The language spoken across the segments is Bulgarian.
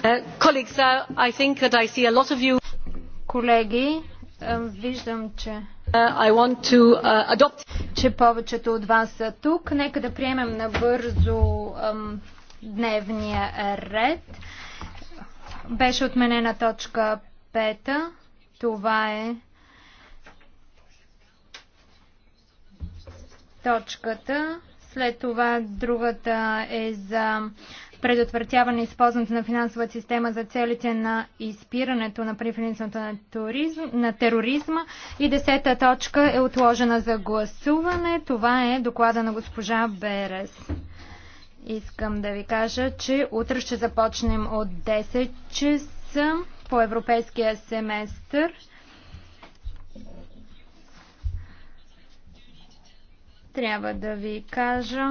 Uh, uh, Колеги, е, виждам, uh, че повечето от вас са тук. Нека да приемем набързо дневния ред. Беше отменена точка 5. Това е точката. След това другата е за предотвратяване използването на финансовата система за целите на изпирането на преференцията на, туризм, на тероризма. И десета точка е отложена за гласуване. Това е доклада на госпожа Берес. Искам да ви кажа, че утре ще започнем от 10 часа по европейския семестър. Трябва да ви кажа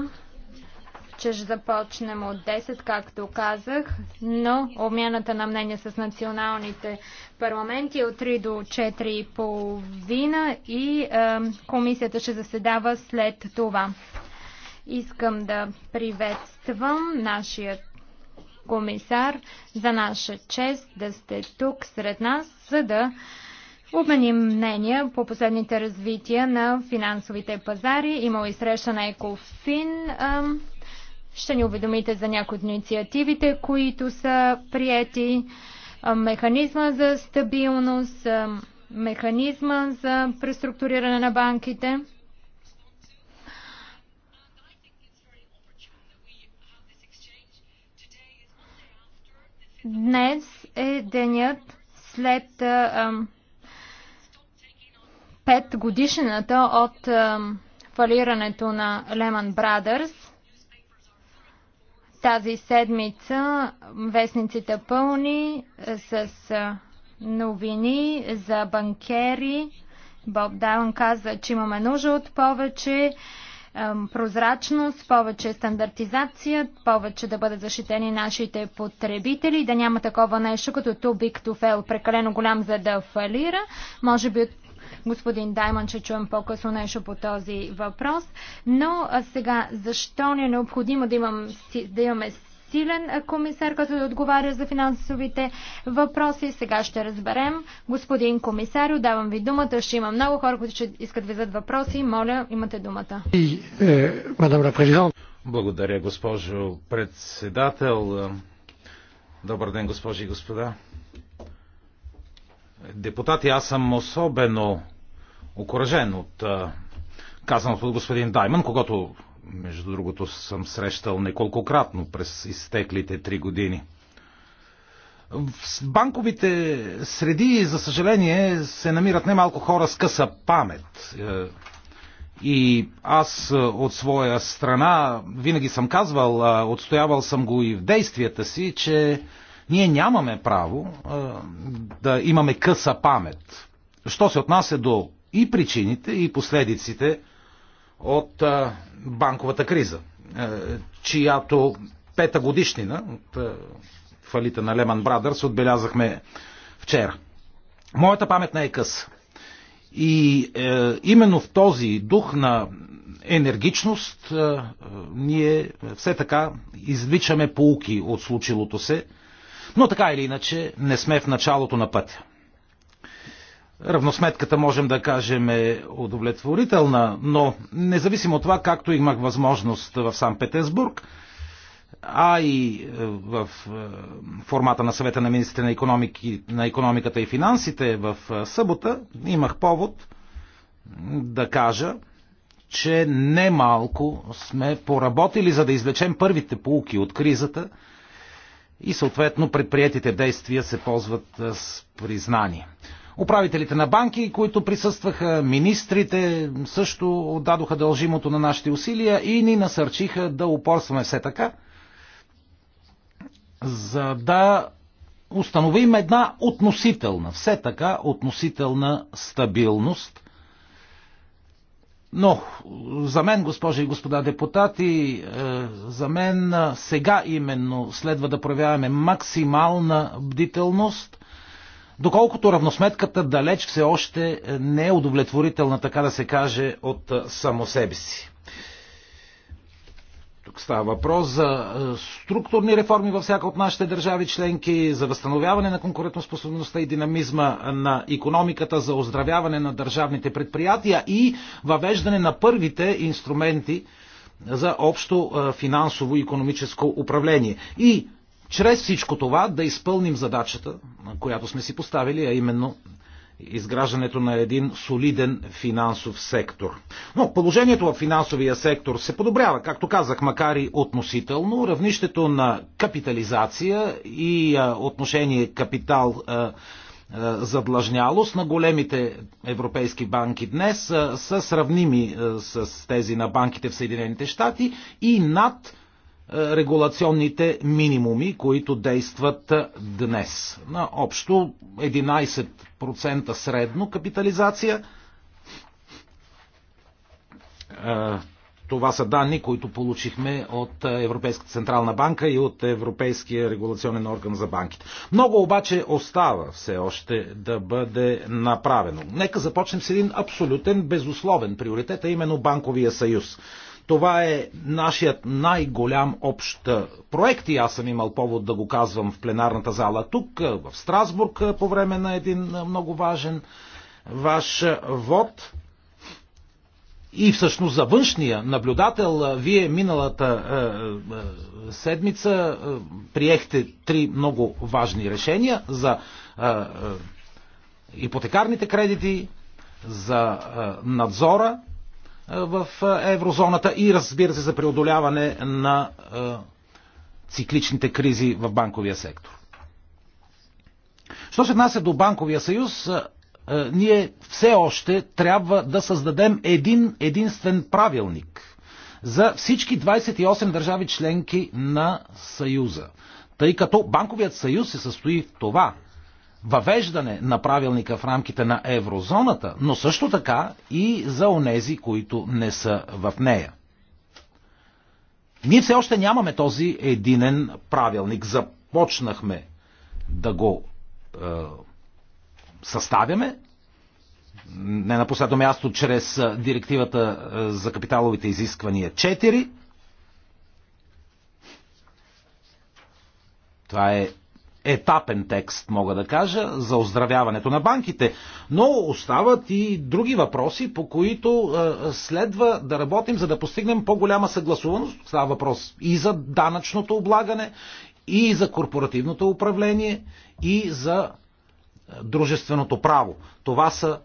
че ще започнем от 10, както казах, но обмяната на мнение с националните парламенти е от 3 до 4,5 и е, комисията ще заседава след това. Искам да приветствам нашият комисар за наша чест да сте тук сред нас, за да обменим мнения по последните развития на финансовите пазари. Имало и среща на Екофин. Ще ни уведомите за някои от инициативите, които са прияти. Механизма за стабилност, механизма за преструктуриране на банките. Днес е денят след пет годишната от фалирането на Lehman Brothers. Тази седмица вестниците пълни е, с е, новини за банкери. Боб Даун каза, че имаме нужда от повече е, прозрачност, повече стандартизация, повече да бъдат защитени нашите потребители, да няма такова нещо като too big to fail, прекалено голям за да фалира. Може би господин Дайман, ще чуем по-късно нещо по този въпрос. Но а сега, защо ни не е необходимо да, имам, да имаме силен комисар, който да отговаря за финансовите въпроси. Сега ще разберем. Господин комисар, давам ви думата. Ще има много хора, които ще искат да ви задат въпроси. Моля, имате думата. И, е, мадам президент. Благодаря, госпожо председател. Добър ден, госпожи и господа депутати, аз съм особено окоръжен от казаното от господин Дайман, когато, между другото, съм срещал неколкократно през изтеклите три години. В банковите среди, за съжаление, се намират немалко хора с къса памет. Е, и аз е, от своя страна винаги съм казвал, отстоявал съм го и в действията си, че ние нямаме право да имаме къса памет. Що се отнася до и причините, и последиците от банковата криза, чиято пета годишнина от фалита на Леман Брадърс отбелязахме вчера. Моята памет не е къс. И е, именно в този дух на енергичност е, е ние все така извичаме полуки от случилото се но така или иначе не сме в началото на пътя. Равносметката можем да кажем е удовлетворителна, но независимо от това, както имах възможност в Санкт Петербург, а и е, в е, формата на съвета на министрите на, економики, на економиката и финансите в е, събота имах повод да кажа, че немалко сме поработили за да извлечем първите полуки от кризата – и съответно предприятите действия се ползват с признание. Управителите на банки, които присъстваха, министрите също отдадоха дължимото на нашите усилия и ни насърчиха да упорстваме все така, за да установим една относителна, все така относителна стабилност но за мен, госпожи и господа депутати, е, за мен е, сега именно следва да проявяваме максимална бдителност, доколкото равносметката далеч все още не е удовлетворителна, така да се каже, от е, само себе си. Тук става въпрос за е, структурни реформи във всяка от нашите държави членки, за възстановяване на конкурентоспособността и динамизма на економиката, за оздравяване на държавните предприятия и въвеждане на първите инструменти за общо е, финансово и економическо управление. И чрез всичко това да изпълним задачата, която сме си поставили, а именно изграждането на един солиден финансов сектор. Но положението в финансовия сектор се подобрява, както казах, макар и относително. Равнището на капитализация и а, отношение капитал а, задлъжнялост на големите европейски банки днес са сравними с тези на банките в Съединените щати и над регулационните минимуми, които действат днес. На общо 11% средно капитализация. Е, това са данни, които получихме от Европейската централна банка и от Европейския регулационен орган за банките. Много обаче остава все още да бъде направено. Нека започнем с един абсолютен, безусловен приоритет, а именно банковия съюз. Това е нашият най-голям общ проект и аз съм имал повод да го казвам в пленарната зала тук, в Страсбург, по време на един много важен ваш вод. И всъщност за външния наблюдател, вие миналата е, е, седмица е, приехте три много важни решения за е, е, ипотекарните кредити, за е, надзора е, в е, еврозоната и разбира се за преодоляване на е, цикличните кризи в банковия сектор. Що се отнася до банковия съюз, ние все още трябва да създадем един единствен правилник за всички 28 държави членки на Съюза. Тъй като банковият съюз се състои в това – въвеждане на правилника в рамките на еврозоната, но също така и за онези, които не са в нея. Ние все още нямаме този единен правилник. Започнахме да го е, съставяме, не на последно място, чрез е, директивата е, за капиталовите изисквания 4. Това е етапен текст, мога да кажа, за оздравяването на банките. Но остават и други въпроси, по които е, следва да работим, за да постигнем по-голяма съгласуваност. Става въпрос и за данъчното облагане, и за корпоративното управление, и за е, дружественото право. Това са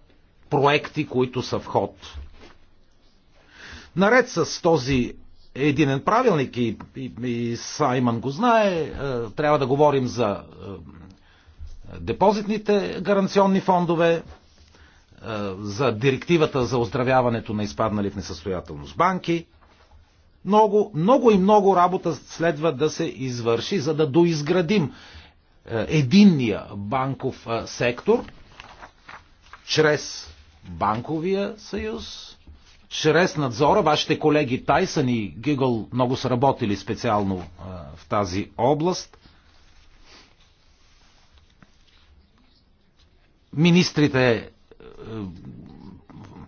проекти, които са в ход. Наред с този единен правилник и, и, и Саймън го знае. Е, трябва да говорим за е, депозитните гаранционни фондове, е, за директивата за оздравяването на изпаднали в несъстоятелност банки. Много, много и много работа следва да се извърши, за да доизградим единния банков сектор чрез банковия съюз, чрез надзора. Вашите колеги Тайсън и Гигъл много са работили специално в тази област. Министрите е,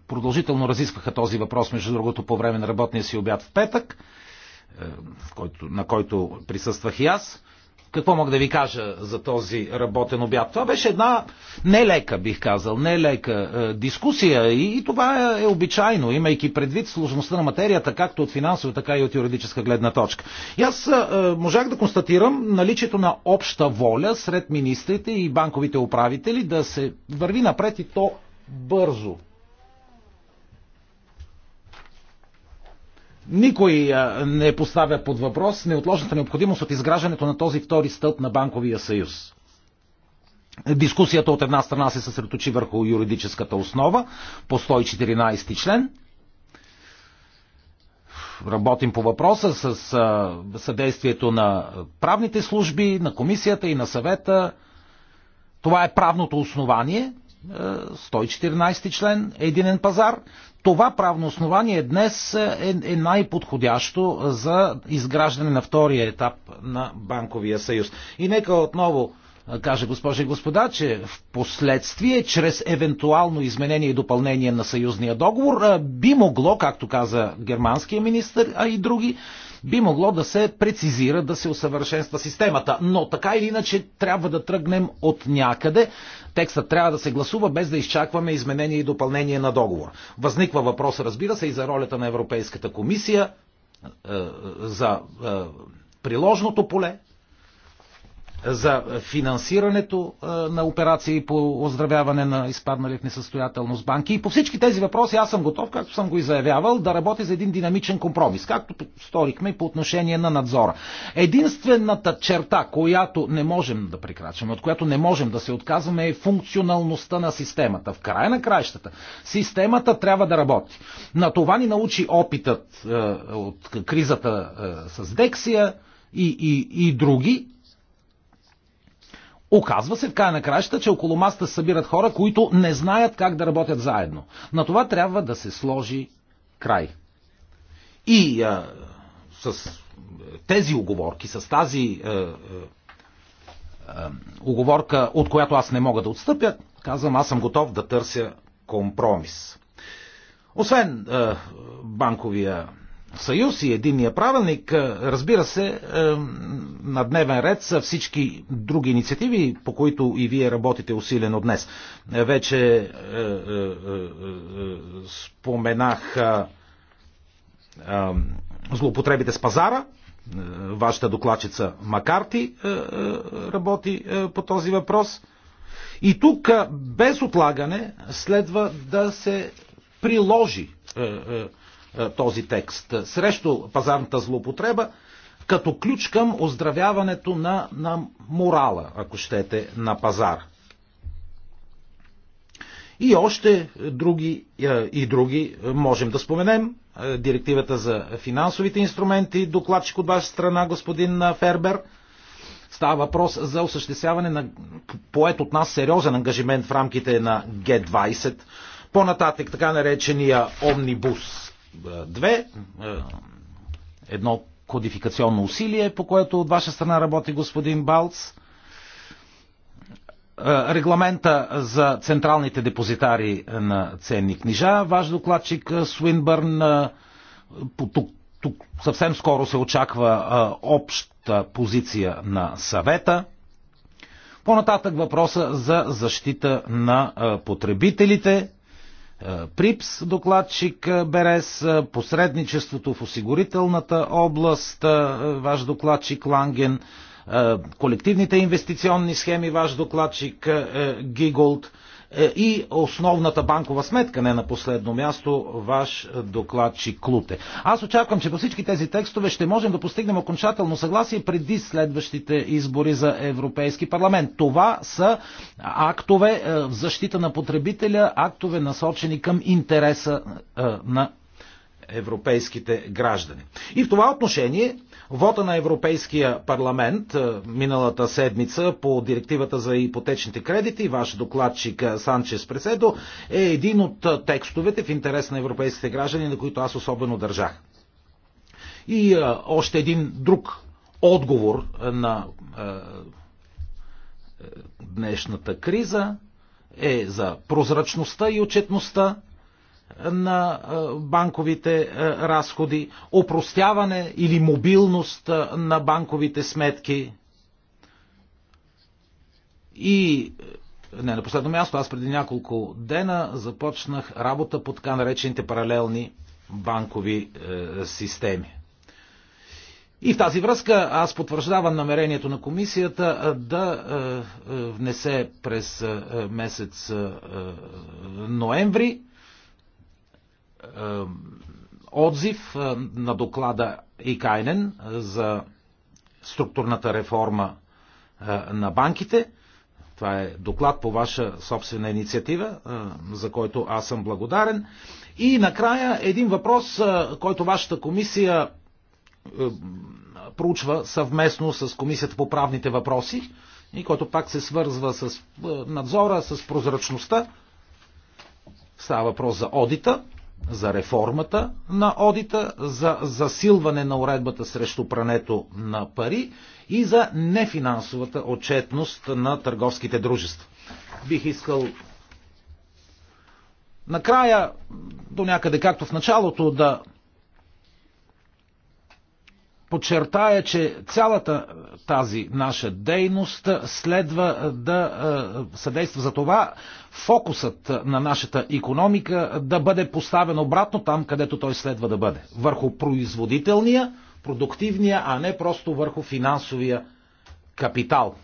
продължително разискваха този въпрос, между другото, по време на работния си обяд в петък, е, на който присъствах и аз. Какво мога да ви кажа за този работен обяд? Това беше една нелека, бих казал, нелека е, дискусия и това е обичайно, имайки предвид сложността на материята, както от финансова, така и от юридическа гледна точка. И аз е, е, можах да констатирам наличието на обща воля сред министрите и банковите управители да се върви напред и то бързо. Никой не поставя под въпрос неотложната необходимост от изграждането на този втори стълб на банковия съюз. Дискусията от една страна се съсредоточи върху юридическата основа по 114 член. Работим по въпроса с съдействието на правните служби, на комисията и на съвета. Това е правното основание, 114 член, е единен пазар това правно основание днес е, е най-подходящо за изграждане на втория етап на банковия съюз. И нека отново каже госпожи и господа, че в последствие, чрез евентуално изменение и допълнение на съюзния договор, би могло, както каза германския министр, а и други, би могло да се прецизира, да се усъвършенства системата. Но така или иначе трябва да тръгнем от някъде. Текстът трябва да се гласува без да изчакваме изменение и допълнение на договор. Възниква въпрос, разбира се, и за ролята на Европейската комисия, е, е, за е, приложното поле, за финансирането на операции по оздравяване на изпаднали в несъстоятелност банки. И по всички тези въпроси аз съм готов, както съм го и заявявал, да работя за един динамичен компромис, както сторихме и по отношение на надзора. Единствената черта, която не можем да прекрачваме, от която не можем да се отказваме е функционалността на системата. В края на краищата системата трябва да работи. На това ни научи опитът е, от кризата е, с Дексия и, и, и други, Оказва се в края на краищата, че около маста събират хора, които не знаят как да работят заедно. На това трябва да се сложи край. И а, с е, тези оговорки, с тази а, е, а, е, оговорка, от която аз не мога да отстъпя, казвам, аз съм готов да търся компромис. Освен а, банковия съюз и единния правилник, разбира се, е, на дневен ред са всички други инициативи, по които и вие работите усилено днес. Вече е, е, споменах злоупотребите с пазара, вашата докладчица Макарти работи по този въпрос. И тук без отлагане следва да се приложи е, този текст срещу пазарната злоупотреба, като ключ към оздравяването на, на морала, ако щете, на пазар. И още други, е, и други можем да споменем. Е, директивата за финансовите инструменти, докладчик от ваша страна, господин Фербер. Става въпрос за осъществяване на поет от нас сериозен ангажимент в рамките на Г20. По-нататък така наречения омнибус две. Е, едно кодификационно усилие, по което от ваша страна работи господин Балц. Е, регламента за централните депозитари на ценни книжа. Ваш докладчик е, Свинбърн тук, тук съвсем скоро се очаква обща позиция на съвета. По-нататък въпроса за защита на потребителите е, ПРИПС, докладчик е, Берес, е, посредничеството в осигурителната област, ваш докладчик Ланген, колективните инвестиционни схеми, ваш докладчик Гиголд – е, и основната банкова сметка, не на последно място, ваш докладчик Клуте. Аз очаквам, че по всички тези текстове ще можем да постигнем окончателно съгласие преди следващите избори за Европейски парламент. Това са актове е, в защита на потребителя, актове насочени към интереса е, на европейските граждани. И в това отношение вота на Европейския парламент е, миналата седмица по директивата за ипотечните кредити, ваш докладчик е, Санчес Преседо, е един от е, текстовете в интерес на европейските граждани, на които аз особено държах. И а, още един друг отговор на а, днешната криза е за прозрачността и отчетността на е, банковите е, разходи, опростяване или мобилност е, на банковите сметки. И не на последно място, аз преди няколко дена започнах работа по така наречените паралелни банкови е, системи. И в тази връзка аз потвърждавам намерението на комисията да е, внесе през месец е, ноември отзив на доклада Икайнен за структурната реформа на банките. Това е доклад по ваша собствена инициатива, за който аз съм благодарен. И накрая един въпрос, който вашата комисия проучва съвместно с Комисията по правните въпроси и който пак се свързва с надзора, с прозрачността. Става въпрос за одита за реформата на одита, за засилване на уредбата срещу прането на пари и за нефинансовата отчетност на търговските дружества. Бих искал накрая, до някъде както в началото, да подчертая, че цялата тази наша дейност следва да е, съдейства за това фокусът на нашата економика да бъде поставен обратно там, където той следва да бъде. Върху производителния, продуктивния, а не просто върху финансовия капитал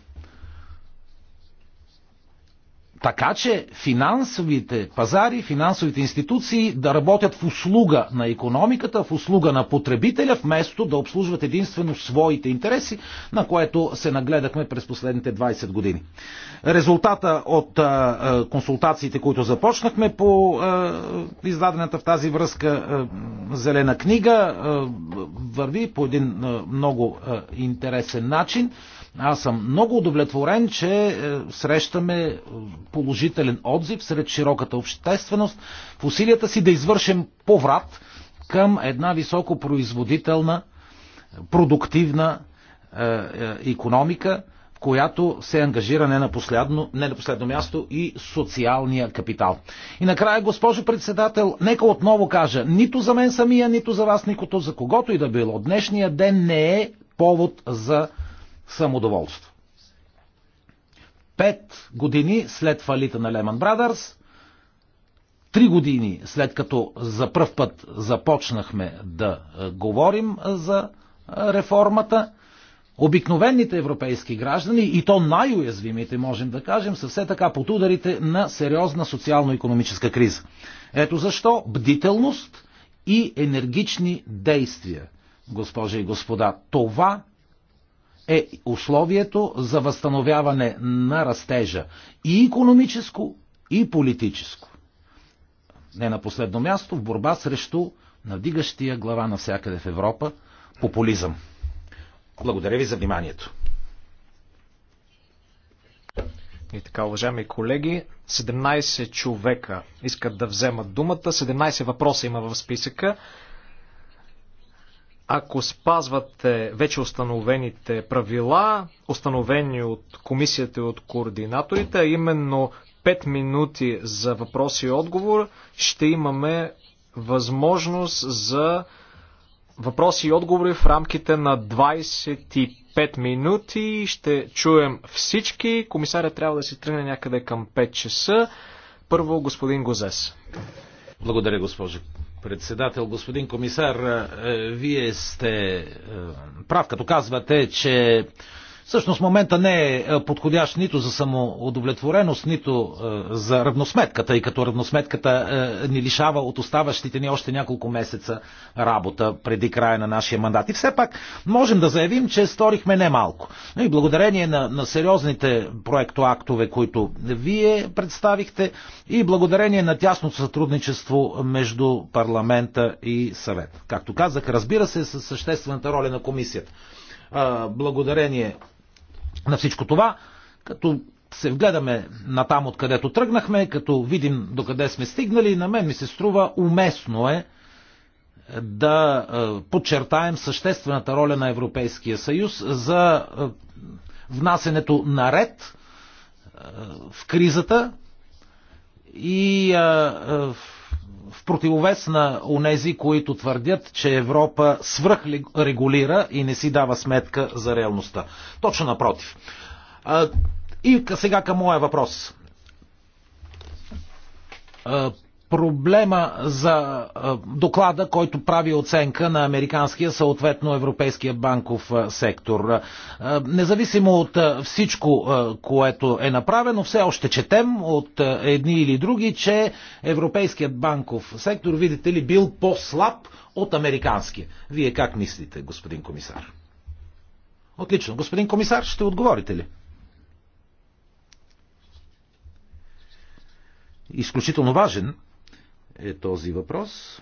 така че финансовите пазари, финансовите институции да работят в услуга на економиката, в услуга на потребителя, вместо да обслужват единствено своите интереси, на което се нагледахме през последните 20 години. Резултата от а, консултациите, които започнахме по а, издадената в тази връзка а, зелена книга, а, върви по един а, много а, интересен начин. Аз съм много удовлетворен, че е, срещаме е, положителен отзив сред широката общественост в усилията си да извършим поврат към една високопроизводителна, продуктивна економика, е, в която се ангажира не на, последно, не на последно място и социалния капитал. И накрая, госпожо председател, нека отново кажа, нито за мен самия, нито за вас, никото за когото и да било. Днешния ден не е повод за самодоволство. Пет години след фалита на Леман Брадърс, три години след като за първ път започнахме да говорим за реформата, обикновените европейски граждани, и то най-уязвимите, можем да кажем, са все така под ударите на сериозна социално-економическа криза. Ето защо бдителност и енергични действия, госпожи и господа, това е условието за възстановяване на растежа и економическо, и политическо. Не на последно място в борба срещу надигащия глава навсякъде в Европа популизъм. Благодаря ви за вниманието. И така, уважаеми колеги, 17 човека искат да вземат думата, 17 въпроса има в списъка ако спазвате вече установените правила, установени от комисията и от координаторите, а именно 5 минути за въпрос и отговор, ще имаме възможност за въпроси и отговори в рамките на 25 минути. Ще чуем всички. Комисаря трябва да се тръгне някъде към 5 часа. Първо господин Гозес. Благодаря, госпожо председател, господин комисар, е, вие сте е, прав, като казвате, че Всъщност момента не е, е подходящ нито за самоудовлетвореност, нито е, за равносметката, тъй като равносметката е, ни лишава от оставащите ни още няколко месеца работа преди края на нашия мандат. И все пак можем да заявим, че сторихме немалко. И благодарение на, на сериозните проектоактове, които вие представихте, и благодарение на тясното сътрудничество между парламента и съвет. Както казах, разбира се, със съществената роля на комисията благодарение на всичко това, като се вгледаме на там, откъдето тръгнахме, като видим докъде сме стигнали, на мен ми се струва уместно е да е, подчертаем съществената роля на Европейския съюз за е, внасенето на ред е, в кризата и в в противовес на онези, които твърдят, че Европа свръхрегулира и не си дава сметка за реалността. Точно напротив. И сега към моя въпрос проблема за доклада, който прави оценка на американския, съответно европейския банков сектор. Независимо от всичко, което е направено, все още четем от едни или други, че европейският банков сектор, видите ли, бил по-слаб от американския. Вие как мислите, господин комисар? Отлично. Господин комисар, ще отговорите ли? Изключително важен е този въпрос.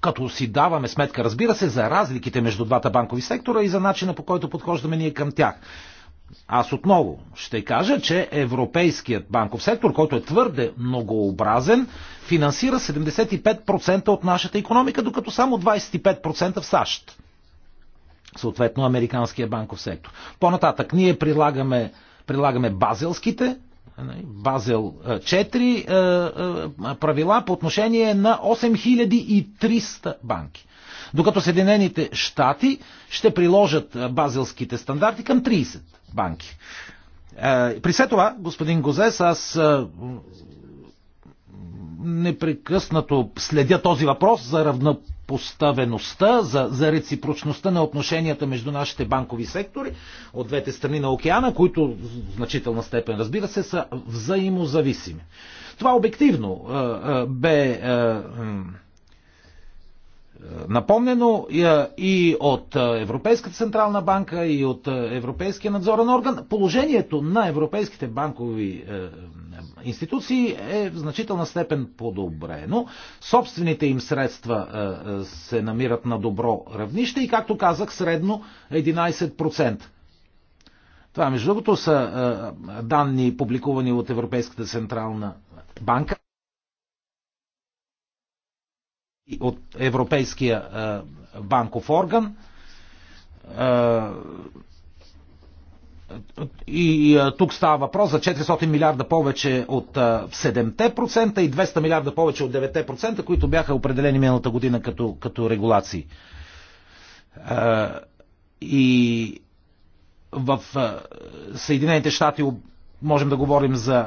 Като си даваме сметка, разбира се, за разликите между двата банкови сектора и за начина по който подхождаме ние към тях. Аз отново ще кажа, че европейският банков сектор, който е твърде многообразен, финансира 75% от нашата економика, докато само 25% в САЩ. Съответно, американския банков сектор. По-нататък, ние прилагаме, прилагаме базелските Нали? Базел 4 правила по отношение на 8300 банки. Докато Съединените щати ще приложат базелските стандарти към 30 банки. При все това, господин Гозес, аз непрекъснато следя този въпрос за равноправието равнопоставеността, за, за реципрочността на отношенията между нашите банкови сектори от двете страни на океана, които в значителна степен, разбира се, са взаимозависими. Това обективно бе напомнено е, и от е, Европейската централна банка, и от е, Европейския надзорен орган. Положението на европейските банкови институции е в значителна степен подобрено. Собствените им средства се намират на добро равнище и, както казах, средно 11%. Това, между другото, са данни публикувани от Европейската централна банка от Европейския банков орган. И тук става въпрос за 400 милиарда повече от 7% и 200 милиарда повече от 9%, които бяха определени миналата година като, като регулации. И в Съединените щати можем да говорим за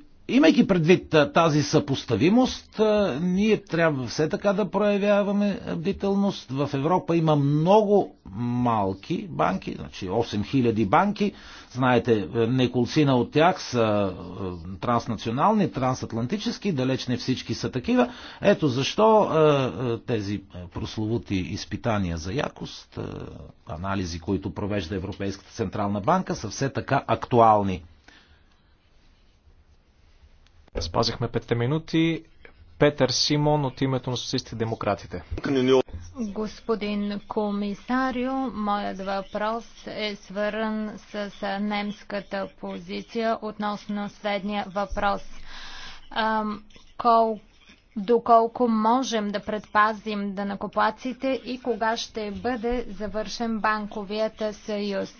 Имайки предвид тази съпоставимост, ние трябва все така да проявяваме бдителност. В Европа има много малки банки, значи 8000 банки. Знаете, неколцина от тях са транснационални, трансатлантически, далеч не всички са такива. Ето защо тези прословути изпитания за якост, анализи, които провежда Европейската централна банка, са все така актуални. Спазихме петте минути. Петър Симон от името на социалистите демократите. Господин комисарио, моят въпрос е свързан с немската позиция относно следния въпрос. Колко доколко можем да предпазим накоплаците и кога ще бъде завършен банковият съюз.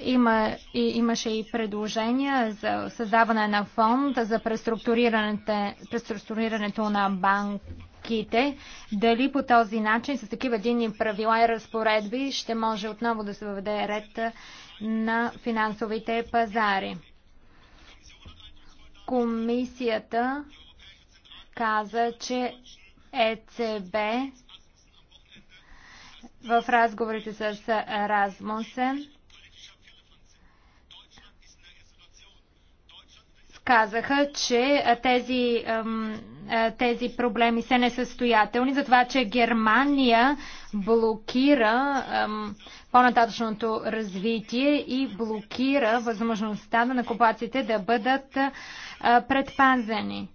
Има, и, имаше и предложения за създаване на фонд за преструктурирането на банките. Дали по този начин, с такива единни правила и разпоредби, ще може отново да се въведе ред на финансовите пазари? Комисията каза, че ЕЦБ в разговорите с Размусен казаха, че тези, тези проблеми са несъстоятелни, за това, че Германия блокира по-нататъчното развитие и блокира възможността на накопаците да бъдат предпазени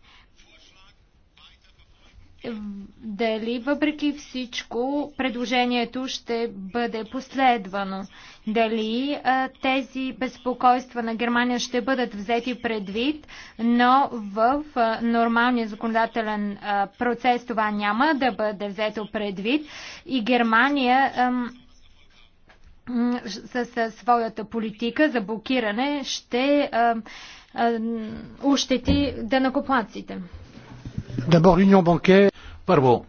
дали въпреки всичко предложението ще бъде последвано? Дали а, тези безпокойства на Германия ще бъдат взети предвид, но в а, нормалния законодателен а, процес това няма да бъде взето предвид и Германия със своята политика за блокиране ще ущети да данакоплаците. Първо,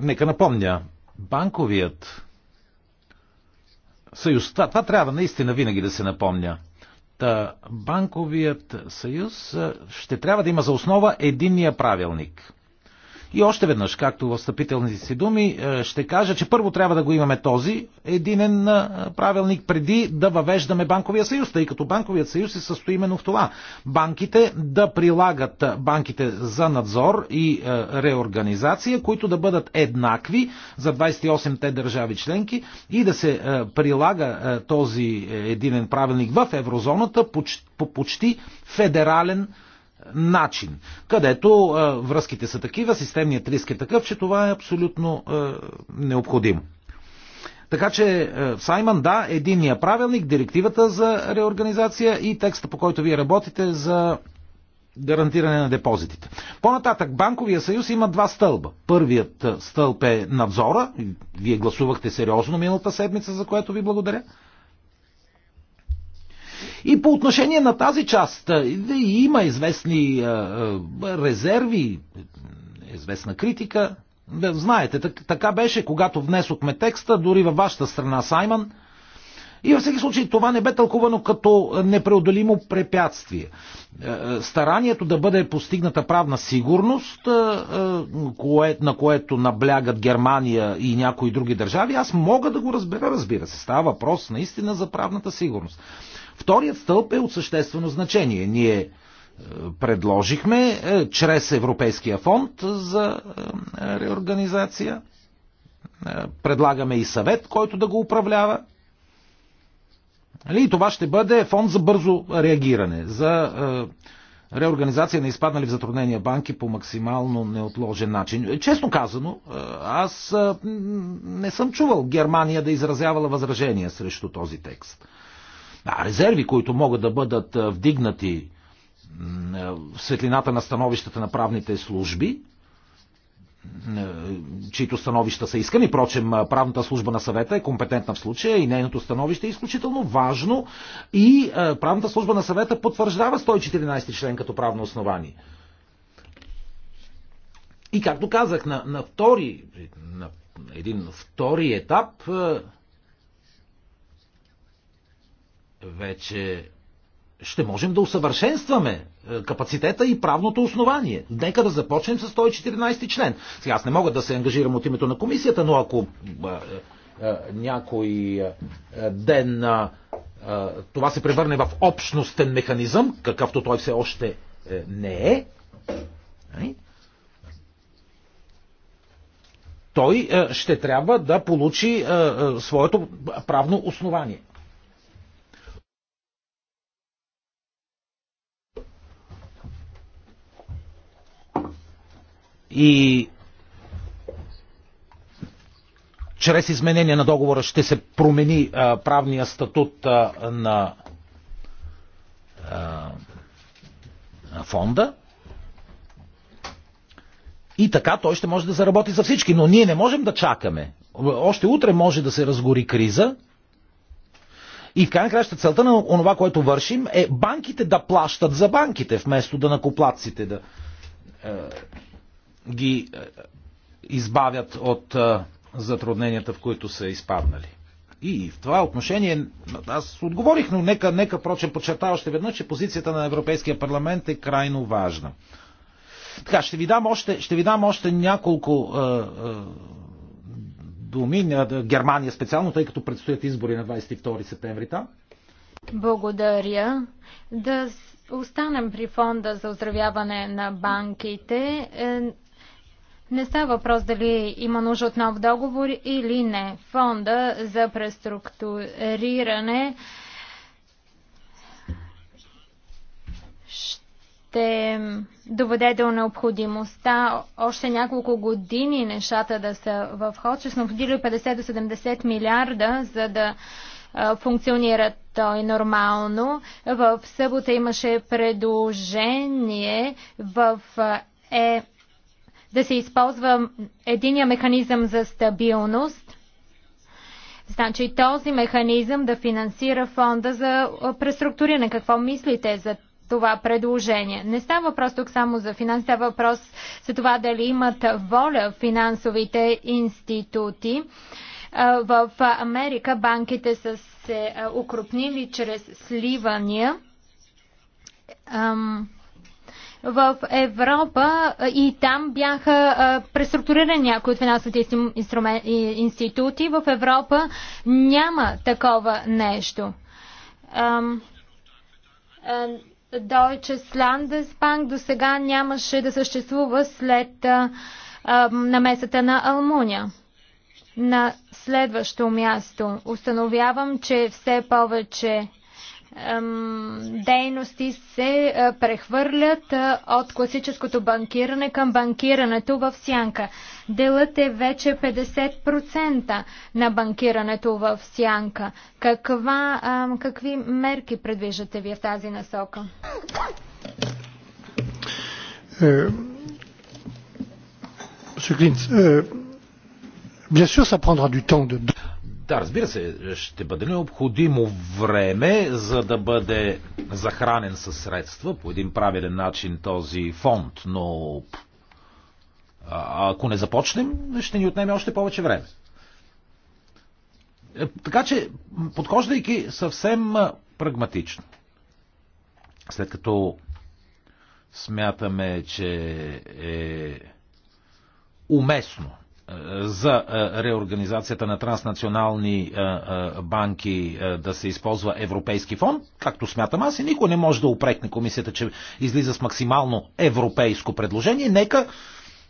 нека напомня, банковият съюз, това, това трябва наистина винаги да се напомня. Та банковият съюз ще трябва да има за основа единния правилник. И още веднъж, както в встъпителните си думи, е, ще кажа, че първо трябва да го имаме този единен е, правилник преди да въвеждаме банковия съюз, тъй като банковият съюз се състои именно в това. Банките да прилагат банките за надзор и е, реорганизация, които да бъдат еднакви за 28-те държави членки и да се прилага този единен правилник в еврозоната по почти федерален начин, където е, връзките са такива, системният риск е такъв, че това е абсолютно е, необходимо. Така че в е, Саймън, да, единния правилник, директивата за реорганизация и текста, по който вие работите за гарантиране на депозитите. По-нататък, Банковия съюз има два стълба. Първият стълб е надзора. Вие гласувахте сериозно миналата седмица, за което ви благодаря. И по отношение на тази част е, има известни е, е, резерви, известна критика. Знаете, така беше, когато внесохме текста, дори във вашата страна, Саймън. И във всеки случай това не бе тълкувано като непреодолимо препятствие. Старанието да бъде постигната правна сигурност, на което наблягат Германия и някои други държави, аз мога да го разбера, разбира се. Става въпрос наистина за правната сигурност. Вторият стълб е от съществено значение. Ние е, предложихме е, чрез Европейския фонд за е, реорганизация. Предлагаме и съвет, който да го управлява. Нали, и това ще бъде фонд за бързо реагиране, за реорганизация на изпаднали в затруднения банки по максимално неотложен начин. Честно казано, аз не съм чувал Германия да изразявала възражения срещу този текст резерви, които могат да бъдат вдигнати в светлината на становищата на правните служби, чието становища са искани. Прочем, правната служба на съвета е компетентна в случая и нейното становище е изключително важно и правната служба на съвета потвърждава 114 член като правно основание. И както казах, на, на втори, на един втори етап вече ще можем да усъвършенстваме е, капацитета и правното основание. Нека да започнем с 114 член. Сега аз не мога да се ангажирам от името на комисията, но ако е, е, някой ден това се превърне в общностен механизъм, какъвто той все още не е, той ще трябва да получи своето правно основание. и чрез изменение на договора ще се промени а, правния статут а, на а, фонда. И така той ще може да заработи за всички. Но ние не можем да чакаме. Още утре може да се разгори криза. И в крайна краща целта на това, което вършим, е банките да плащат за банките, вместо да накоплаците да е, ги е, избавят от е, затрудненията, в които са изпаднали. И в това отношение аз отговорих, но нека, нека прочем подчертая още веднъж, че позицията на Европейския парламент е крайно важна. Така, ще ви дам още, ще ви дам още няколко е, е, думи, на е, Германия специално, тъй като предстоят избори на 22 септември там. Благодаря. Да останем при фонда за оздравяване на банките. Не става въпрос дали има нужда от нов договор или не. Фонда за преструктуриране ще доведе до необходимостта още няколко години нещата да са в ход. Ще сме 50 до 70 милиарда, за да функционира той нормално. В събота имаше предложение в е да се използва единия механизъм за стабилност. Значи този механизъм да финансира фонда за преструктуриране. Какво мислите за това предложение. Не става въпрос тук само за финанси, става въпрос за това дали имат воля финансовите институти. В Америка банките са се укрупнили чрез сливания в Европа и там бяха преструктурирани някои от финансовите институти. В Европа няма такова нещо. Deutsche Landesbank до сега нямаше да съществува след намесата на Алмуния. На следващо място установявам, че все повече дейности се прехвърлят от класическото банкиране към банкирането в сянка. Делът е вече 50% на банкирането в сянка. Каква, какви мерки предвиждате вие в тази насока? Е, е, bien sûr, ça prendra du temps de... Да, разбира се, ще бъде необходимо време, за да бъде захранен със средства по един правилен начин този фонд, но а, ако не започнем, ще ни отнеме още повече време. Е, така че, подхождайки съвсем прагматично, след като смятаме, че е уместно за е, реорганизацията на транснационални е, е, банки да се използва Европейски фонд, както смятам аз, и никой не може да упрекне комисията, че излиза с максимално европейско предложение. Нека,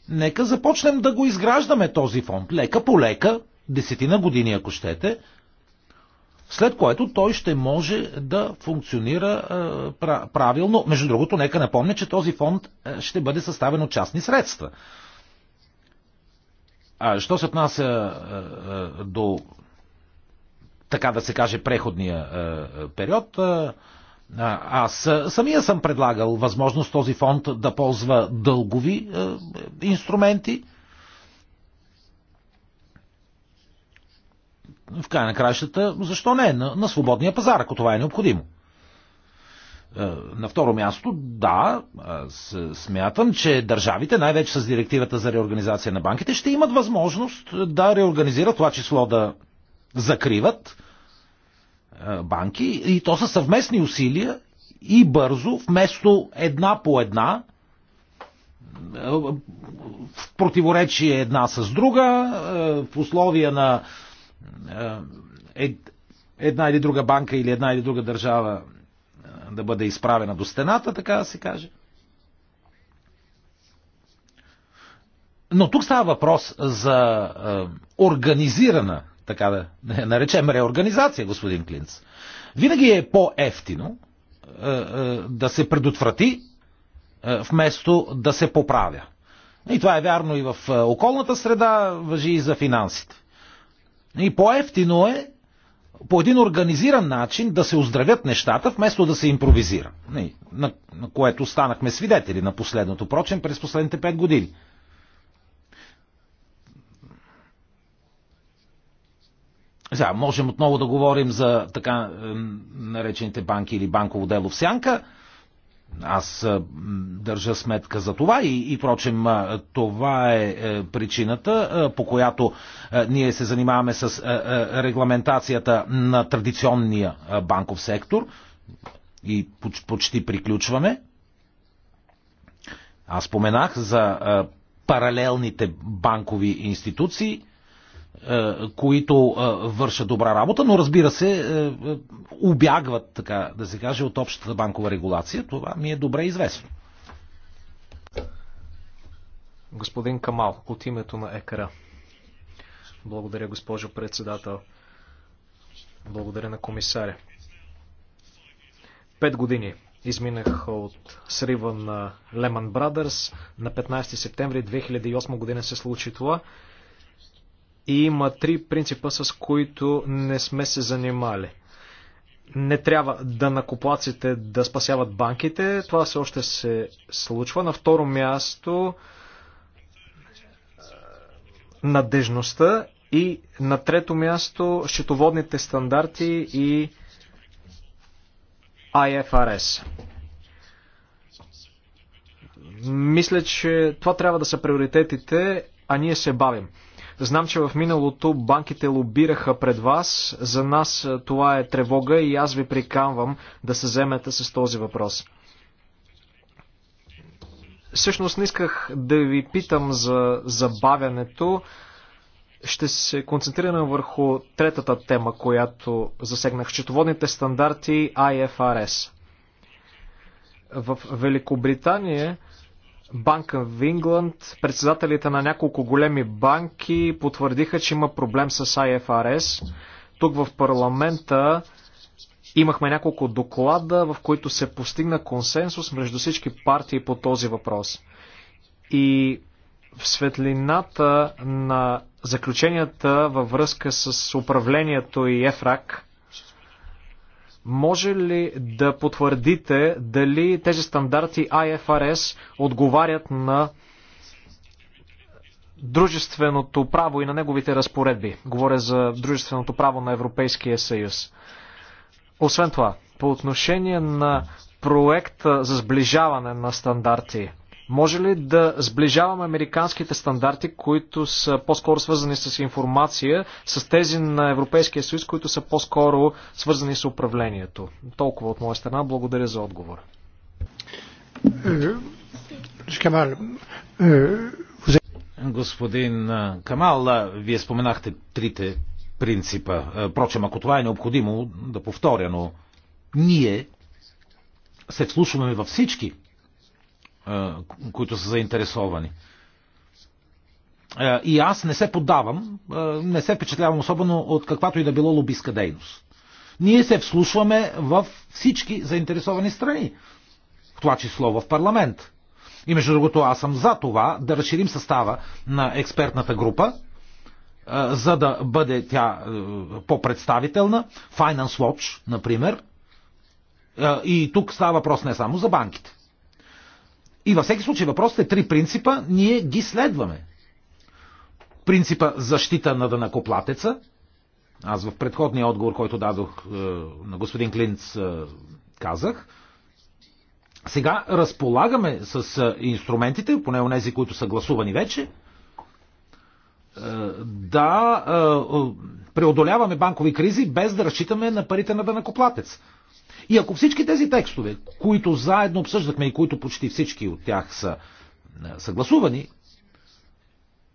нека започнем да го изграждаме този фонд. Лека по лека, десетина години, ако щете, след което той ще може да функционира правилно. Между другото, нека напомня, че този фонд ще бъде съставен от частни средства. А, що се отнася а, е, а, е, до, така да се каже, преходния а, е, период, а, аз самия съм предлагал възможност този фонд да ползва дългови инструменти. В край на краищата, защо не? На, на свободния пазар, ако това е необходимо. Е, на второ място, да, е, смятам, че държавите, най-вече с директивата за реорганизация на банките, ще имат възможност да реорганизират, това число да закриват е, банки и то са съвместни усилия и бързо, вместо една по една, в противоречие една с друга, в условия на една или друга банка или една или друга държава да бъде изправена до стената, така да се каже. Но тук става въпрос за е, организирана, така да наречем, реорганизация, господин Клинц. Винаги е по-ефтино е, е, да се предотврати, е, вместо да се поправя. И това е вярно и в е, околната среда, въжи и за финансите. И по-ефтино е по един организиран начин да се оздравят нещата, вместо да се импровизира. На, на което станахме свидетели на последното, прочен, през последните пет години. Сега, можем отново да говорим за така наречените банки или банково дело в сянка. Аз държа сметка за това и, и прочим, това е, е причината, по която ние се занимаваме с регламентацията на традиционния банков сектор и почти приключваме. Аз споменах за паралелните банкови институции – е, които е, вършат добра работа, но разбира се, обягват, е, така да се каже, от общата банкова регулация. Това ми е добре известно. Господин Камал, от името на ЕКРА. Благодаря, госпожо председател. Благодаря на комисаря. Пет години изминах от срива на Lehman Brothers. На 15 септември 2008 година се случи това. И има три принципа, с които не сме се занимали. Не трябва да накоплаците да спасяват банките, това все още се случва. На второ място е, надежността и на трето място счетоводните стандарти и IFRS. Мисля, че това трябва да са приоритетите, а ние се бавим. Знам, че в миналото банките лобираха пред вас. За нас е, това е тревога и аз ви приканвам да се вземете с този въпрос. Всъщност не исках да ви питам за забавянето. Ще се концентрирам върху третата тема, която засегнах. Счетоводните стандарти IFRS. В Великобритания Банка в Ингланд, председателите на няколко големи банки потвърдиха, че има проблем с IFRS. Тук в парламента имахме няколко доклада, в които се постигна консенсус между всички партии по този въпрос. И в светлината на заключенията във връзка с управлението и ЕФРАК, може ли да потвърдите дали тези стандарти IFRS отговарят на дружественото право и на неговите разпоредби? Говоря за дружественото право на Европейския съюз. Освен това, по отношение на проекта за сближаване на стандарти, може ли да сближаваме американските стандарти, които са по-скоро свързани с информация, с тези на Европейския съюз, които са по-скоро свързани с управлението? Толкова от моя страна. Благодаря за отговор. Е, е, Господин е, Камал, вие споменахте трите принципа. Прочем, ако това е необходимо, да повторя, но ние се вслушваме във всички които са заинтересовани. И аз не се поддавам, не се впечатлявам особено от каквато и да било лобистка дейност. Ние се вслушваме в всички заинтересовани страни, в това число в парламент. И между другото, аз съм за това да разширим състава на експертната група, за да бъде тя по-представителна. Finance Watch, например. И тук става въпрос не само за банките. И във всеки случай въпросите три принципа ние ги следваме. Принципа защита на дънакоплатеца. Аз в предходния отговор, който дадох е, на господин Клинц, е, казах. Сега разполагаме с е, инструментите, поне у нези, които са гласувани вече, е, да е, е преодоляваме банкови кризи без да разчитаме на парите на дънакоплатец. И ако всички тези текстове, които заедно обсъждахме и които почти всички от тях са е, съгласувани,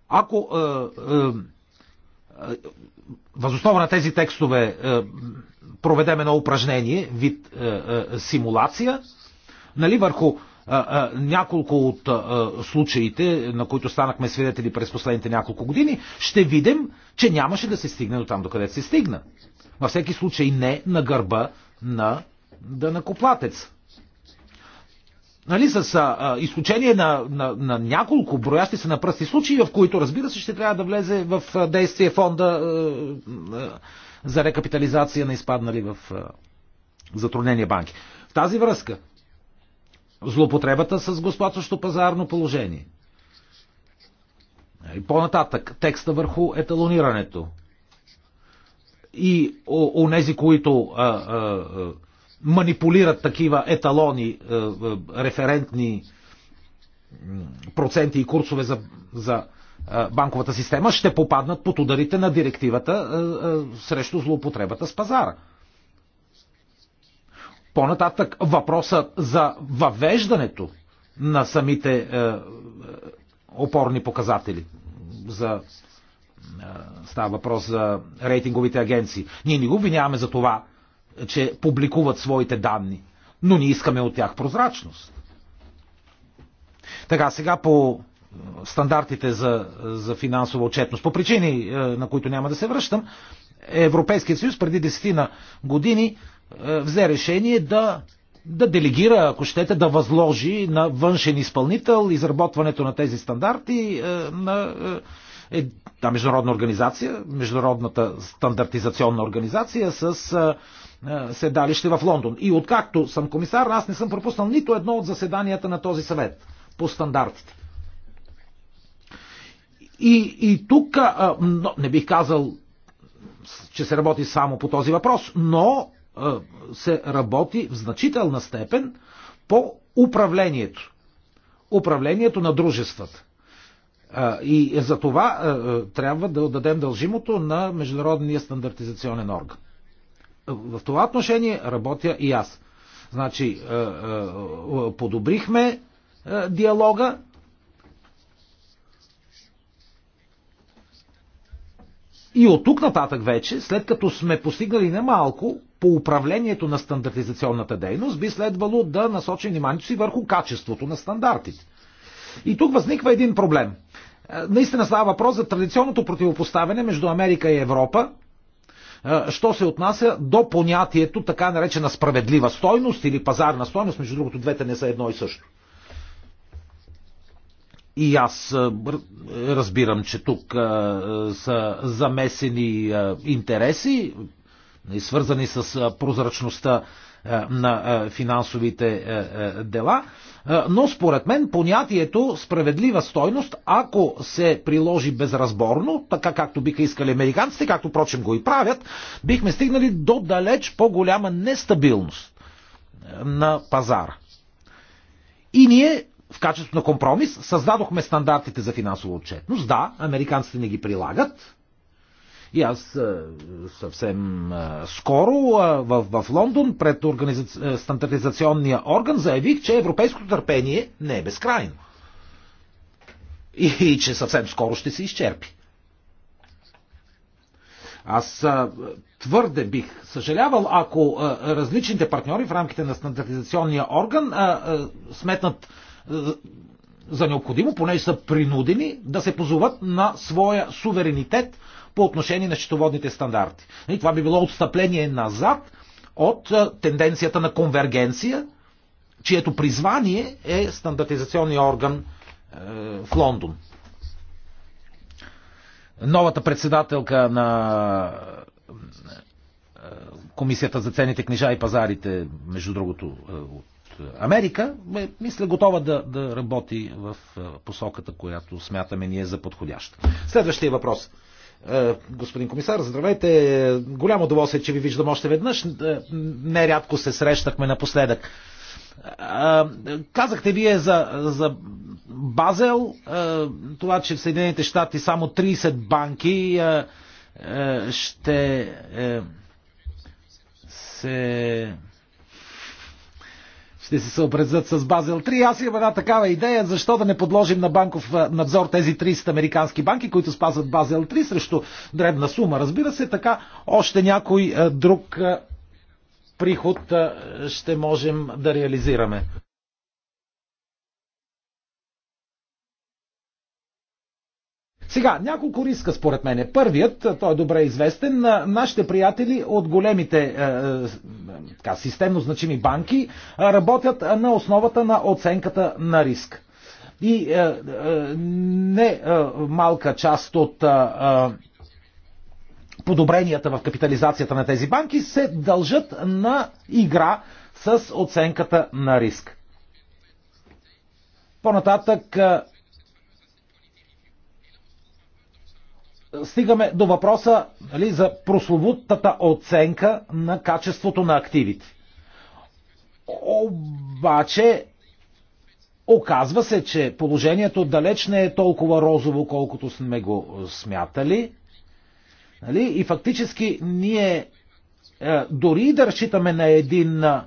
ако е, е, възоснова на тези текстове проведеме проведем едно упражнение, вид симулация, нали, върху няколко от случаите, на които станахме свидетели през последните няколко години, ще видим, че нямаше да се стигне до там, докъде се стигна. Във всеки случай не на гърба на данакоплатец. Нали, с а, изключение на, на, на няколко броящи се на пръсти случаи, в които, разбира се, ще трябва да влезе в действие фонда а, а, за рекапитализация на изпаднали в а, затруднения банки. В тази връзка, злоупотребата с господстващо пазарно положение. И по-нататък, текста върху еталонирането. И онези, които а, а, манипулират такива еталони, е, е, референтни проценти и курсове за, за е, банковата система, ще попаднат под ударите на директивата срещу злоупотребата с пазара. По-нататък въпросът за въвеждането на самите опорни показатели за става въпрос за рейтинговите агенции. Ние не го обвиняваме за това, че публикуват своите данни. Но не искаме от тях прозрачност. Така, сега по е, стандартите за, за финансова отчетност. По причини, е, на които няма да се връщам, Европейският съюз преди десетина години е, взе решение да, да делегира, ако щете, да възложи на външен изпълнител изработването на тези стандарти на да, международна организация, Международната стандартизационна организация с е, седалище в Лондон. И откакто съм комисар, аз не съм пропуснал нито едно от заседанията на този съвет по стандартите. И, и тук а, е, не бих казал, че се работи само по този въпрос, но а, е, се работи в значителна степен по управлението. Управлението на дружествата. А, и за това а, трябва да дадем дължимото на Международния стандартизационен орган в това отношение работя и аз. Значи, е, е, подобрихме е, диалога. И от тук нататък вече, след като сме постигнали немалко по управлението на стандартизационната дейност, би следвало да насочим вниманието си върху качеството на стандартите. И тук възниква един проблем. Наистина става въпрос за традиционното противопоставяне между Америка и Европа, е, що се отнася до понятието така наречена справедлива стойност или пазарна стойност, между другото двете не са едно и също. И аз е, разбирам, че тук е, са замесени интереси, свързани с прозрачността е, на е, финансовите е, дела. Но според мен понятието справедлива стойност, ако се приложи безразборно, така както биха искали американците, както прочим го и правят, бихме стигнали до далеч по-голяма нестабилност на пазара. И ние в качеството на компромис създадохме стандартите за финансова отчетност. Да, американците не ги прилагат, и аз съвсем скоро в, в Лондон пред организа... стандартизационния орган заявих, че европейското търпение не е безкрайно. И, и че съвсем скоро ще се изчерпи. Аз твърде бих съжалявал, ако различните партньори в рамките на стандартизационния орган сметнат за необходимо, понеже са принудени да се позоват на своя суверенитет по отношение на счетоводните стандарти. И това би било отстъпление назад от тенденцията на конвергенция, чието призвание е стандартизационния орган е, в Лондон. Новата председателка на е, Комисията за ценните книжа и пазарите, между другото, е, от Америка, мисля, готова да, да работи в посоката, която смятаме ние за подходяща. Следващия въпрос. Е, господин комисар, здравейте. Голямо удоволствие, че ви виждам още веднъж. Е, нерядко се срещахме напоследък. Е, казахте вие за, за Базел, това, че в Съединените щати само 30 банки ще се ще се съобразят с Базел 3. Аз имам една такава идея, защо да не подложим на банков надзор тези 30 американски банки, които спазват Базел 3 срещу дребна сума. Разбира се, така още някой друг приход ще можем да реализираме. Сега, няколко риска според мен. Първият, той е добре известен, на нашите приятели от големите е, е така, системно значими банки е, работят на основата на оценката на риск. И е, е, не е, малка част от е, е, подобренията в капитализацията на тези банки се дължат на игра с оценката на риск. По-нататък стигаме до въпроса нали, за прословутата оценка на качеството на активите. Обаче, оказва се, че положението далеч не е толкова розово, колкото сме го смятали. Нали? И фактически ние е, дори да разчитаме на един е,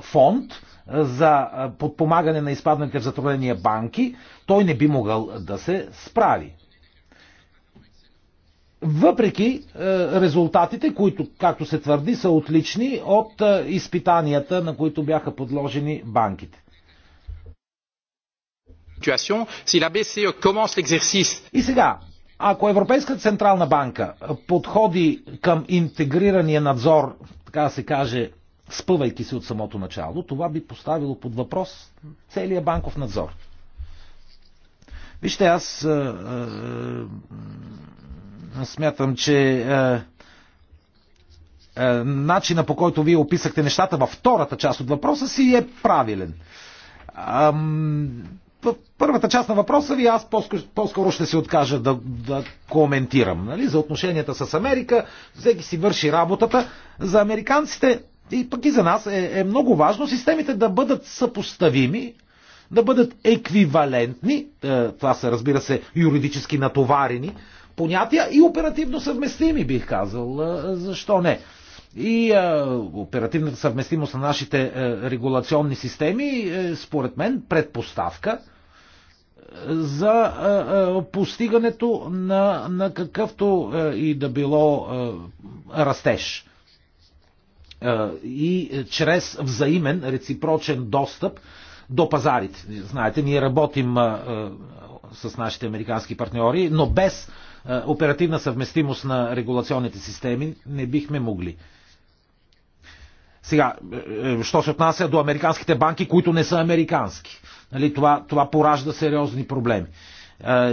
фонд е, за подпомагане на изпадналите в затруднения банки, той не би могъл да се справи въпреки е, резултатите, които, както се твърди, са отлични от е, изпитанията, на които бяха подложени банките. E И сега, ако Европейската централна банка подходи към интегрирания надзор, така да се каже, спъвайки се от самото начало, това би поставило под въпрос целият банков надзор. Вижте, аз е, смятам, че е, е, начина по който вие описахте нещата във втората част от въпроса си е правилен. В първата част на въпроса ви аз по-скоро ще се откажа да, да коментирам. Нали? За отношенията с Америка, всеки си върши работата. За американците и пък и за нас е, е много важно системите да бъдат съпоставими, да бъдат еквивалентни, е, това са разбира се юридически натоварени понятия и оперативно съвместими, бих казал. Защо не? И а, оперативната съвместимост на нашите а, регулационни системи, е, според мен, предпоставка за а, а, постигането на, на какъвто а, и да било а, растеж. А, и а, чрез взаимен, реципрочен достъп до пазарите. Знаете, ние работим а, а, с нашите американски партньори, но без е, оперативна съвместимост на регулационните системи не бихме могли. Сега, е, е, що се отнася до американските банки, които не са американски. Нали, това, това поражда сериозни проблеми.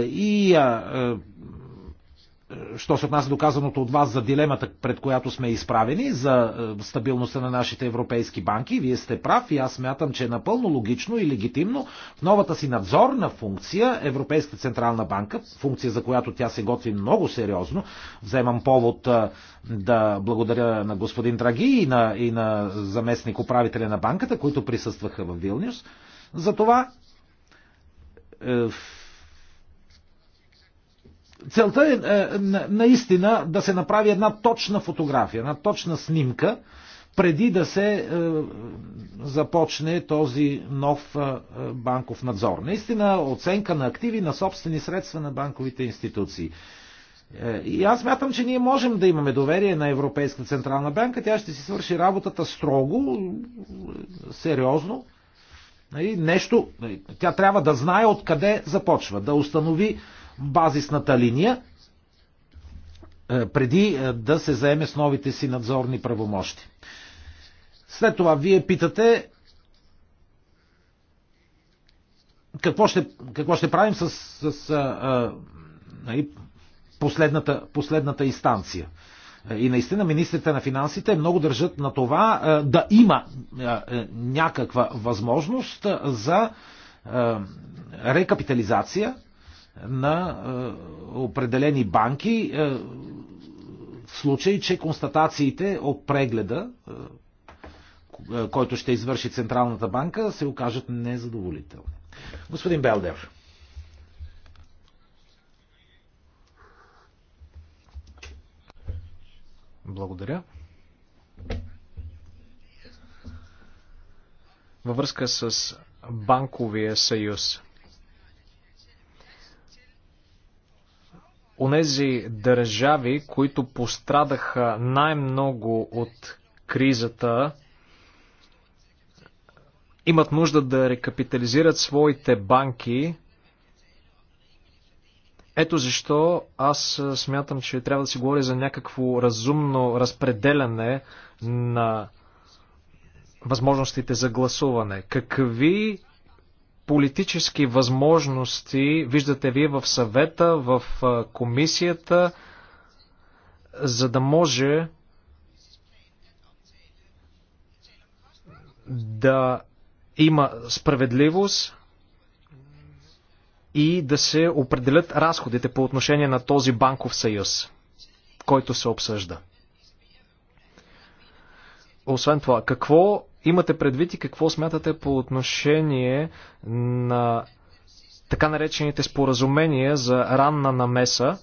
И е, що се отнася доказаното от вас за дилемата, пред която сме изправени, за е, стабилността на нашите европейски банки, вие сте прав и аз смятам, че е напълно логично и легитимно в новата си надзорна функция Европейска централна банка, функция за която тя се готви много сериозно, вземам повод е, да благодаря на господин Драги и на, и на заместник управителя на банката, които присъстваха в Вилнюс, за това Целта е, е наистина да се направи една точна фотография, една точна снимка, преди да се е, започне този нов е, банков надзор. Наистина оценка на активи на собствени средства на банковите институции. И аз мятам, че ние можем да имаме доверие на Европейска централна банка. Тя ще си свърши работата строго, сериозно. Нещо, тя трябва да знае откъде започва, да установи базисната линия, е, преди е, да се заеме с новите си надзорни правомощи. След това вие питате какво ще, какво ще правим с, с а, а, нали, последната, последната инстанция. И наистина министрите на финансите много държат на това а, да има а, е, някаква възможност за а, рекапитализация на е, определени банки е, в случай, че констатациите от прегледа, е, който ще извърши Централната банка, се окажат незадоволителни. Господин Белдер. Благодаря. Във връзка с банковия съюз. онези държави, които пострадаха най-много от кризата, имат нужда да рекапитализират своите банки. Ето защо аз смятам, че трябва да си говори за някакво разумно разпределяне на възможностите за гласуване. Какви политически възможности виждате вие в съвета, в комисията, за да може да има справедливост и да се определят разходите по отношение на този банков съюз, който се обсъжда. Освен това, какво имате предвид и какво смятате по отношение на така наречените споразумения за ранна намеса.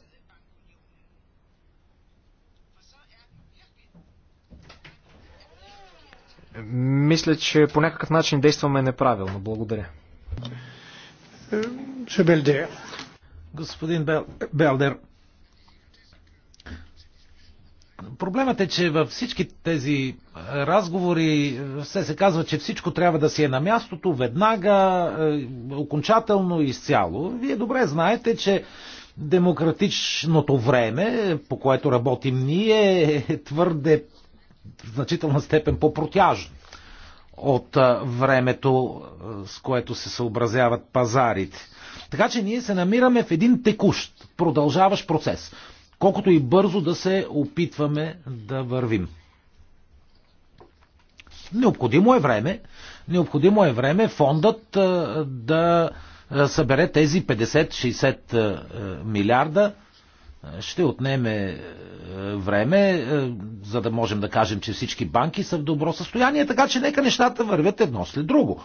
Мисля, че по някакъв начин действаме неправилно. Благодаря. Господин Белдер. Проблемът е, че във всички тези разговори все се казва, че всичко трябва да си е на мястото, веднага, окончателно, изцяло. Вие добре знаете, че демократичното време, по което работим ние, е твърде в значителна степен по-протяжно от времето, с което се съобразяват пазарите. Така че ние се намираме в един текущ, продължаващ процес колкото и бързо да се опитваме да вървим. Необходимо е време, необходимо е време фондът да събере тези 50-60 милиарда. Ще отнеме време, за да можем да кажем, че всички банки са в добро състояние, така че нека нещата вървят едно след друго.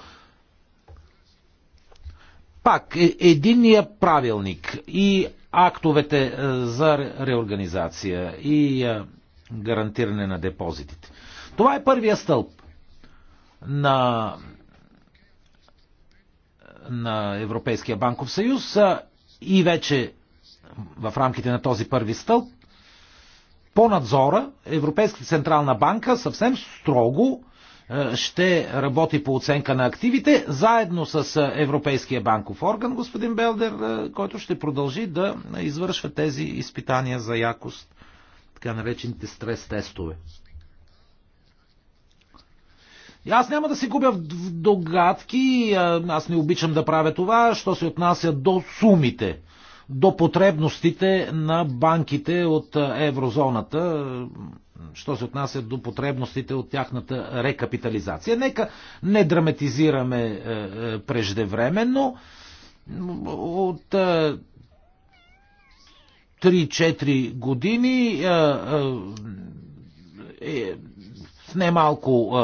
Пак, е, единия правилник и актовете е, за реорганизация и е, гарантиране на депозитите. Това е първия стълб на, на Европейския банков съюз е, и вече в рамките на този първи стълб по надзора Европейска централна банка съвсем строго е, ще работи по оценка на активите, заедно с е, Европейския банков орган, господин Белдер, е, който ще продължи да извършва тези изпитания за якост, така наречените стрес тестове. аз няма да си губя в догадки, аз не обичам да правя това, що се отнася до сумите, до потребностите на банките от еврозоната що се отнася до потребностите от тяхната рекапитализация. Нека не драматизираме е, е, преждевременно. От 3-4 е, години в немалко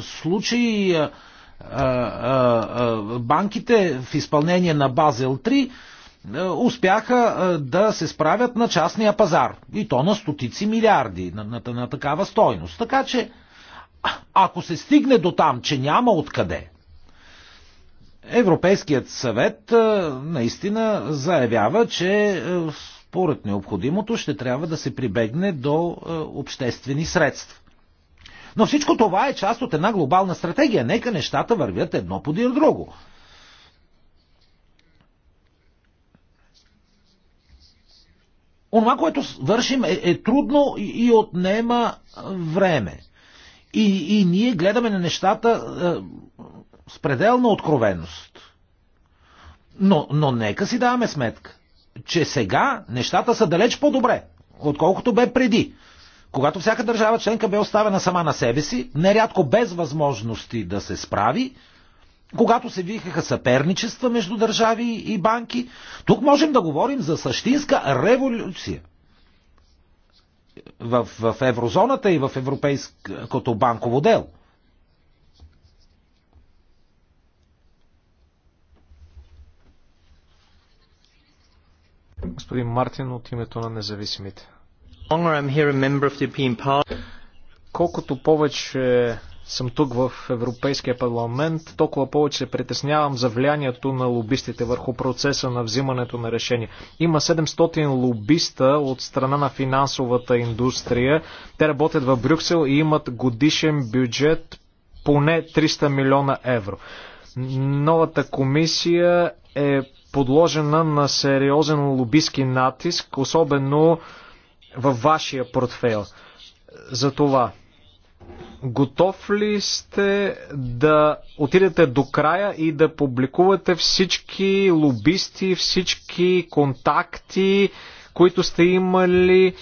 случаи банките в изпълнение на Базел 3 е, успяха е, да се справят на частния пазар. И то на стотици милиарди, на, на, на такава стойност. Така че, ако се стигне до там, че няма откъде, Европейският съвет е, наистина заявява, че според необходимото ще трябва да се прибегне до обществени средства. Но всичко това е част от една глобална стратегия. Нека нещата вървят едно подир друго. онова, което вършим е, е трудно и, и отнема време. И, и ние гледаме на нещата е, с пределна откровеност. Но, но нека си даваме сметка, че сега нещата са далеч по-добре, отколкото бе преди. Когато всяка държава членка бе оставена сама на себе си, нерядко без възможности да се справи, когато се вихаха съперничества между държави и банки. Тук можем да говорим за същинска революция в, в еврозоната и в европейското банково дело. Господин Мартин от името на независимите. Колкото повече съм тук в Европейския парламент, толкова повече се притеснявам за влиянието на лобистите върху процеса на взимането на решения. Има 700 лобиста от страна на финансовата индустрия. Те работят в Брюксел и имат годишен бюджет поне 300 милиона евро. Новата комисия е подложена на сериозен лобистски натиск, особено във вашия портфейл. За това Готов ли сте да отидете до края и да публикувате всички лобисти, всички контакти, които сте имали,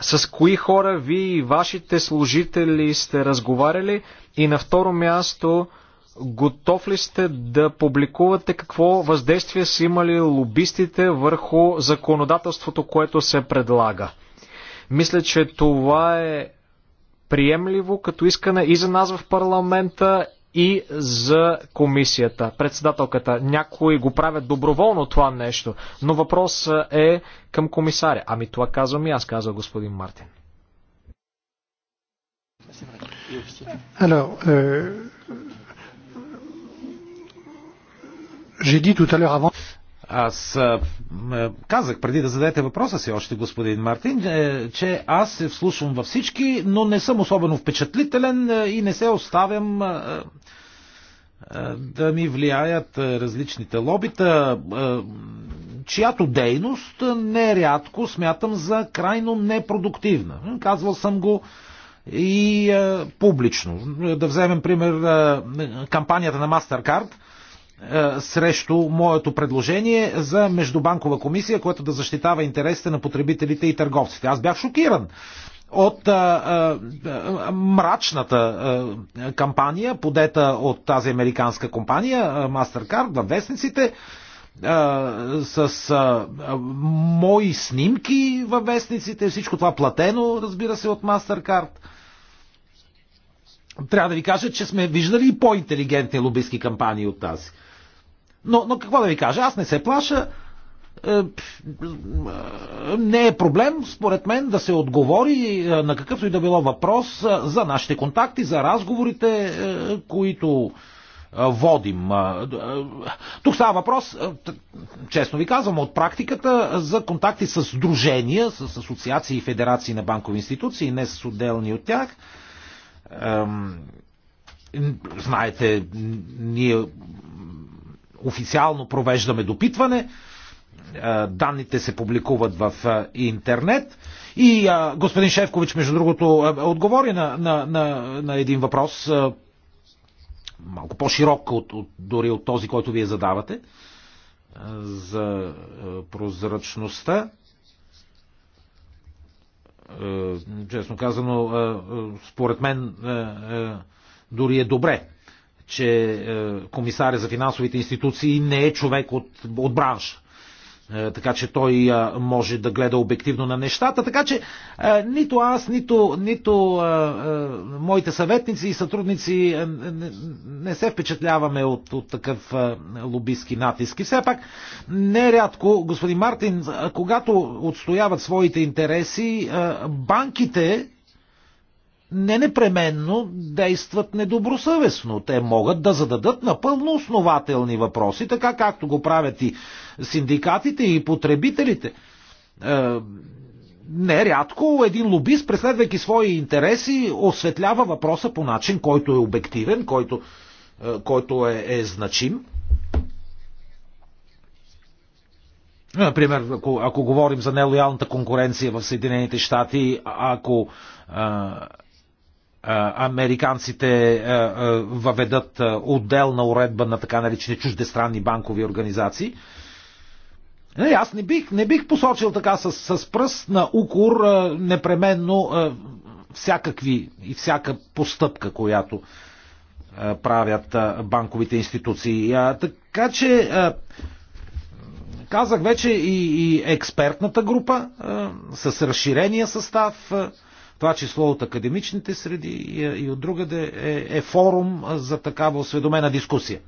с кои хора вие и вашите служители сте разговаряли? И на второ място, готов ли сте да публикувате какво въздействие са имали лобистите върху законодателството, което се предлага? Мисля, че това е приемливо като искане и за нас в парламента, и за комисията, председателката. Някои го правят доброволно това нещо, но въпрос е към комисаря. Ами това казвам и аз, казва господин Мартин. Alors, j'ai dit tout à l'heure avant... Аз казах преди да зададете въпроса си още, господин Мартин, е, че аз се вслушвам във всички, но не съм особено впечатлителен е, и не се оставям е, да ми влияят различните лобита, чиято дейност нерядко смятам за крайно непродуктивна. Казвал съм го и публично. Да вземем пример кампанията на MasterCard – е, срещу моето предложение за междубанкова комисия, която да защитава интересите на потребителите и търговците. Аз бях шокиран от а, е, а, е, мрачната а, кампания, подета от тази американска компания, MasterCard, във вестниците, с а, мои снимки във вестниците, всичко това платено, разбира се, от MasterCard. Трябва да ви кажа, че сме виждали и по-интелигентни лобистки кампании от тази. Но, но какво да ви кажа, аз не се плаша. Е, е, не е проблем, според мен, да се отговори е, на какъвто и да било въпрос за нашите контакти, за разговорите, които водим. Тук става въпрос, честно ви казвам, от практиката за контакти с дружения, с асоциации и федерации на банкови институции, не с отделни от тях. Знаете, ние официално провеждаме допитване. Е, данните се публикуват в е, интернет. И а, е, господин Шевкович, между другото, отговори на, на, на, на един въпрос, а, малко по-широк от, от, дори от този, който вие задавате, а, за а, прозрачността честно казано, според мен дори е добре че е, комисаря за финансовите институции не е човек от, от бранша е, така че той е, може да гледа обективно на нещата. Така че нито аз, нито, нито моите съветници и сътрудници не се впечатляваме от, от такъв лобистки натиск. И все пак, нерядко, господин Мартин, когато отстояват своите интереси, банките не непременно действат недобросъвестно. Те могат да зададат напълно основателни въпроси, така както го правят и синдикатите и потребителите. Е, нерядко един лобист, преследвайки свои интереси, осветлява въпроса по начин, който е обективен, който, е, който е, е значим. Например, ако, ако говорим за нелоялната конкуренция в Съединените щати, ако е, американците въведат отделна уредба на така наречени чуждестранни банкови организации. Не, аз не бих, не бих посочил така с, с пръст на укор непременно всякакви и всяка постъпка, която правят банковите институции. Така че казах вече и, и експертната група с разширения състав това число от академичните среди и от другаде е, е форум за такава осведомена дискусия.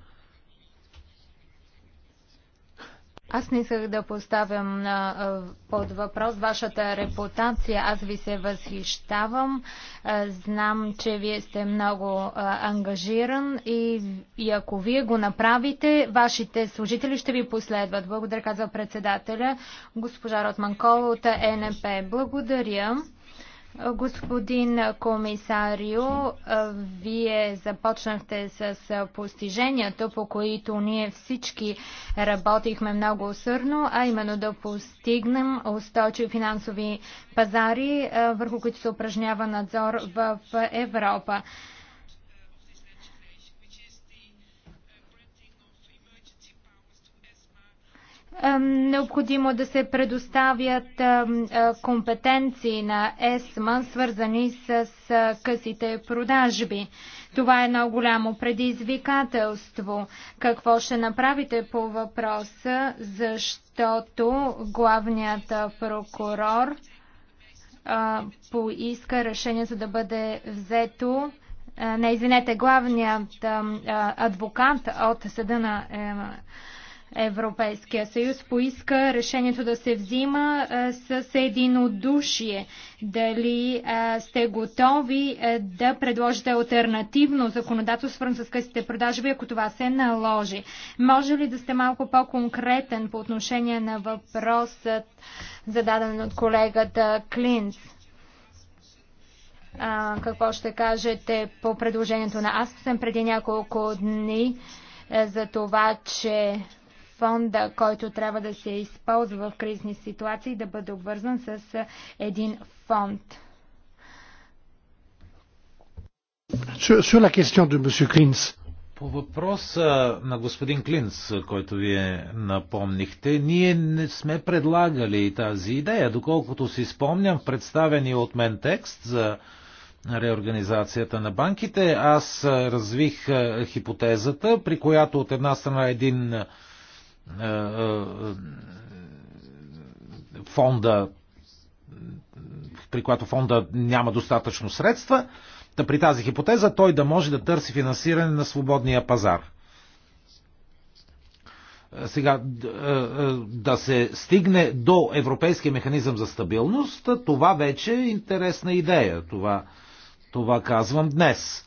Аз не исках да поставям а, под въпрос вашата репутация. Аз ви се възхищавам. А, знам, че вие сте много а, ангажиран и, и ако вие го направите, вашите служители ще ви последват. Благодаря, казва председателя, госпожа Ротманкова от ЕНП. Благодаря. Господин комисарио, вие започнахте с постиженията, по които ние всички работихме много усърдно, а именно да постигнем устойчиви финансови пазари, върху които се упражнява надзор в Европа. Необходимо да се предоставят компетенции на ЕСМА, свързани с късите продажби. Това е едно голямо предизвикателство. Какво ще направите по въпроса, защото главният прокурор поиска решение, за да бъде взето не, извинете, главният адвокат от съда на Европейския съюз поиска решението да се взима с единодушие. Дали сте готови да предложите альтернативно законодателство, свързано с късите продажби, ако това се наложи? Може ли да сте малко по-конкретен по отношение на въпросът, зададен от колегата Клинц? А, какво ще кажете по предложението на Аспсен преди няколко дни за това, че фонда, който трябва да се използва в кризни ситуации, да бъде обвързан с един фонд. По въпроса на господин Клинц, който вие напомнихте, ние не сме предлагали тази идея. Доколкото си спомням, представени от мен текст за реорганизацията на банките, аз развих хипотезата, при която от една страна един е, е, фонда, при която фонда няма достатъчно средства, да при тази хипотеза той да може да търси финансиране на свободния пазар. Е, сега, да се стигне до Европейския механизъм за стабилност, това вече е интересна идея. Това, това казвам днес.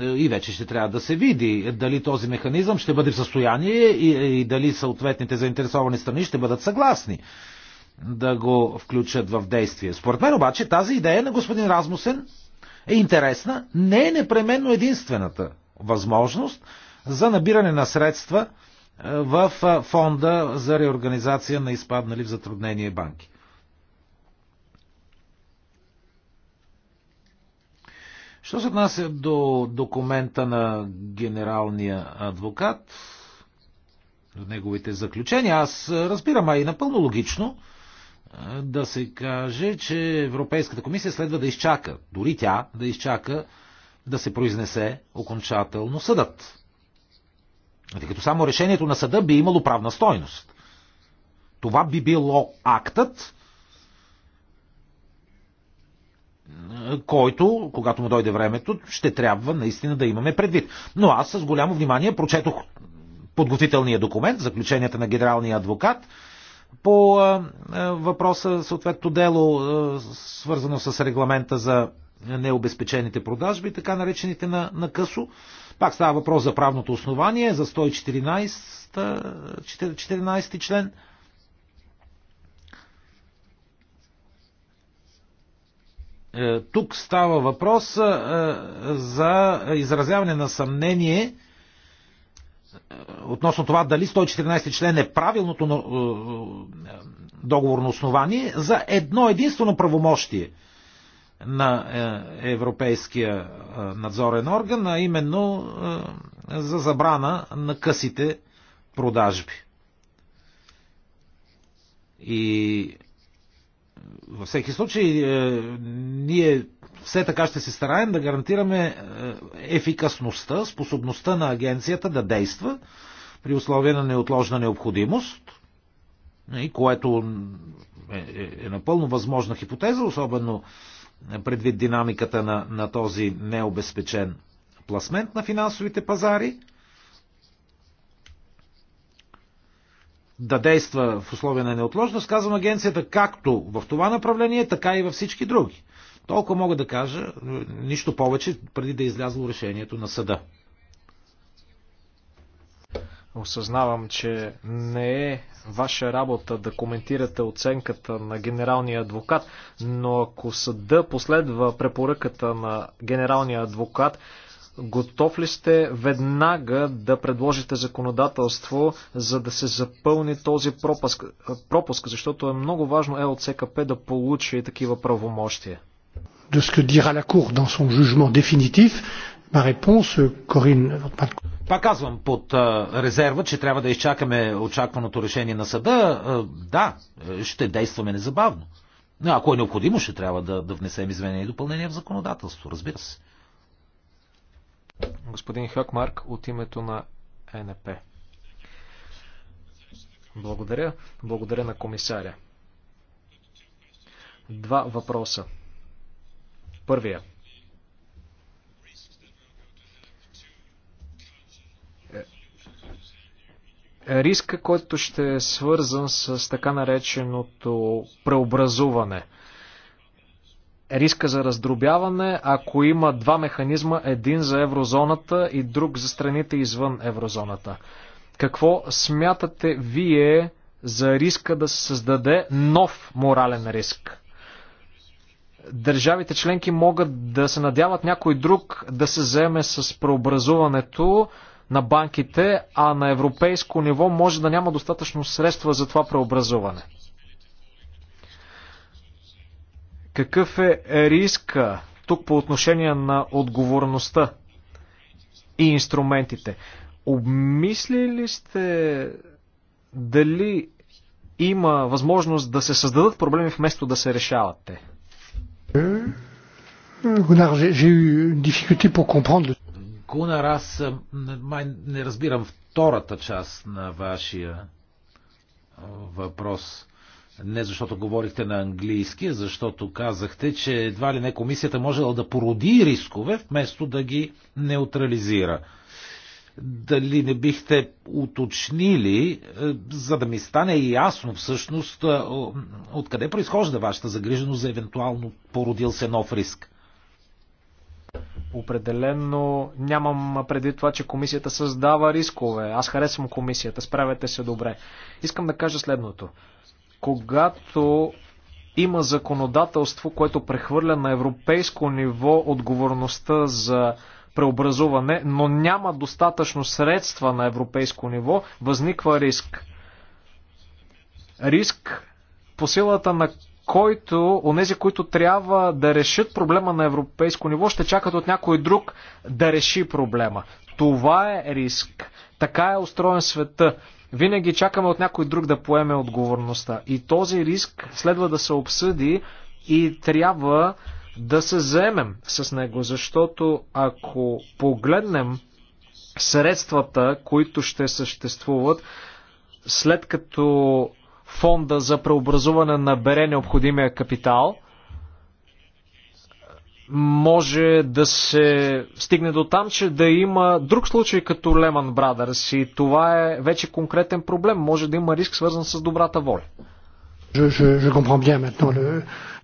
И вече ще трябва да се види дали този механизъм ще бъде в състояние и, и дали съответните заинтересовани страни ще бъдат съгласни да го включат в действие. Според мен обаче тази идея на господин Размусен е интересна, не е непременно единствената възможност за набиране на средства е, в е, фонда за реорганизация на изпаднали в затруднение банки. Що се отнася до документа на генералния адвокат, до неговите заключения, аз разбирам, а и напълно логично да се каже, че Европейската комисия следва да изчака, дори тя да изчака да се произнесе окончателно съдът. Тъй като само решението на съда би имало правна стойност. Това би било актът, който, когато му дойде времето, ще трябва наистина да имаме предвид. Но аз с голямо внимание прочетох подготвителния документ, заключенията на генералния адвокат по въпроса, съответно дело, свързано с регламента за необезпечените продажби, така наречените на, на късо. Пак става въпрос за правното основание, за 114 14 член. Е, тук става въпрос е, за изразяване на съмнение е, относно това дали 114 член е правилното договорно основание за едно единствено правомощие на Европейския надзорен орган, а именно за забрана на късите продажби. И във всеки случай, е, ние все така ще се стараем да гарантираме е, ефикасността, способността на агенцията да действа при условия на неотложна необходимост, е, и което е напълно възможна хипотеза, особено предвид динамиката на, на този необезпечен пласмент на финансовите пазари. да действа в условия на неотложност, казвам агенцията както в това направление, така и във всички други. Толкова мога да кажа, нищо повече, преди да е излязло решението на съда. Осъзнавам, че не е ваша работа да коментирате оценката на генералния адвокат, но ако съда последва препоръката на генералния адвокат, Готов ли сте веднага да предложите законодателство, за да се запълни този пропуск, пропуск защото е много важно ЕОЦКП да получи такива правомощия? De ce que dira la Cour dans son jugement définitif, ma réponse, Corinne... Пак казвам под резерва, че трябва да изчакаме очакваното решение на съда. Да, ще действаме незабавно. Ако е необходимо, ще трябва да, да внесем изменения и допълнения в законодателство, разбира се. Господин Хакмарк от името на НП. Благодаря. Благодаря на комисаря. Два въпроса. Първия. Е, риска, който ще е свързан с така нареченото преобразуване риска за раздробяване, ако има два механизма, един за еврозоната и друг за страните извън еврозоната. Какво смятате вие за риска да се създаде нов морален риск? Държавите членки могат да се надяват някой друг да се заеме с преобразуването на банките, а на европейско ниво може да няма достатъчно средства за това преобразуване. Какъв е риска тук по отношение на отговорността и инструментите? Обмислили сте дали има възможност да се създадат проблеми вместо да се решават те? Гунар, j'ai по difficulté Гунар, аз май не разбирам втората част на вашия въпрос. Не защото говорихте на английски, защото казахте, че едва ли не комисията можела да породи рискове, вместо да ги неутрализира. Дали не бихте уточнили, е, за да ми стане ясно всъщност е, откъде произхожда вашата загриженост за евентуално породил се нов риск? Определено нямам преди това, че комисията създава рискове. Аз харесвам комисията, справяте се добре. Искам да кажа следното когато има законодателство, което прехвърля на европейско ниво отговорността за преобразуване, но няма достатъчно средства на европейско ниво, възниква риск. Риск по силата на който онези, които трябва да решат проблема на европейско ниво, ще чакат от някой друг да реши проблема. Това е риск. Така е устроен света. Винаги чакаме от някой друг да поеме отговорността. И този риск следва да се обсъди и трябва да се заемем с него, защото ако погледнем средствата, които ще съществуват, след като фонда за преобразуване набере необходимия капитал, може да се стигне до там, че да има друг случай като Леман Брадърс и това е вече конкретен проблем. Може да има риск свързан с добрата воля.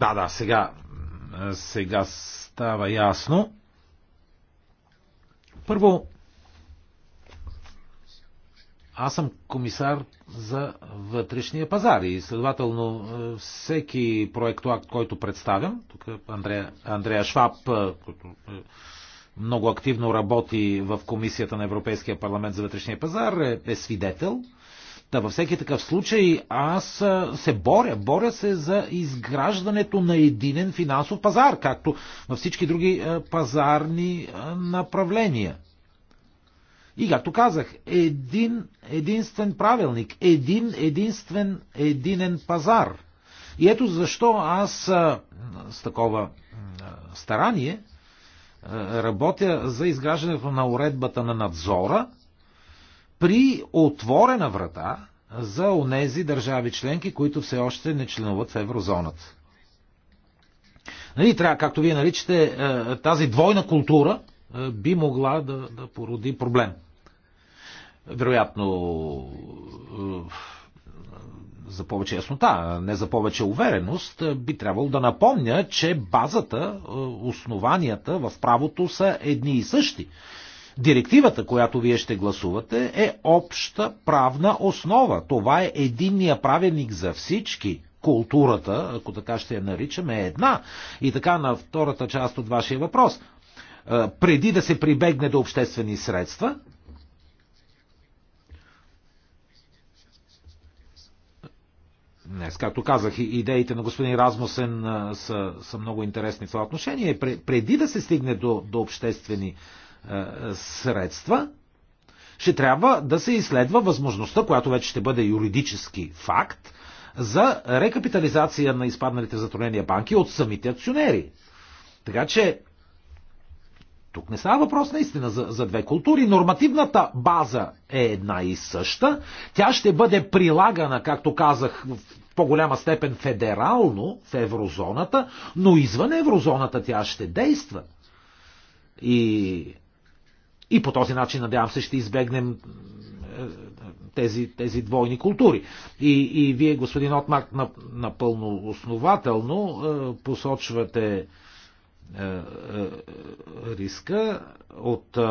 Да, да, сега, сега става ясно. Първо, аз съм комисар за вътрешния пазар и следователно е, всеки проектоакт, който представям, тук Андрея, Андрея Шваб, е, който е, много активно работи в Комисията на Европейския парламент за вътрешния пазар, е, е свидетел. Та да, във всеки такъв случай аз се боря, боря се за изграждането на единен финансов пазар, както във всички други пазарни направления. И както казах, един единствен правилник, един единствен единен пазар. И ето защо аз а, с такова а, старание а, работя за изграждането на уредбата на надзора при отворена врата за онези държави членки, които все още не членуват в еврозоната. Нали, трябва, както вие наричате, тази двойна култура – би могла да, да породи проблем. Вероятно, е, за повече яснота, не за повече увереност, е, би трябвало да напомня, че базата, е, основанията в правото са едни и същи. Директивата, която вие ще гласувате, е обща правна основа. Това е единния правеник за всички. Културата, ако така ще я наричаме, е една. И така на втората част от вашия въпрос – преди да се прибегне до обществени средства. Днес, както казах, идеите на господин Размусен са, са много интересни в това отношение. Преди да се стигне до, до обществени средства, ще трябва да се изследва възможността, която вече ще бъде юридически факт, за рекапитализация на изпадналите затруднения банки от самите акционери. Така че тук не става въпрос наистина за, за две култури. Нормативната база е една и съща. Тя ще бъде прилагана, както казах, в по-голяма степен федерално в еврозоната, но извън еврозоната тя ще действа. И, и по този начин, надявам се, ще избегнем е, тези, тези двойни култури. И, и вие, господин Отмак, напълно основателно е, посочвате е, е, риска от е,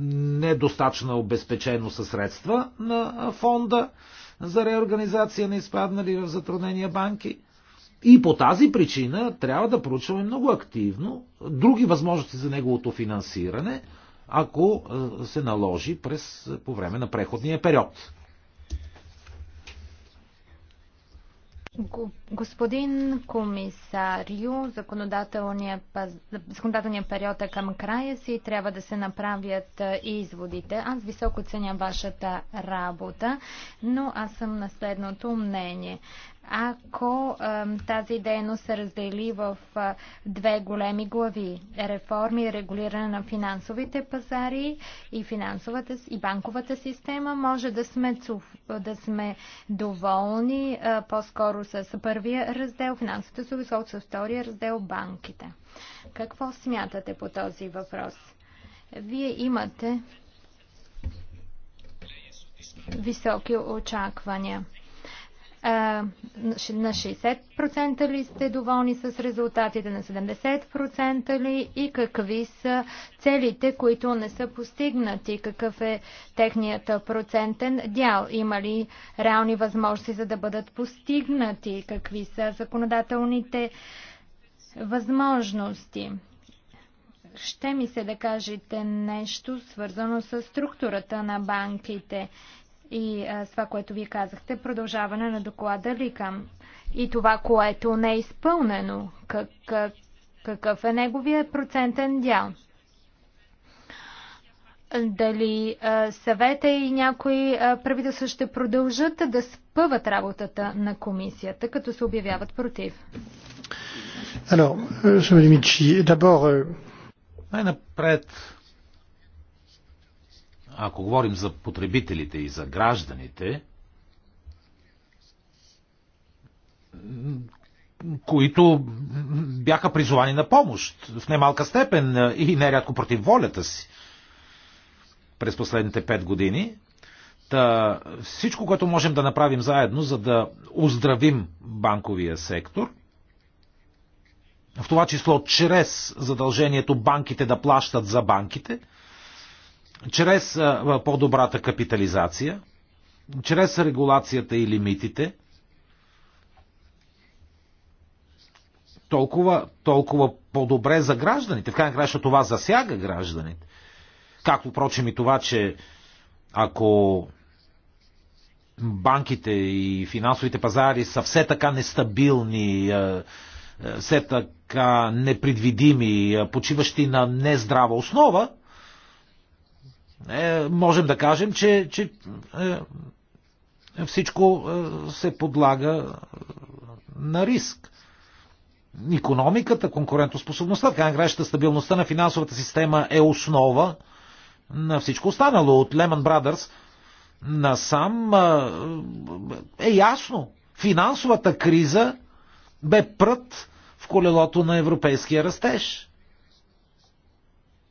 недостатъчна обезпеченост със средства на фонда за реорганизация на изпаднали в затруднения банки. И по тази причина трябва да проучваме много активно други възможности за неговото финансиране, ако се наложи през, по време на преходния период. Господин комисарио, законодателният период е към края си трябва да се направят изводите. Аз високо ценя вашата работа, но аз съм на следното мнение ако тази дейност се раздели в две големи глави реформи и регулиране на финансовите пазари и финансовата и банковата система, може да сме, да сме доволни по-скоро с първия раздел финансовата зависимост, с втория раздел банките. Какво смятате по този въпрос? Вие имате високи очаквания на 60% ли сте доволни с резултатите, на 70% ли и какви са целите, които не са постигнати, какъв е техният процентен дял, има ли реални възможности за да бъдат постигнати, какви са законодателните възможности. Ще ми се да кажете нещо свързано с структурата на банките и а, с това, което вие казахте, продължаване на доклада Ликам и това, което не е изпълнено, как, какъв е неговия процентен дял. Дали съвета и някои правителства ще продължат да спъват работата на комисията, като се обявяват против? Alors, euh, Най-напред ако говорим за потребителите и за гражданите, които бяха призовани на помощ в немалка степен и нерядко против волята си през последните пет години. Та, всичко, което можем да направим заедно, за да оздравим банковия сектор, в това число чрез задължението банките да плащат за банките – чрез по-добрата капитализация, чрез регулацията и лимитите, толкова, толкова по-добре за гражданите. В крайна краща това засяга гражданите. Както, впрочем, и това, че ако банките и финансовите пазари са все така нестабилни, все така непредвидими, почиващи на нездрава основа, е, можем да кажем, че, че е, всичко е, се подлага е, на риск. Икономиката, конкурентоспособността, така награща стабилността на финансовата система е основа на всичко останало. От Lehman Brothers насам е, е ясно. Финансовата криза бе прът в колелото на европейския растеж.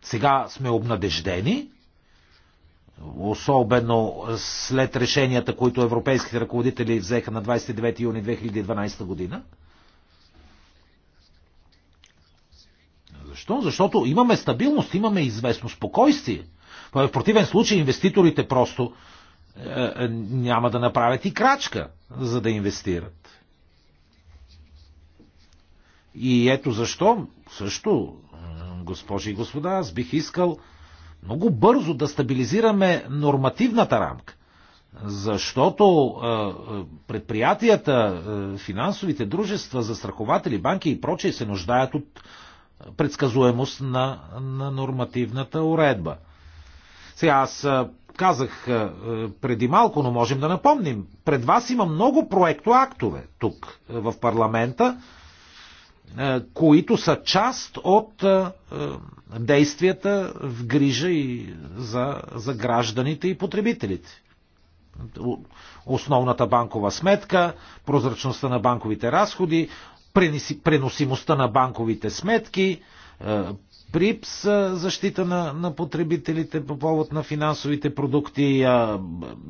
Сега сме обнадеждени, особено след решенията, които европейските ръководители взеха на 29 юни 2012 година? Защо? Защото имаме стабилност, имаме известно спокойствие. В противен случай инвеститорите просто е, е няма да направят и крачка, за да инвестират. И ето защо, също, е, госпожи и господа, аз бих искал много бързо да стабилизираме нормативната рамка, защото е, е, предприятията, е, финансовите дружества, застрахователи, банки и прочие се нуждаят от предсказуемост на, на нормативната уредба. Сега аз казах преди малко, но можем да напомним. Пред вас има много проектоактове тук в парламента, е, които са част от е, е, действията в грижа и за, за гражданите и потребителите. Основната банкова сметка, прозрачността на банковите разходи, преносимостта на банковите сметки, ПРИПС, защита на, на потребителите по повод на финансовите продукти,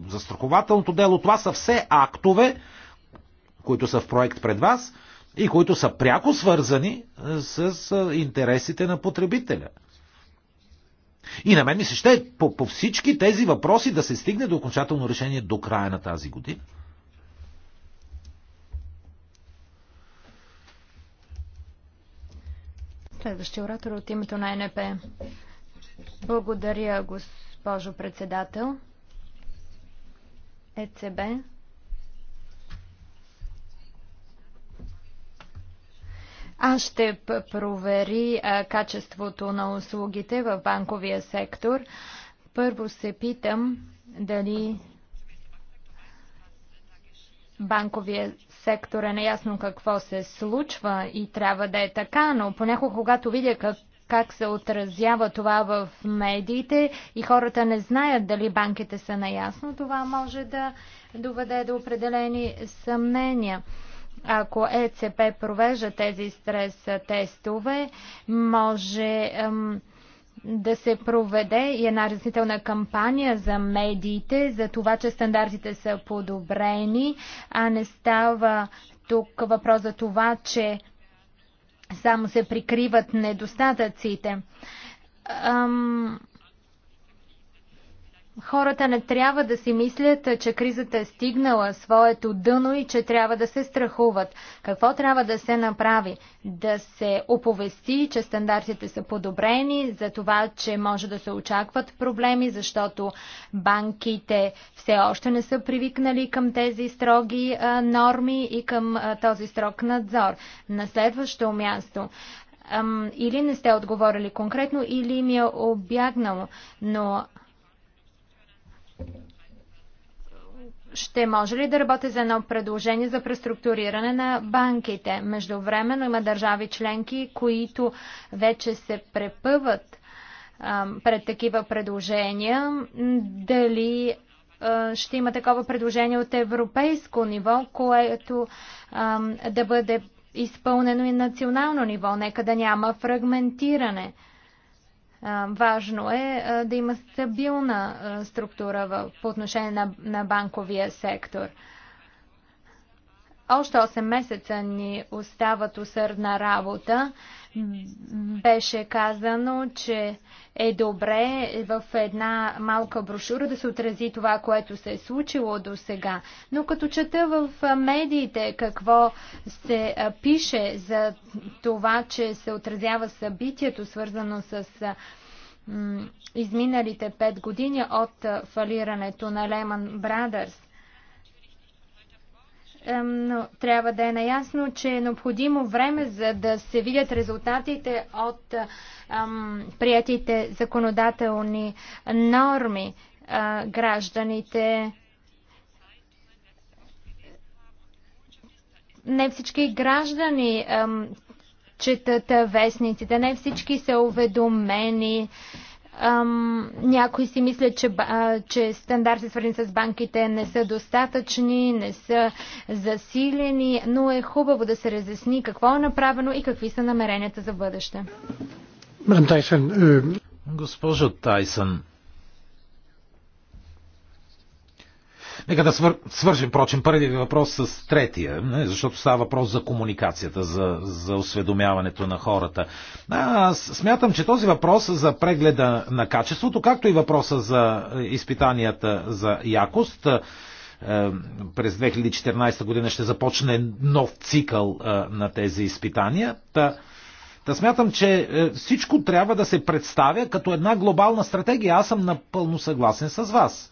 застрахователното дело. Това са все актове, които са в проект пред вас – и които са пряко свързани с интересите на потребителя. И на мен ми се ще по, по всички тези въпроси да се стигне до окончателно решение до края на тази година. Следващия оратор от името на НП. Благодаря, госпожо председател. ЕЦБ Аз ще провери качеството на услугите в банковия сектор. Първо се питам дали банковия сектор е наясно какво се случва и трябва да е така, но понякога когато видя как, как се отразява това в медиите и хората не знаят дали банките са наясно, това може да доведе до определени съмнения. Ако ЕЦП провежда тези стрес тестове, може ем, да се проведе и една разяснителна кампания за медиите, за това, че стандартите са подобрени, а не става тук въпрос за това, че само се прикриват недостатъците. Ам, Хората не трябва да си мислят, че кризата е стигнала своето дъно и че трябва да се страхуват. Какво трябва да се направи? Да се оповести, че стандартите са подобрени, за това, че може да се очакват проблеми, защото банките все още не са привикнали към тези строги а, норми и към а, този строг надзор. На следващо място или не сте отговорили конкретно, или ми е обягнало. Но ще може ли да работи за едно предложение за преструктуриране на банките? Междувременно има държави членки, които вече се препъват а, пред такива предложения. Дали а, ще има такова предложение от европейско ниво, което а, да бъде изпълнено и национално ниво? Нека да няма фрагментиране. Важно е да има стабилна структура по отношение на банковия сектор. Още 8 месеца ни остават усърдна работа. Беше казано, че е добре в една малка брошура да се отрази това, което се е случило до сега. Но като чета в медиите какво се пише за това, че се отразява събитието, свързано с изминалите 5 години от фалирането на Lehman Brothers, но трябва да е наясно, че е необходимо време за да се видят резултатите от приятите законодателни норми. Е, гражданите не всички граждани четат е, вестниците, не всички са уведомени. Ам, някои си мислят, че, а, че стандарти свързани с банките не са достатъчни, не са засилени, но е хубаво да се разясни какво е направено и какви са намеренията за бъдеще. Е, Госпожо Тайсън, Нека да свър... свържем, прочим, първият ви въпрос с третия, защото става въпрос за комуникацията, за, за осведомяването на хората. Аз смятам, че този въпрос за прегледа на качеството, както и въпроса за изпитанията за якост, е, през 2014 година ще започне нов цикъл е, на тези изпитания. Та, та смятам, че е, всичко трябва да се представя като една глобална стратегия. Аз съм напълно съгласен с вас.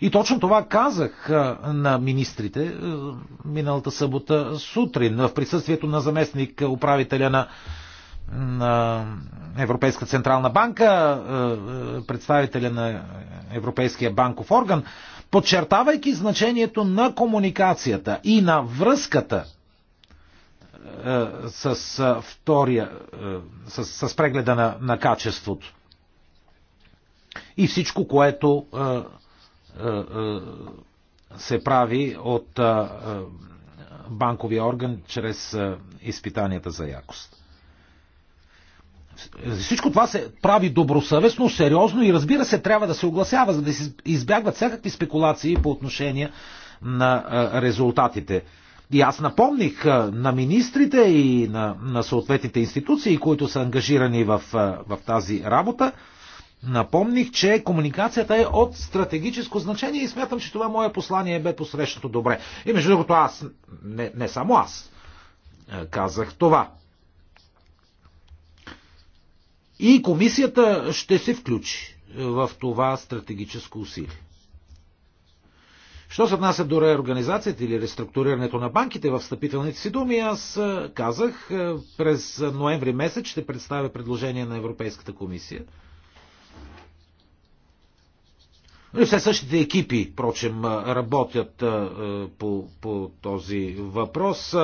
И точно това казах на министрите миналата събота сутрин в присъствието на заместник управителя на на Европейска централна банка, представителя на Европейския банков орган, подчертавайки значението на комуникацията и на връзката с втория, с, с прегледа на, на качеството. И всичко, което е, е, се прави от е, банковия орган чрез изпитанията за якост. Всичко това се прави добросъвестно, сериозно и разбира се трябва да се огласява, за да се избягват всякакви спекулации по отношение на резултатите. И аз напомних на министрите и на, на съответните институции, които са ангажирани в, в тази работа, Напомних, че комуникацията е от стратегическо значение и смятам, че това мое послание бе посрещнато добре. И между другото, аз, не, не само аз, е, казах това. И комисията ще се включи е, в това стратегическо усилие. Що се отнася до реорганизацията или реструктурирането на банките в встъпителните си думи, аз е, казах през ноември месец ще представя предложение на Европейската комисия И все същите екипи, впрочем, работят по, по този въпрос.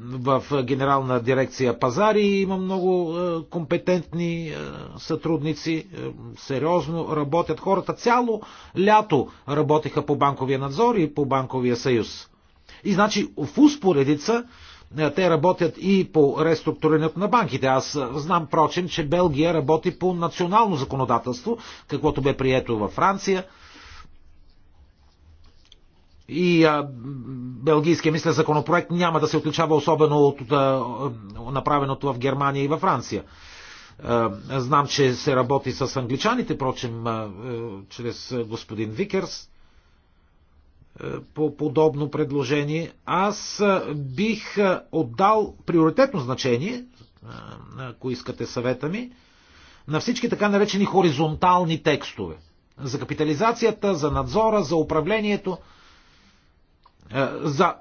В Генерална дирекция пазари има много компетентни сътрудници, сериозно работят хората. Цяло лято работиха по банковия надзор и по банковия съюз. И значи в успоредица е, те работят и по реструктурирането на банките. Аз е, знам, прочен, че Белгия работи по национално законодателство, каквото бе прието във Франция. И а, е, белгийския, мисля, законопроект няма да се отличава особено от а, направеното в Германия и във Франция. Знам, че се работи с англичаните, прочим, чрез господин Викерс по подобно предложение. Аз бих отдал приоритетно значение, ако искате съвета ми, на всички така наречени хоризонтални текстове. За капитализацията, за надзора, за управлението, за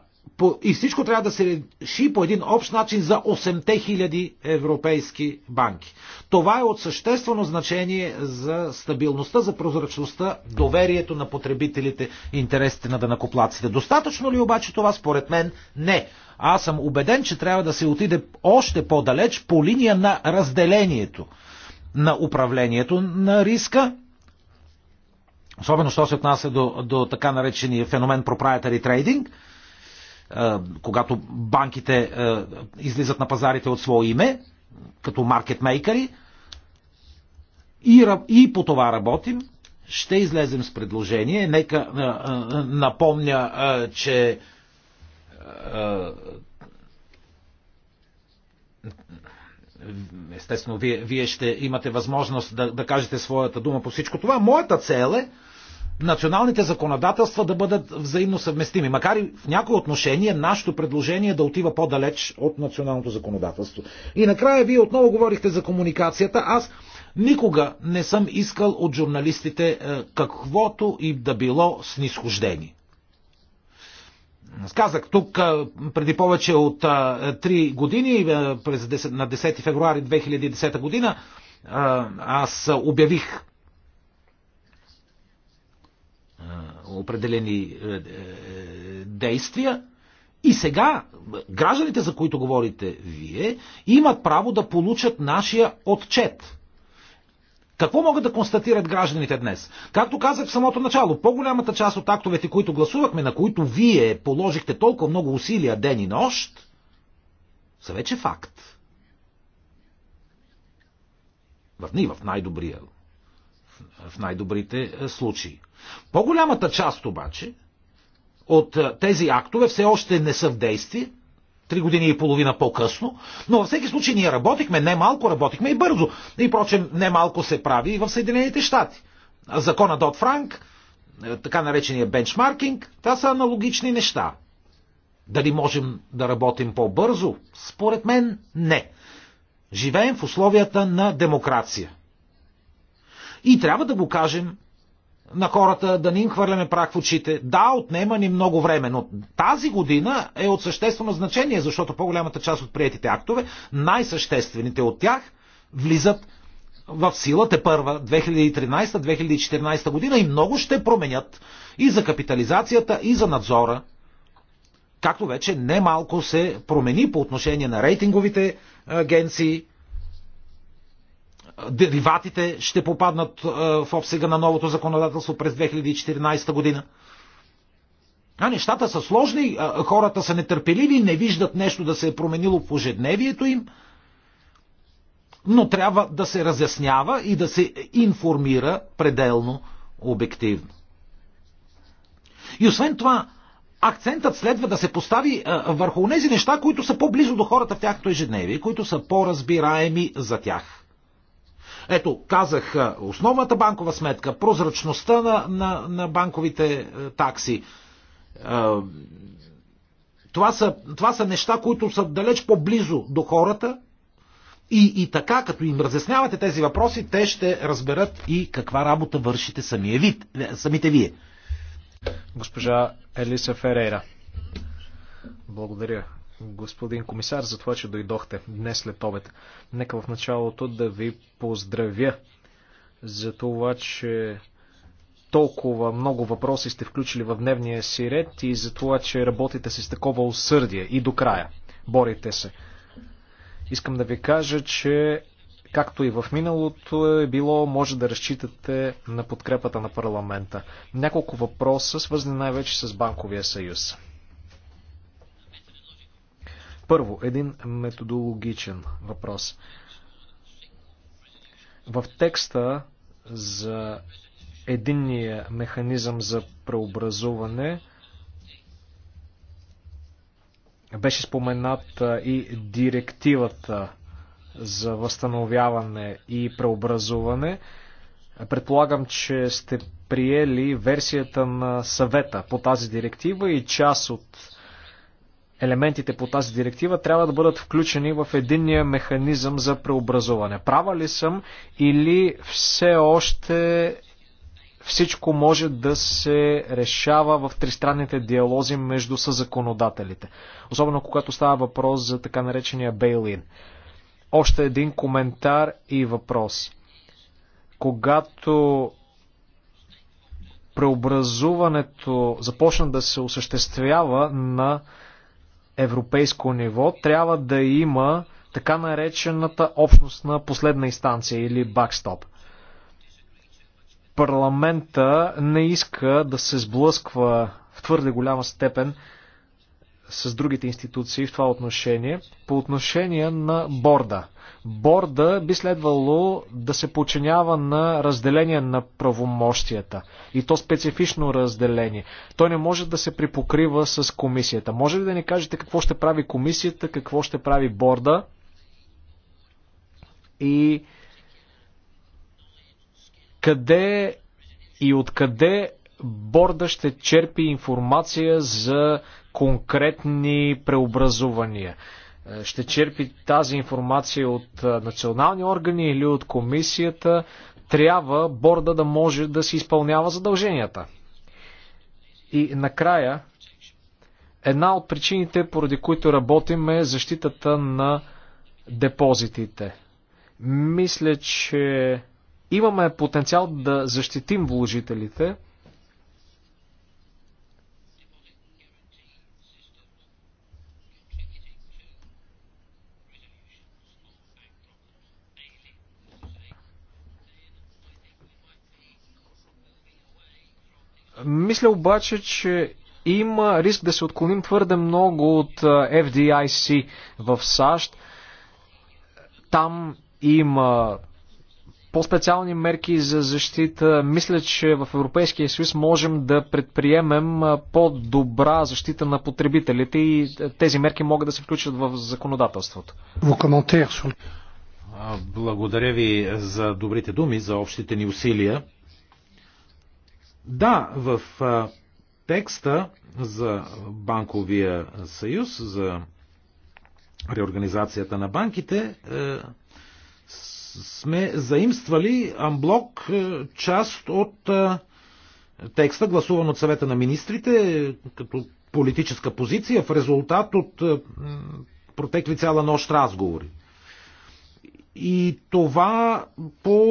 и всичко трябва да се реши по един общ начин за 8 000 европейски банки. Това е от съществено значение за стабилността, за прозрачността, доверието на потребителите, интересите на данакоплаците. Достатъчно ли обаче това според мен? Не. Аз съм убеден, че трябва да се отиде още по-далеч по линия на разделението на управлението на риска особено що се отнася до, до така наречения феномен proprietary trading – когато банките излизат на пазарите от свое име, като маркетмейкери, и, и по това работим. Ще излезем с предложение. Нека напомня, че естествено, вие, вие ще имате възможност да, да кажете своята дума по всичко това. Моята цел е националните законодателства да бъдат взаимно съвместими. Макар и в някои отношения нашето предложение е да отива по-далеч от националното законодателство. И накрая вие отново говорихте за комуникацията. Аз никога не съм искал от журналистите е, каквото и да било снисхождение. Сказах тук е, преди повече от 3 години, на 10 февруари 2010 година, аз обявих определени е, е, действия. И сега гражданите, за които говорите вие, имат право да получат нашия отчет. Какво могат да констатират гражданите днес? Както казах в самото начало, по-голямата част от актовете, които гласувахме, на които вие положихте толкова много усилия ден и нощ, са вече факт. В, в най-добрия, в най-добрите е, случаи. По-голямата част обаче от тези актове все още не са в действие, три години и половина по-късно, но във всеки случай ние работихме, не малко работихме и бързо. И прочем, не малко се прави и в Съединените щати. Закона Дот Франк, е, така наречения бенчмаркинг, това са аналогични неща. Дали можем да работим по-бързо? Според мен не. Живеем в условията на демокрация. И трябва да го кажем на хората, да не им хвърляме прах в очите. Да, отнема ни много време, но тази година е от съществено значение, защото по-голямата част от приетите актове, най-съществените от тях, влизат в силата първа 2013-2014 година и много ще променят и за капитализацията, и за надзора. Както вече немалко се промени по отношение на рейтинговите агенции, дериватите ще попаднат е, в обсега на новото законодателство през 2014 година. А нещата са сложни, е, хората са нетърпеливи, не виждат нещо да се е променило в ежедневието им, но трябва да се разяснява и да се информира пределно обективно. И освен това, акцентът следва да се постави е, върху тези неща, които са по-близо до хората в тяхното ежедневие, които са по-разбираеми за тях. Ето, казах, основната банкова сметка, прозрачността на, на, на банковите е, такси. Е, това са, това са неща, които са далеч по-близо до хората. И, и така, като им разяснявате тези въпроси, те ще разберат и каква работа вършите самия е вид, самите вие. Госпожа Елиса Ферейра. Благодаря, господин комисар, за това, че дойдохте днес след обед. Нека в началото да ви поздравя за това, че толкова много въпроси сте включили в дневния си ред и за това, че работите си с такова усърдие и до края. Борите се. Искам да ви кажа, че както и в миналото е било, може да разчитате на подкрепата на парламента. Няколко въпроса, свързани най-вече с Банковия съюз. Първо, един методологичен въпрос. В текста за единния механизъм за преобразуване беше спомената и директивата за възстановяване и преобразуване. Предполагам, че сте приели версията на съвета по тази директива и част от елементите по тази директива трябва да бъдат включени в единния механизъм за преобразуване. Права ли съм или все още всичко може да се решава в тристранните диалози между съзаконодателите. Особено когато става въпрос за така наречения бейлин. Още един коментар и въпрос. Когато преобразуването започна да се осъществява на европейско ниво, трябва да има така наречената общност на последна инстанция или бакстоп. Парламента не иска да се сблъсква в твърде голяма степен с другите институции в това отношение. По отношение на борда. Борда би следвало да се подчинява на разделение на правомощията. И то специфично разделение. Той не може да се припокрива с комисията. Може ли да ни кажете какво ще прави комисията, какво ще прави борда? И къде и откъде борда ще черпи информация за конкретни преобразувания. Е, ще черпи тази информация от е, национални органи или от комисията. Трябва борда да може да си изпълнява задълженията. И накрая, една от причините, поради които работим е защитата на депозитите. Мисля, че имаме потенциал да защитим вложителите, Мисля обаче, че има риск да се отклоним твърде много от FDIC в САЩ. Там има по-специални мерки за защита. Мисля, че в Европейския съюз можем да предприемем по-добра защита на потребителите и тези мерки могат да се включат в законодателството. Благодаря ви за добрите думи, за общите ни усилия. Да, в текста за банковия съюз, за реорганизацията на банките, е, сме заимствали амблок е, част от е, текста, гласуван от съвета на министрите, като политическа позиция в резултат от протекли цяла нощ разговори. И това по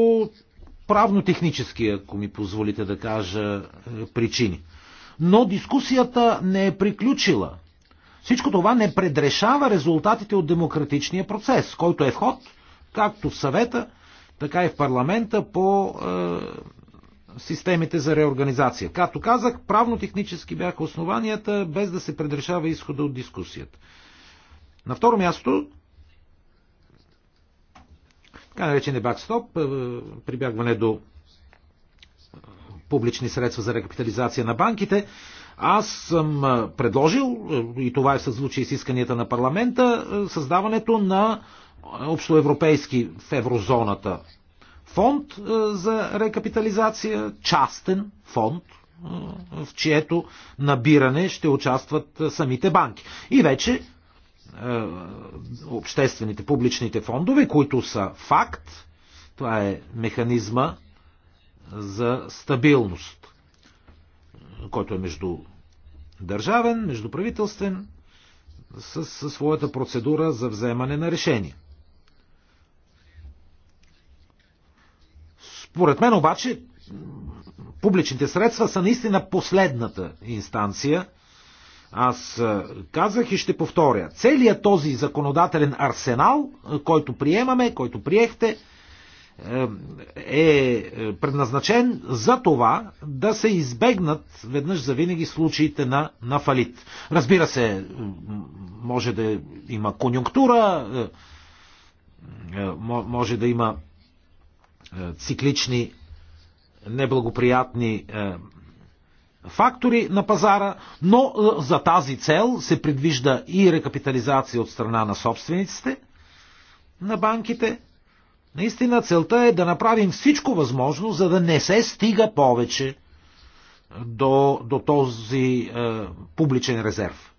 правно-технически, ако ми позволите да кажа, е, причини. Но дискусията не е приключила. Всичко това не предрешава резултатите от демократичния процес, който е вход, както в съвета, така и в парламента по е, системите за реорганизация. Както казах, правно-технически бяха основанията, без да се предрешава изхода от дискусията. На второ място, така наречения бакстоп, е, прибягване до публични средства за рекапитализация на банките. Аз съм е, предложил, е, и това е съзвучи с исканията на парламента, създаването на общоевропейски в еврозоната фонд за рекапитализация, частен фонд, в чието набиране ще участват самите банки. И вече е, обществените, публичните фондове, които са факт. Това е механизма за стабилност, който е между държавен, междуправителствен, със своята процедура за вземане на решение. Според мен обаче публичните средства са наистина последната инстанция аз е, казах и ще повторя. Целият този законодателен арсенал, е, който приемаме, който приехте, е, е предназначен за това да се избегнат веднъж за винаги случаите на, на фалит. Разбира се, може да има конюнктура, може да има циклични неблагоприятни фактори на пазара, но е, за тази цел се предвижда и рекапитализация от страна на собствениците на банките. Наистина целта е да направим всичко възможно, за да не се стига повече до, до този е, публичен резерв.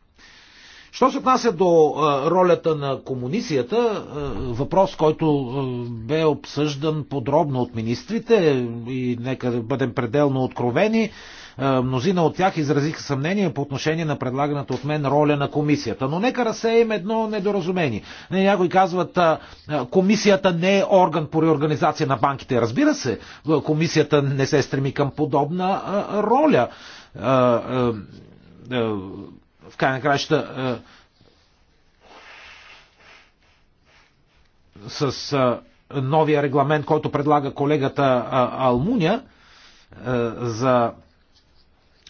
Що се отнася до е, ролята на комуницията, е, въпрос, който е, бе обсъждан подробно от министрите е, и нека да бъдем пределно откровени, е, мнозина от тях изразиха съмнение по отношение на предлаганата от мен роля на комисията. Но нека разсеем едно недоразумение. Не, някои казват, е, е, комисията не е орган по реорганизация на банките. Разбира се, комисията не се стреми към подобна роля. В крайна краща с новия регламент, който предлага колегата Алмуня за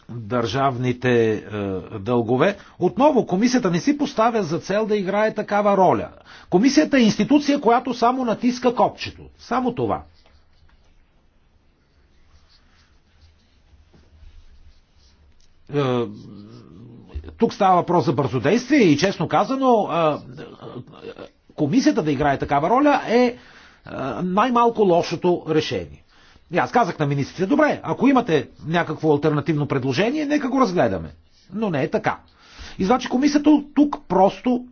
държавните е, дългове. Отново, комисията не си поставя за цел да играе такава роля. Комисията е институция, която само натиска копчето. Само това. Е, тук става въпрос за бързодействие и честно казано, е, е комисията да играе такава роля е, е най-малко лошото решение. И е, аз казах на министрите, добре, ако имате някакво альтернативно предложение, нека го разгледаме. Но не е така. И значи комисията тук просто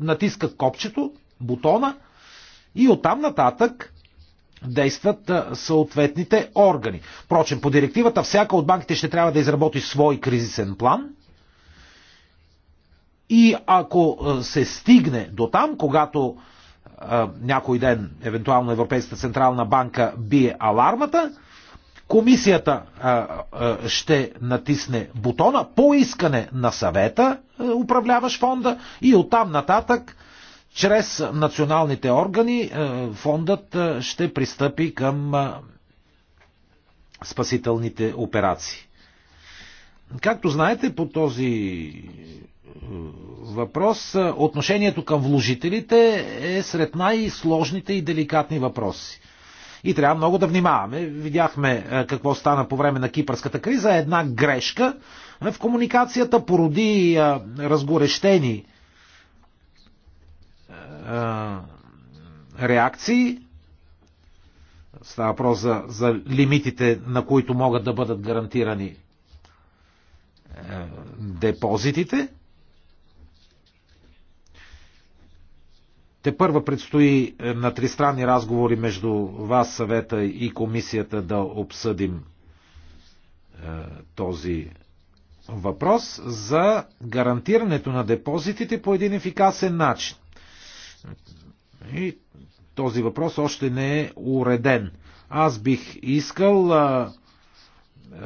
натиска копчето, бутона и оттам нататък действат съответните органи. Впрочем, по директивата всяка от банките ще трябва да изработи свой кризисен план. И ако се стигне до там, когато някой ден, евентуално Европейската централна банка бие алармата, комисията а, а, ще натисне бутона по искане на съвета, управляващ фонда, и оттам нататък, чрез националните органи, фондът ще пристъпи към спасителните операции. Както знаете, по този въпрос. Отношението към вложителите е сред най-сложните и деликатни въпроси. И трябва много да внимаваме. Видяхме какво стана по време на кипърската криза. Една грешка в комуникацията породи разгорещени реакции. Става въпрос за, за лимитите, на които могат да бъдат гарантирани депозитите. Те първа предстои е, на тристранни разговори между вас, съвета и комисията да обсъдим е, този въпрос за гарантирането на депозитите по един ефикасен начин. И този въпрос още не е уреден. Аз бих искал е,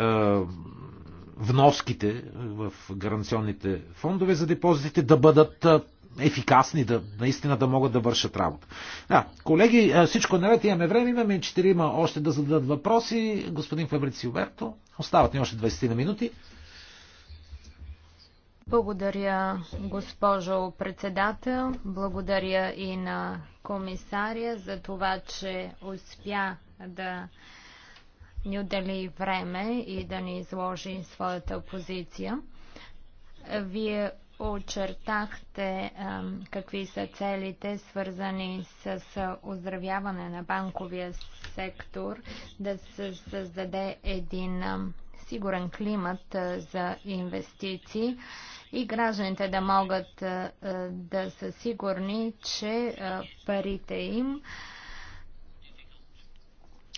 е, вноските в гаранционните фондове за депозитите да бъдат е, ефикасни, да, наистина да могат да вършат работа. Да, колеги, е, всичко е наред, имаме време, имаме четирима още да зададат въпроси. Господин Фабрици Оберто, остават ни още 20 на минути. Благодаря, госпожо председател. Благодаря и на комисаря за това, че успя да ни отдели време и да ни изложи своята позиция. Вие Очертахте какви са целите, свързани с оздравяване на банковия сектор, да се създаде един сигурен климат за инвестиции и гражданите да могат да са сигурни, че парите им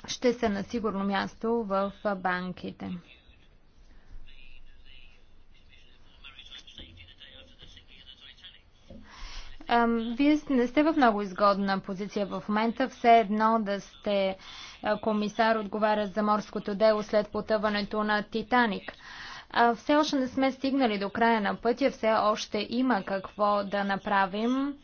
ще са на сигурно място в банките. Вие не сте в много изгодна позиция в момента. Все едно да сте комисар, отговаря за морското дело след потъването на Титаник. Все още не сме стигнали до края на пътя, все още има какво да направим.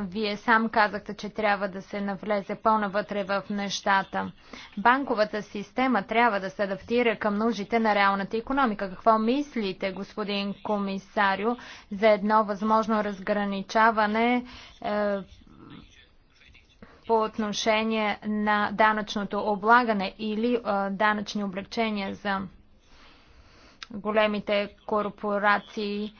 Вие сам казахте, че трябва да се навлезе по-навътре в нещата. Банковата система трябва да се адаптира към нуждите на реалната економика. Какво мислите, господин комисарио, за едно възможно разграничаване е, по отношение на данъчното облагане или е, данъчни облегчения за големите корпорации,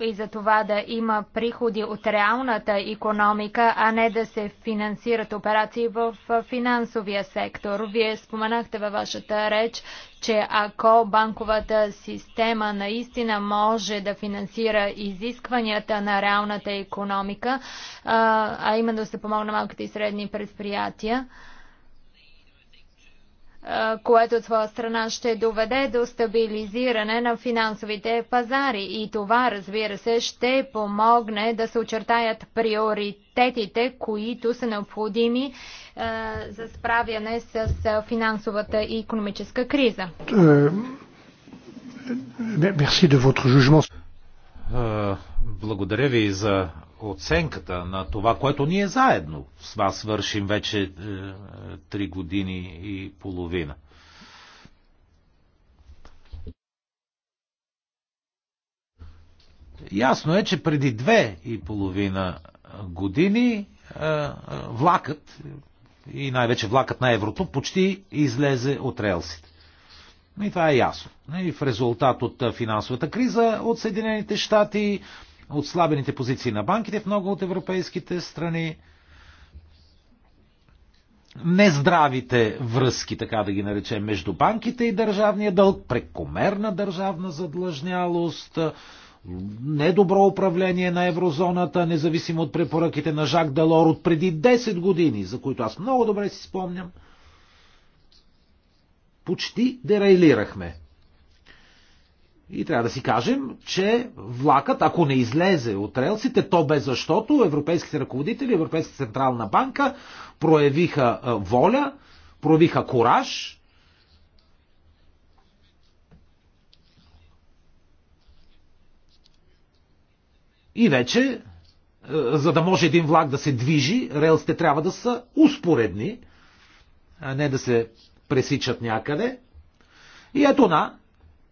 и за това да има приходи от реалната економика, а не да се финансират операции в финансовия сектор. Вие споменахте във вашата реч, че ако банковата система наистина може да финансира изискванията на реалната економика, а именно да се помогна малките и средни предприятия, което от своя страна ще доведе до стабилизиране на финансовите пазари. И това, разбира се, ще помогне да се очертаят приоритетите, които са необходими е, за справяне с финансовата и економическа криза. Благодаря ви за оценката на това, което ние заедно с вас вършим вече е, три години и половина. Ясно е, че преди две и половина години е, е, влакът и най-вече влакът на еврото почти излезе от релсите. И това е ясно. И в резултат от финансовата криза от Съединените щати, отслабените позиции на банките в много от европейските страни, нездравите връзки, така да ги наречем, между банките и държавния дълг, прекомерна държавна задлъжнялост, недобро управление на еврозоната, независимо от препоръките на Жак Делор от преди 10 години, за които аз много добре си спомням, почти дерайлирахме. И трябва да си кажем, че влакът, ако не излезе от релсите, то бе защото европейските ръководители, Европейска централна банка проявиха воля, проявиха кораж. И вече, за да може един влак да се движи, релсите трябва да са успоредни, а не да се пресичат някъде. И ето на,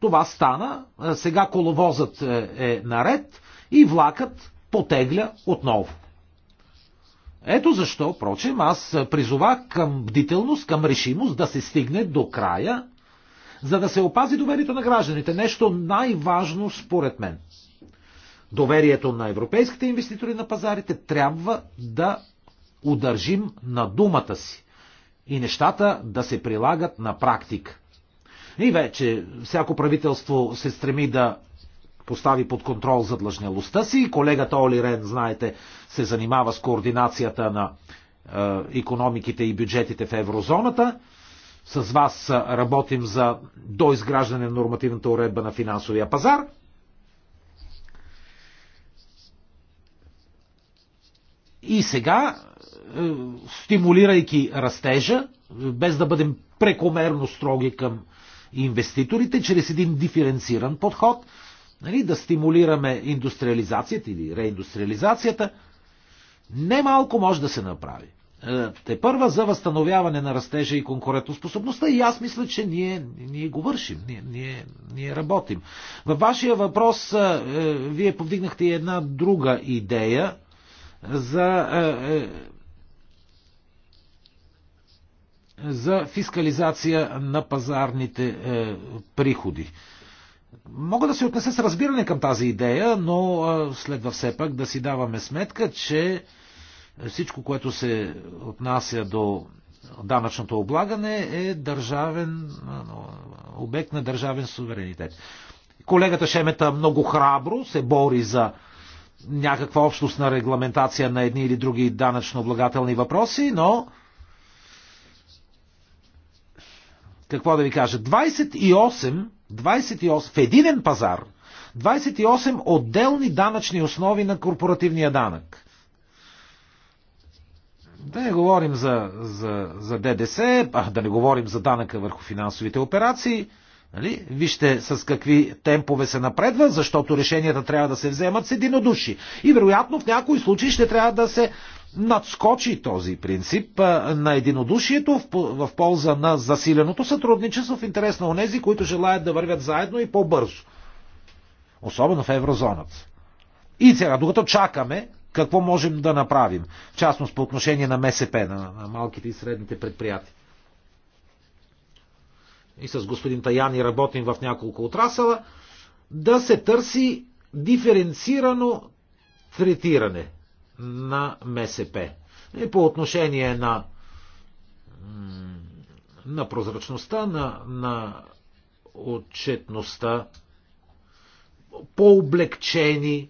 това стана, е, сега коловозът е, е наред и влакът потегля отново. Ето защо, прочим, аз призовах към бдителност, към решимост да се стигне до края, за да се опази доверието на гражданите. Нещо най-важно според мен. Доверието на европейските инвеститори на пазарите трябва да удържим на думата си и нещата да се прилагат на практика. И вече всяко правителство се стреми да постави под контрол задлъжнялостта си. Колегата Оли Рен, знаете, се занимава с координацията на економиките и бюджетите в еврозоната. С вас е, работим за доизграждане на нормативната уредба на финансовия пазар. И сега, е, стимулирайки растежа, без да бъдем прекомерно строги към инвеститорите чрез един диференциран подход, нали, да стимулираме индустриализацията или реиндустриализацията, немалко може да се направи. Е, те първа за възстановяване на растежа и конкурентоспособността и аз мисля, че ние, ние го вършим, ние, ние, ние работим. Във вашия въпрос е, е, вие повдигнахте и една друга идея за за фискализация на пазарните е, приходи. Мога да се отнеса с разбиране към тази идея, но е, следва все пак да си даваме сметка, че всичко, което се отнася до данъчното облагане е държавен, е, обект на държавен суверенитет. Колегата Шемета много храбро се бори за някаква общностна регламентация на едни или други данъчно-облагателни въпроси, но какво да ви кажа, 28, 28 в единен пазар, 28 отделни данъчни основи на корпоративния данък. Да не говорим за, за, за ДДС, а да не говорим за данъка върху финансовите операции. Нали? Вижте с какви темпове се напредва, защото решенията трябва да се вземат с единодуши. И вероятно в някои случаи ще трябва да се надскочи този принцип на единодушието в полза на засиленото сътрудничество в интерес на онези, които желаят да вървят заедно и по-бързо. Особено в еврозоната. И сега, докато чакаме, какво можем да направим? В частност по отношение на МСП, на, на малките и средните предприятия. И с господин Таяни работим в няколко отрасъла. Да се търси диференцирано третиране – на МСП. И по отношение на, на прозрачността, на, на отчетността, по-облегчени е,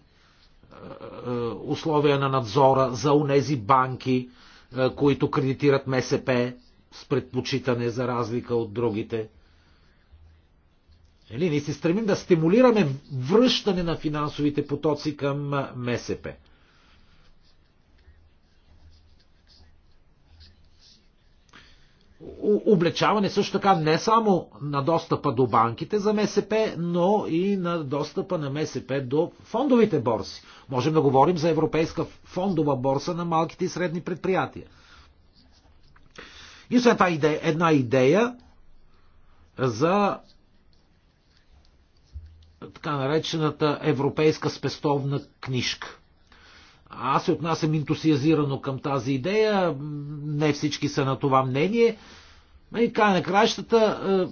е, условия на надзора за унези банки, е, които кредитират МСП с предпочитане за разлика от другите. Или нали, ние се стремим да стимулираме връщане на финансовите потоци към МСП. облечаване също така не само на достъпа до банките за МСП, но и на достъпа на МСП до фондовите борси. Можем да говорим за европейска фондова борса на малките и средни предприятия. И след това идея, една идея за така наречената европейска спестовна книжка. Аз се отнасям ентусиазирано към тази идея. Не всички са на това мнение. И край на краищата е, е,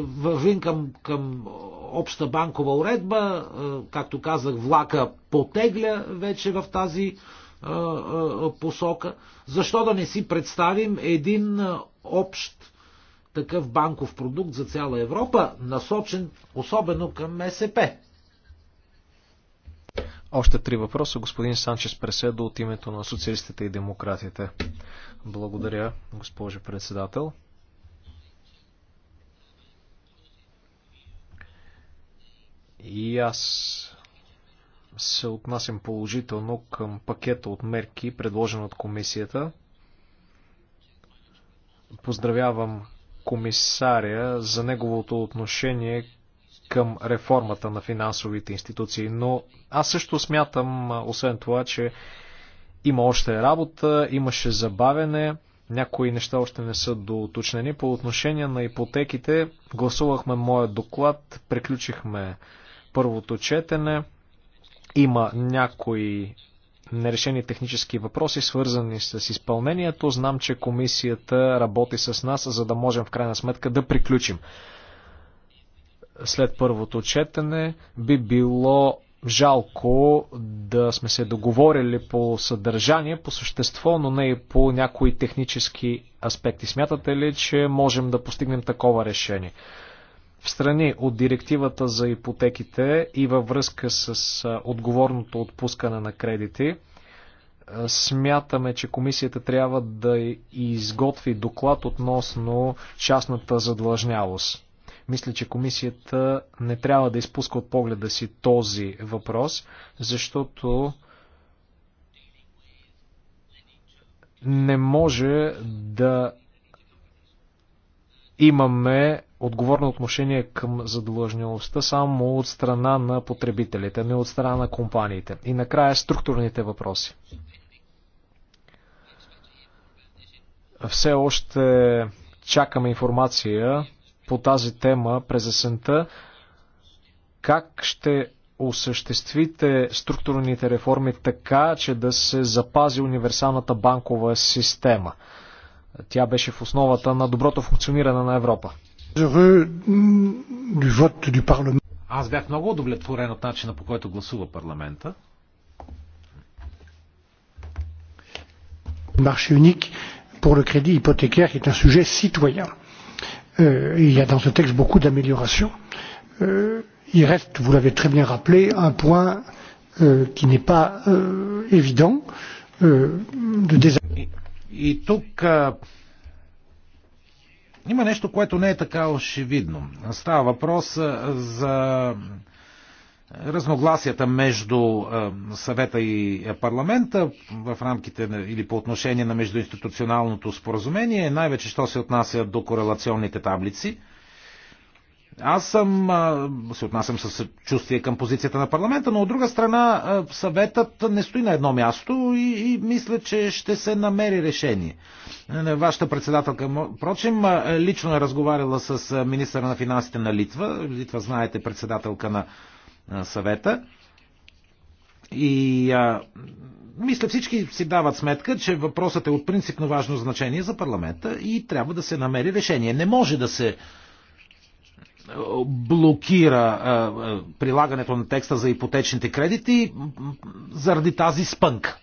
вървим към, към обща банкова уредба. Е, както казах, влака потегля вече в тази посока. Защо да не си представим един общ такъв банков продукт за цяла Европа, насочен особено към МСП? Още три въпроса. Господин Санчес Преседо от името на социалистите и демократите. Благодаря, госпожо председател. И аз се отнасям положително към пакета от мерки, предложен от комисията. Поздравявам комисаря за неговото отношение към реформата на финансовите институции. Но аз също смятам, освен това, че има още работа, имаше забавене, някои неща още не са доуточнени. По отношение на ипотеките, гласувахме моя доклад, приключихме първото четене. Има някои нерешени технически въпроси, свързани с изпълнението. Знам, че комисията работи с нас, за да можем в крайна сметка да приключим след първото четене. Би било жалко да сме се договорили по съдържание, по същество, но не и по някои технически аспекти. Смятате ли, че можем да постигнем такова решение? В страни от директивата за ипотеките и във връзка с отговорното отпускане на кредити, смятаме, че комисията трябва да изготви доклад относно частната задлъжнялост. Мисля, че комисията не трябва да изпуска от погледа си този въпрос, защото не може да имаме отговорно отношение към задлъжнялостта само от страна на потребителите, не от страна на компаниите. И накрая структурните въпроси. Все още чакаме информация по тази тема през есента. Как ще осъществите структурните реформи така, че да се запази универсалната банкова система? Тя беше в основата на доброто функциониране на Европа. Аз бях много удовлетворен от начина по който гласува парламента. Марше уник по кредит crédit е qui est il y a dans ce texte beaucoup d'améliorations. il reste, vous l'avez très bien rappelé, un point qui n'est pas évident de désaccord. има нещо, което не е така очевидно. Става въпрос за разногласията между съвета и парламента в рамките на, или по отношение на междуинституционалното споразумение, най-вече що се отнася до корелационните таблици. Аз съм, се отнасям с чувствие към позицията на парламента, но от друга страна съветът не стои на едно място и, и мисля, че ще се намери решение. Вашата председателка, впрочем, лично е разговаряла с министра на финансите на Литва. Литва, знаете, председателка на съвета. И а, мисля всички си дават сметка, че въпросът е от принципно важно значение за парламента и трябва да се намери решение. Не може да се блокира а, а, прилагането на текста за ипотечните кредити заради тази спънка.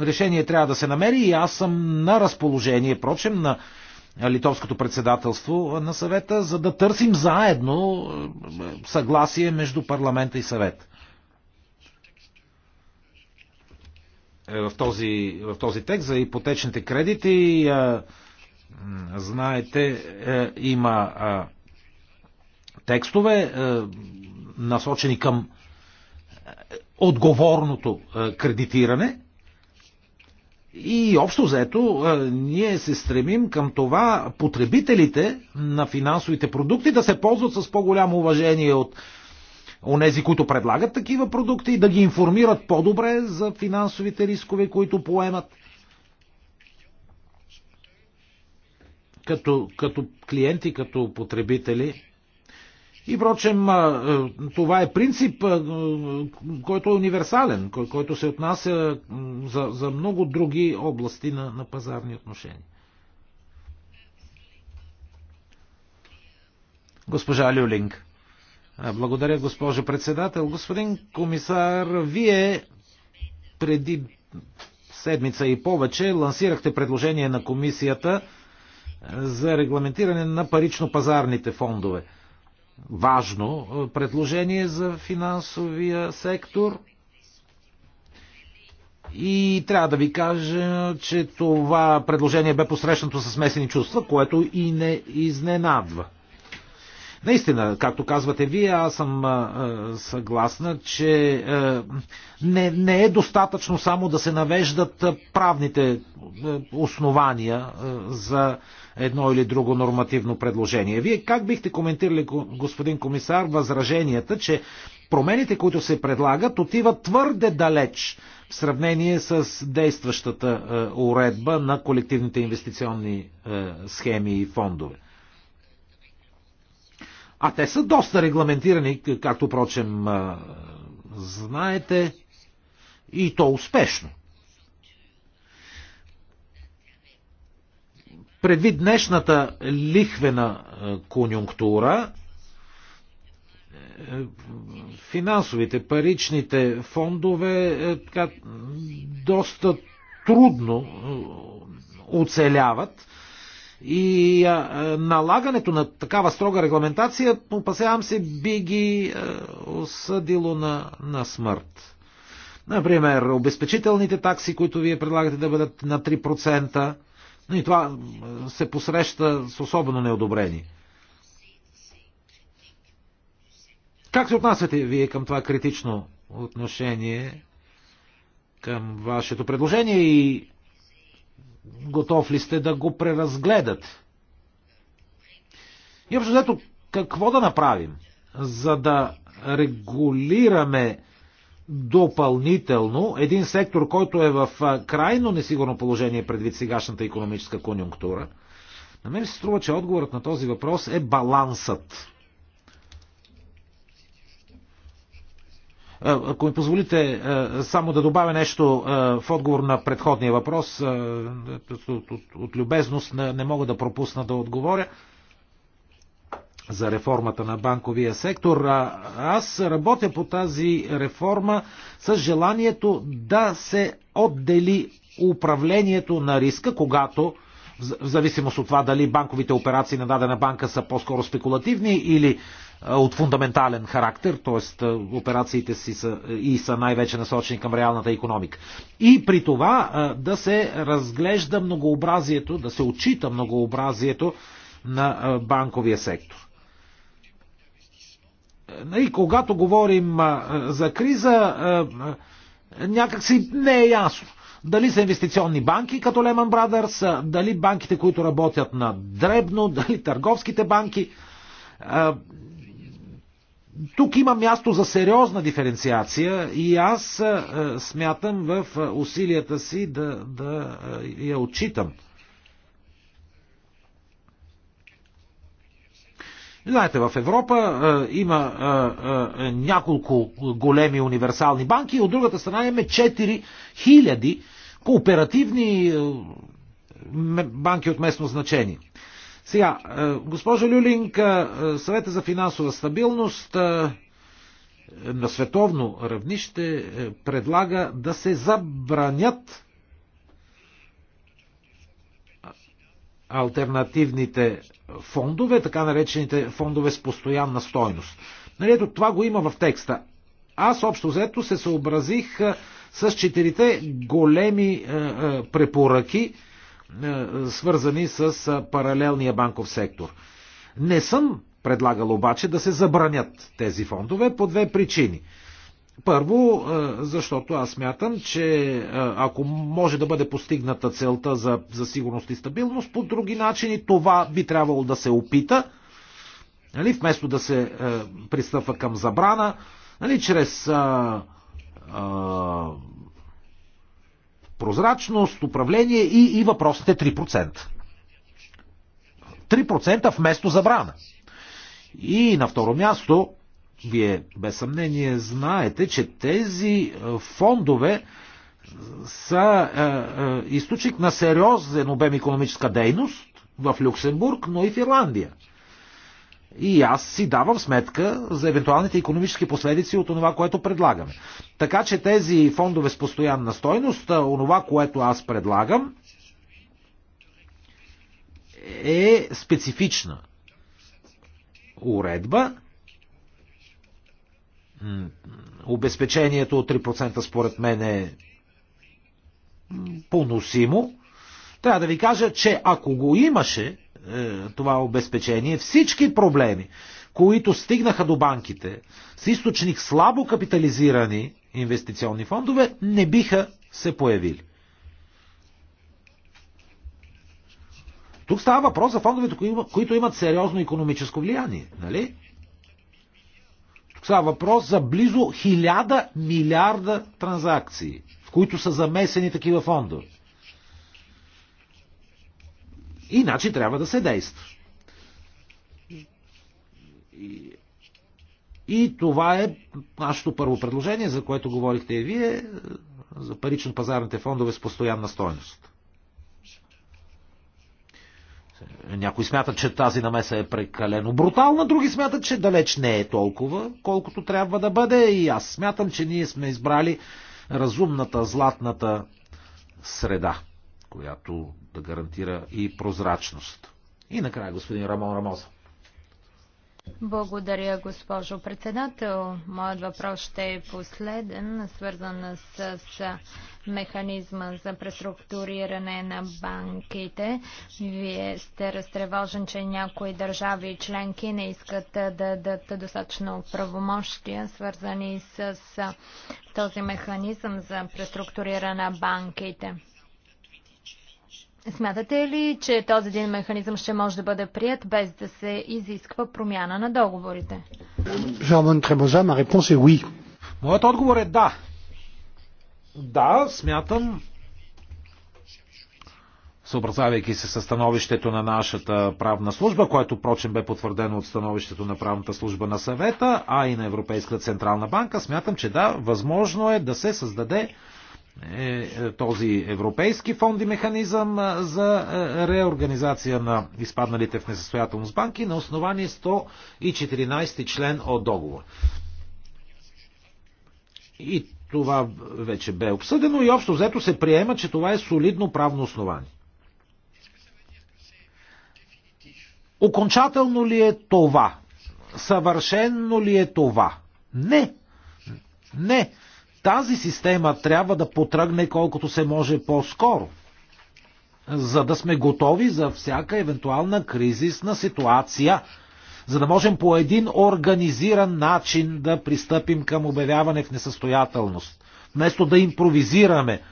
Решение трябва да се намери и аз съм на разположение, прочем, на литовското председателство на съвета, за да търсим заедно е, е, съгласие между парламента и съвет. Е, в този, в този текст за ипотечните кредити, знаете, има текстове, насочени към отговорното кредитиране и общо заето, е, ние се стремим към това потребителите на финансовите продукти да се ползват с по-голямо уважение от онези, които предлагат такива продукти и да ги информират по-добре за финансовите рискове, които поемат. Като, като клиенти, като потребители – и прочем, това е принцип, който е универсален, който се отнася за, за много други области на, на пазарни отношения. Госпожа Люлинг. Благодаря, госпожо председател. Господин комисар, вие преди седмица и повече лансирахте предложение на комисията за регламентиране на парично-пазарните фондове – важно е, предложение за финансовия сектор. И трябва да ви кажа, че това предложение бе посрещнато с смесени чувства, което и не изненадва. Наистина, както казвате вие, аз съм а, е, съгласна, че а, е, не, не е достатъчно само да се навеждат правните основания а, за едно или друго нормативно предложение. Вие как бихте коментирали, господин комисар, възраженията, че промените, които се предлагат, отиват твърде далеч в сравнение с действащата е, уредба на колективните инвестиционни е, схеми и фондове? А те са доста регламентирани, както прочем е, знаете, и то успешно. Предвид днешната лихвена е, конюнктура, е, финансовите, паричните фондове е, така, доста трудно оцеляват и налагането на такава строга регламентация, опасявам се, би ги осъдило на, на смърт. Например, обезпечителните такси, които вие предлагате да бъдат на 3%, и това се посреща с особено неодобрение. Как се отнасяте вие към това критично отношение към вашето предложение и готов ли сте да го преразгледат? И общо взето, какво да направим, за да регулираме допълнително един сектор, който е в крайно несигурно положение предвид сегашната економическа конюнктура. На мен се струва, че отговорът на този въпрос е балансът. Ако ми позволите само да добавя нещо в отговор на предходния въпрос, от любезност не мога да пропусна да отговоря за реформата на банковия сектор. А, аз работя по тази реформа с желанието да се отдели управлението на риска, когато в зависимост от това дали банковите операции на дадена банка са по-скоро спекулативни или от фундаментален характер, т.е. операциите си са, и са най-вече насочени към реалната економика. И при това да се разглежда многообразието, да се отчита многообразието на банковия сектор. Е, и нали, когато говорим за криза, някакси не е ясно. Дали са инвестиционни банки, като Lehman Brothers, дали банките, които работят на дребно, дали търговските банки. Тук има място за сериозна диференциация и аз смятам в усилията си да, да я отчитам. Знаете, в Европа а, е, има а, е, а, е, няколко големи универсални банки, от другата страна имаме 4000 кооперативни банки от местно значение. Сега, е, госпожо Люлинг, е, съвета за финансова стабилност на световно равнище предлага да се забранят альтернативните фондове, така наречените фондове с постоянна стойност. Нали, ето това го има в текста. Аз общо взето се съобразих с четирите големи препоръки, свързани с паралелния банков сектор. Не съм предлагал обаче да се забранят тези фондове по две причини – първо, защото аз мятам, че ако може да бъде постигната целта за, за сигурност и стабилност, по други начини това би трябвало да се опита, нали, вместо да се е, пристъпва към забрана, нали, чрез е, е, прозрачност, управление и, и въпросите 3%. 3% вместо забрана. И на второ място, вие без съмнение знаете, че тези фондове са е, е, източник на сериозен обем економическа дейност в Люксембург, но и в Ирландия. И аз си давам сметка за евентуалните економически последици от това, което предлагаме. Така че тези фондове с постоянна стойност, онова, което аз предлагам, е специфична уредба, обезпечението от 3% според мен е поносимо. Трябва да ви кажа, че ако го имаше е, това обезпечение, всички проблеми, които стигнаха до банките с източник слабо капитализирани инвестиционни фондове, не биха се появили. Тук става въпрос за фондовете, които имат сериозно економическо влияние. Нали? Тук става е въпрос за близо 1000 милиарда транзакции, в които са замесени такива фондове. Иначе трябва да се действа. И, и това е нашето първо предложение, за което говорихте и вие, за парично-пазарните фондове с постоянна стойност. Някои смятат, че тази намеса е прекалено брутална, други смятат, че далеч не е толкова, колкото трябва да бъде. И аз смятам, че ние сме избрали разумната, златната среда, която да гарантира и прозрачност. И накрая господин Рамон Рамоза. Благодаря, госпожо председател. Моят въпрос ще е последен, свързан с, с механизма за преструктуриране на банките. Вие сте разтревожен, че някои държави и членки не искат да дадат достатъчно правомощия, свързани с този механизъм за преструктуриране на банките. Смятате ли, че този един механизъм ще може да бъде прият без да се изисква промяна на договорите? Моят отговор е да. Да, смятам, съобразявайки се със становището на нашата правна служба, което, впрочем, бе потвърдено от становището на правната служба на съвета, а и на Европейската централна банка, смятам, че да, възможно е да се създаде е, е, този европейски фонд и механизъм е, за реорганизация на изпадналите в несъстоятелност банки на основание 114 член от договор. И това вече бе обсъдено и общо взето се приема, че това е солидно правно основание. Окончателно ли е това? Съвършенно ли е това? Не. Не. Тази система трябва да потръгне колкото се може по-скоро, за да сме готови за всяка евентуална кризисна ситуация, за да можем по един организиран начин да пристъпим към обявяване в несъстоятелност. Вместо да импровизираме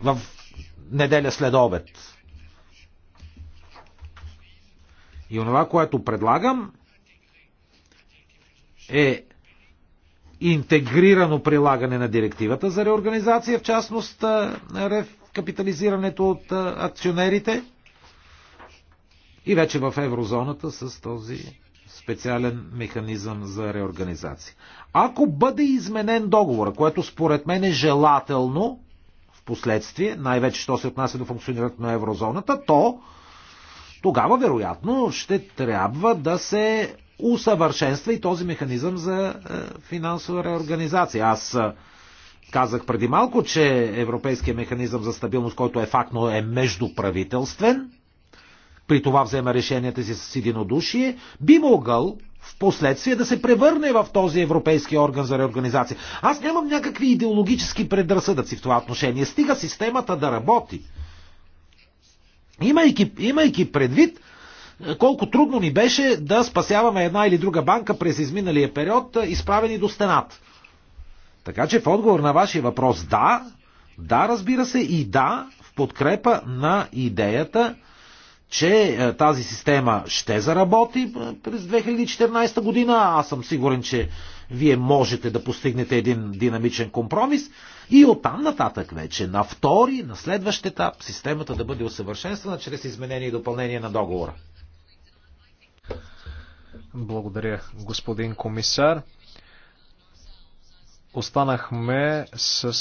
в неделя след обед. И онова, което предлагам, е интегрирано прилагане на директивата за реорганизация, в частност капитализирането от акционерите и вече в еврозоната с този специален механизъм за реорганизация. Ако бъде изменен договор, което според мен е желателно в последствие, най-вече що се отнася до функционирането на еврозоната, то тогава вероятно ще трябва да се усъвършенства и този механизъм за е, финансова реорганизация. Аз е, казах преди малко, че Европейския механизъм за стабилност, който е фактно е междуправителствен, при това взема решенията си с единодушие, би могъл в последствие да се превърне в този европейски орган за реорганизация. Аз нямам някакви идеологически предразсъдъци в това отношение. Стига системата да работи. Имайки, имайки предвид колко трудно ни беше да спасяваме една или друга банка през изминалия период, изправени до стената. Така че в отговор на вашия въпрос да, да, разбира се, и да, в подкрепа на идеята, че е, тази система ще заработи е, през 2014 година. Аз съм сигурен, че вие можете да постигнете един динамичен компромис и оттам нататък вече на втори, на следващ етап, системата да бъде усъвършенствана чрез изменение и допълнение на договора. Благодаря, господин комисар. Останахме с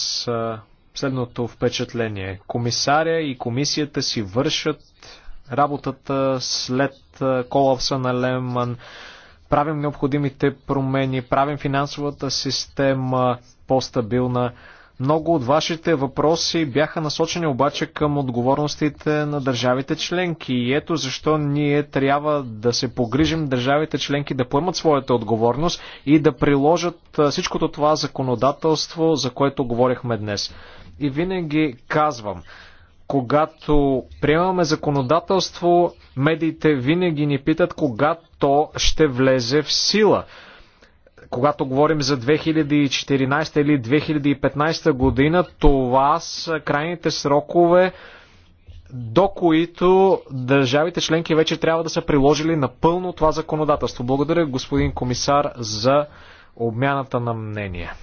следното впечатление. Комисаря и комисията си вършат работата след колапса на Леман. Правим необходимите промени, правим финансовата система по-стабилна. Много от вашите въпроси бяха насочени обаче към отговорностите на държавите членки и ето защо ние трябва да се погрижим държавите членки да поемат своята отговорност и да приложат всичкото това законодателство, за което говорихме днес. И винаги казвам, когато приемаме законодателство, медиите винаги ни питат кога то ще влезе в сила когато говорим за 2014 или 2015 година, това са крайните срокове, до които държавите членки вече трябва да са приложили напълно това законодателство. Благодаря, господин комисар, за обмяната на мнение.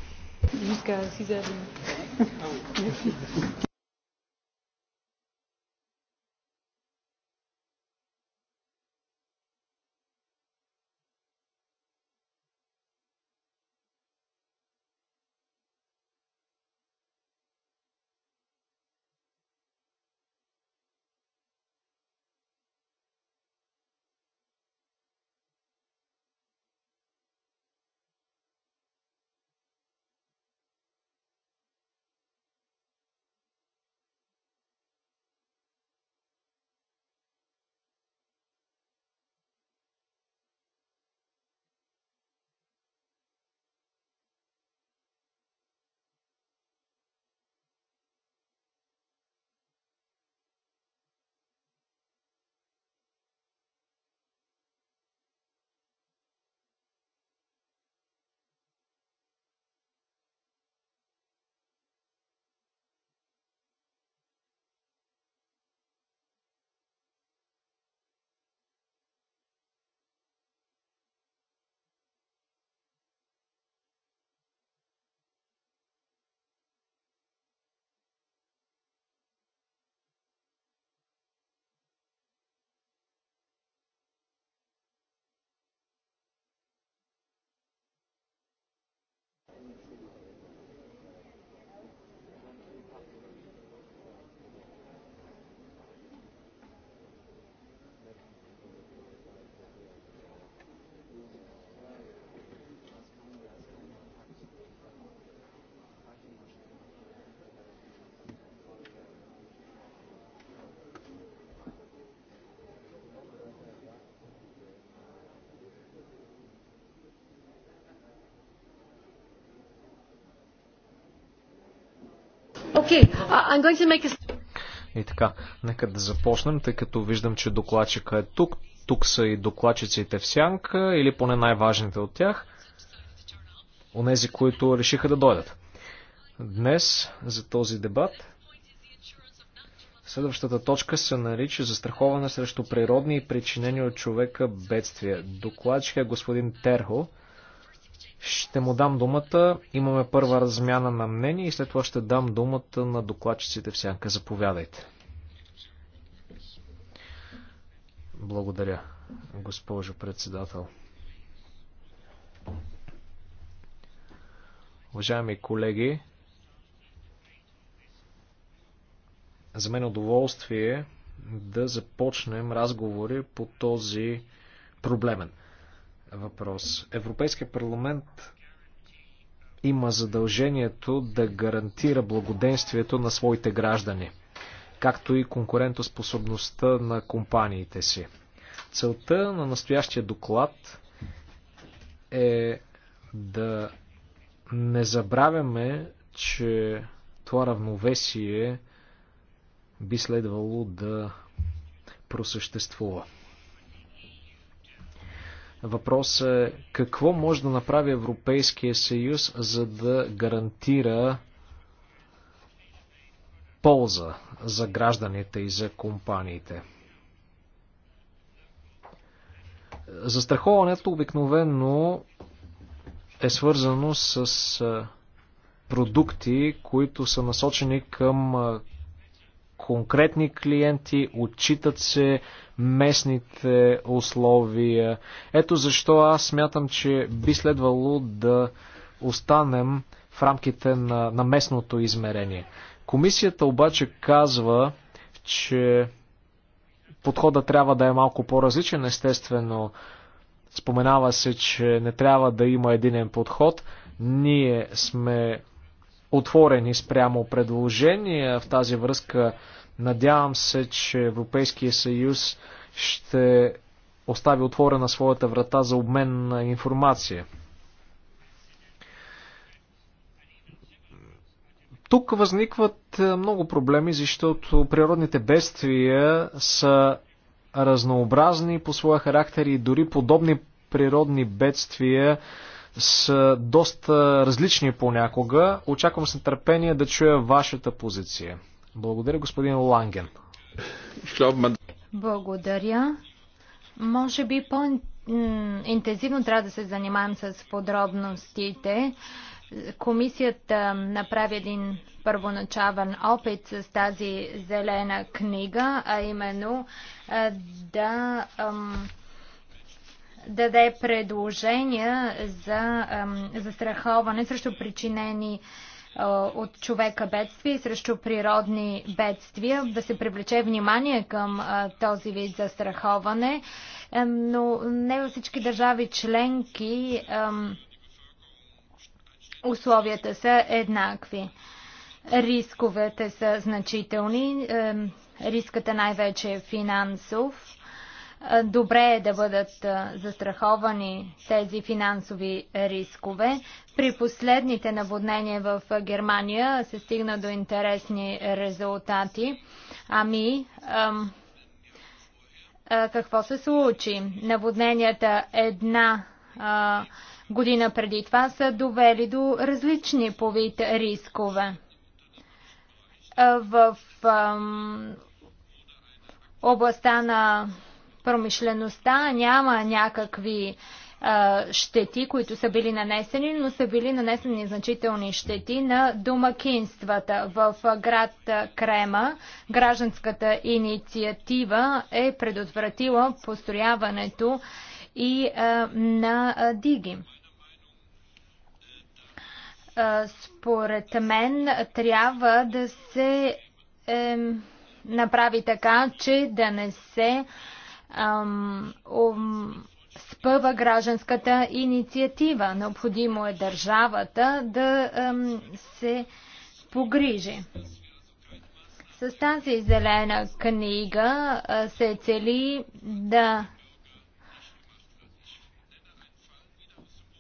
Okay, I'm going to make a... И така, нека да започнем, тъй като виждам, че докладчика е тук. Тук са и докладчиците в сянка, или поне най-важните от тях. Онези, които решиха да дойдат. Днес за този дебат Следващата точка се нарича застраховане срещу природни и причинени от човека бедствия. Докладчика е господин Терхо. Ще му дам думата. Имаме първа размяна на мнение и след това ще дам думата на докладчиците в сянка. Заповядайте. Благодаря, госпожо председател. Уважаеми колеги, за мен е удоволствие да започнем разговори по този проблемен въпрос. Европейския парламент има задължението да гарантира благоденствието на своите граждани, както и конкурентоспособността на компаниите си. Целта на настоящия доклад е да не забравяме, че това равновесие би следвало да просъществува. Въпрос е какво може да направи Европейския съюз, за да гарантира полза за гражданите и за компаниите. Застраховането обикновено е свързано с продукти, които са насочени към конкретни клиенти, отчитат се местните условия. Ето защо аз смятам, че би следвало да останем в рамките на, на местното измерение. Комисията обаче казва, че подхода трябва да е малко по-различен, естествено. Споменава се, че не трябва да има единен подход. Ние сме отворени спрямо предложения в тази връзка Надявам се, че Европейския съюз ще остави отворена своята врата за обмен на информация. Тук възникват е, много проблеми, защото природните бедствия са разнообразни по своя характер и дори подобни природни бедствия са доста различни понякога. Очаквам с нетърпение да чуя вашата позиция. Благодаря, господин Ланген. Благодаря. Може би по-интензивно трябва да се занимаем с подробностите. Комисията направи един първоначален опит с тази зелена книга, а именно да даде предложения за застраховане срещу причинени от човека бедствия и срещу природни бедствия, да се привлече внимание към този вид застраховане, но не във всички държави членки условията са еднакви. Рисковете са значителни. Рискът е най-вече е финансов Добре е да бъдат застраховани тези финансови рискове. При последните наводнения в Германия се стигна до интересни резултати. Ами, какво се случи? Наводненията една година преди това са довели до различни по вид рискове. в областта на промишлеността няма някакви а, щети, които са били нанесени, но са били нанесени значителни щети на домакинствата. В град Крема гражданската инициатива е предотвратила построяването и а, на а, диги. Според мен трябва да се е, направи така, че да не се е, ам, спъва гражданската инициатива. Необходимо е държавата да ам, се погрижи. С тази зелена книга се цели да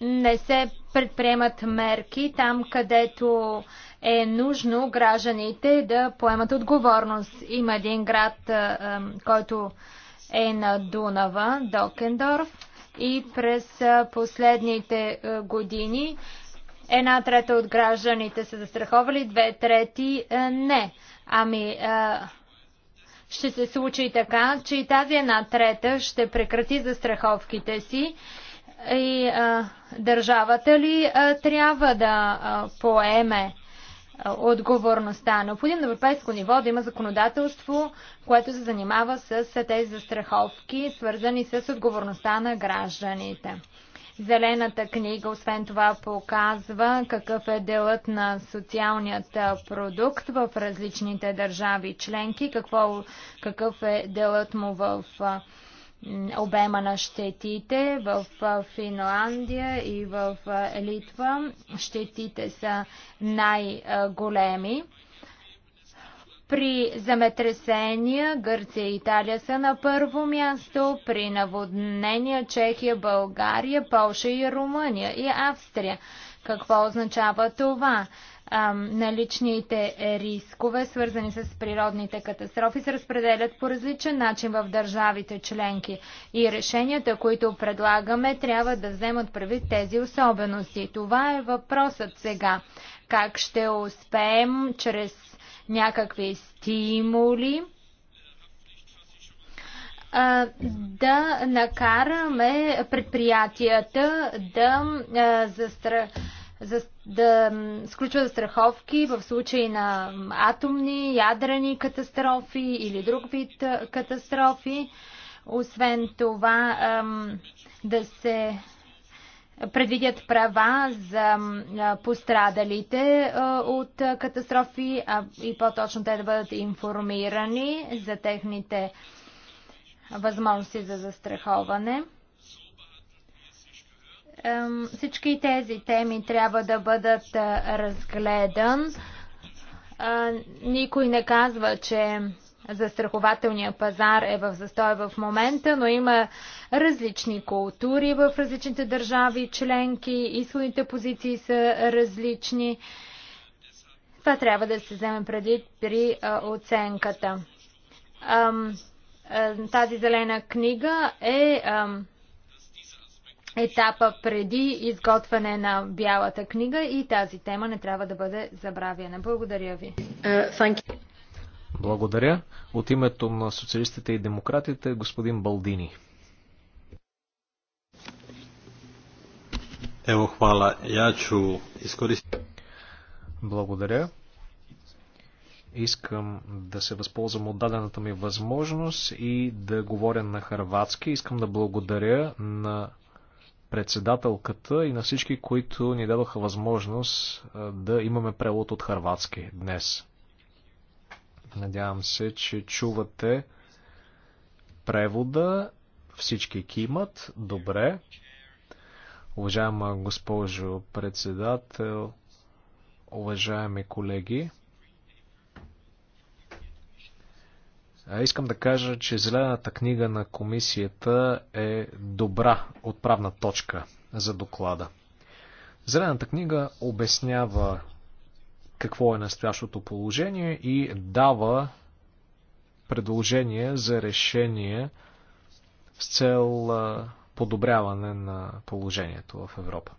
не се предприемат мерки там, където е нужно гражданите да поемат отговорност. Има един град, който е на Дунава, Докендорф и през последните години една трета от гражданите са застраховали, две трети не. Ами, ще се случи така, че и тази една трета ще прекрати застраховките си и а, държавата ли а, трябва да а, поеме отговорността. Необходимо на европейско ниво да има законодателство, което се занимава с тези застраховки, свързани с отговорността на гражданите. Зелената книга, освен това, показва какъв е делът на социалният продукт в различните държави членки, какво, какъв е делът му в обема на щетите в Финландия и в Литва. Щетите са най-големи. При земетресения Гърция и Италия са на първо място, при наводнения Чехия, България, Полша и Румъния и Австрия. Какво означава това? наличните рискове, свързани с природните катастрофи, се разпределят по различен начин в държавите членки и решенията, които предлагаме, трябва да вземат прави тези особености. Това е въпросът сега. Как ще успеем чрез някакви стимули да накараме предприятията да застраховат за, да сключва застраховки в случай на атомни, ядрени катастрофи или друг вид катастрофи. Освен това, да се предвидят права за пострадалите от катастрофи и по-точно те да бъдат информирани за техните възможности за застраховане. Всички тези теми трябва да бъдат е, разгледан. Е, никой не казва, че застрахователния пазар е в застой в момента, но има различни култури в различните държави, членки, изходните позиции са различни. Това трябва да се вземе преди при е, оценката. тази зелена книга е етапа преди изготвяне на Бялата книга и тази тема не трябва да бъде забравяна. Благодаря ви. Е, благодаря. От името на социалистите и демократите, господин Балдини. Ево, хвала. Я чу Благодаря. Искам да се възползвам от дадената ми възможност и да говоря на хрватски. Искам да благодаря на председателката и на всички, които ни дадоха възможност да имаме превод от харватски днес. Надявам се, че чувате превода. Всички кимат. Добре. Уважаема госпожо председател, уважаеми колеги, Искам да кажа, че зелената книга на комисията е добра отправна точка за доклада. Зелената книга обяснява какво е настоящото положение и дава предложение за решение с цел подобряване на положението в Европа.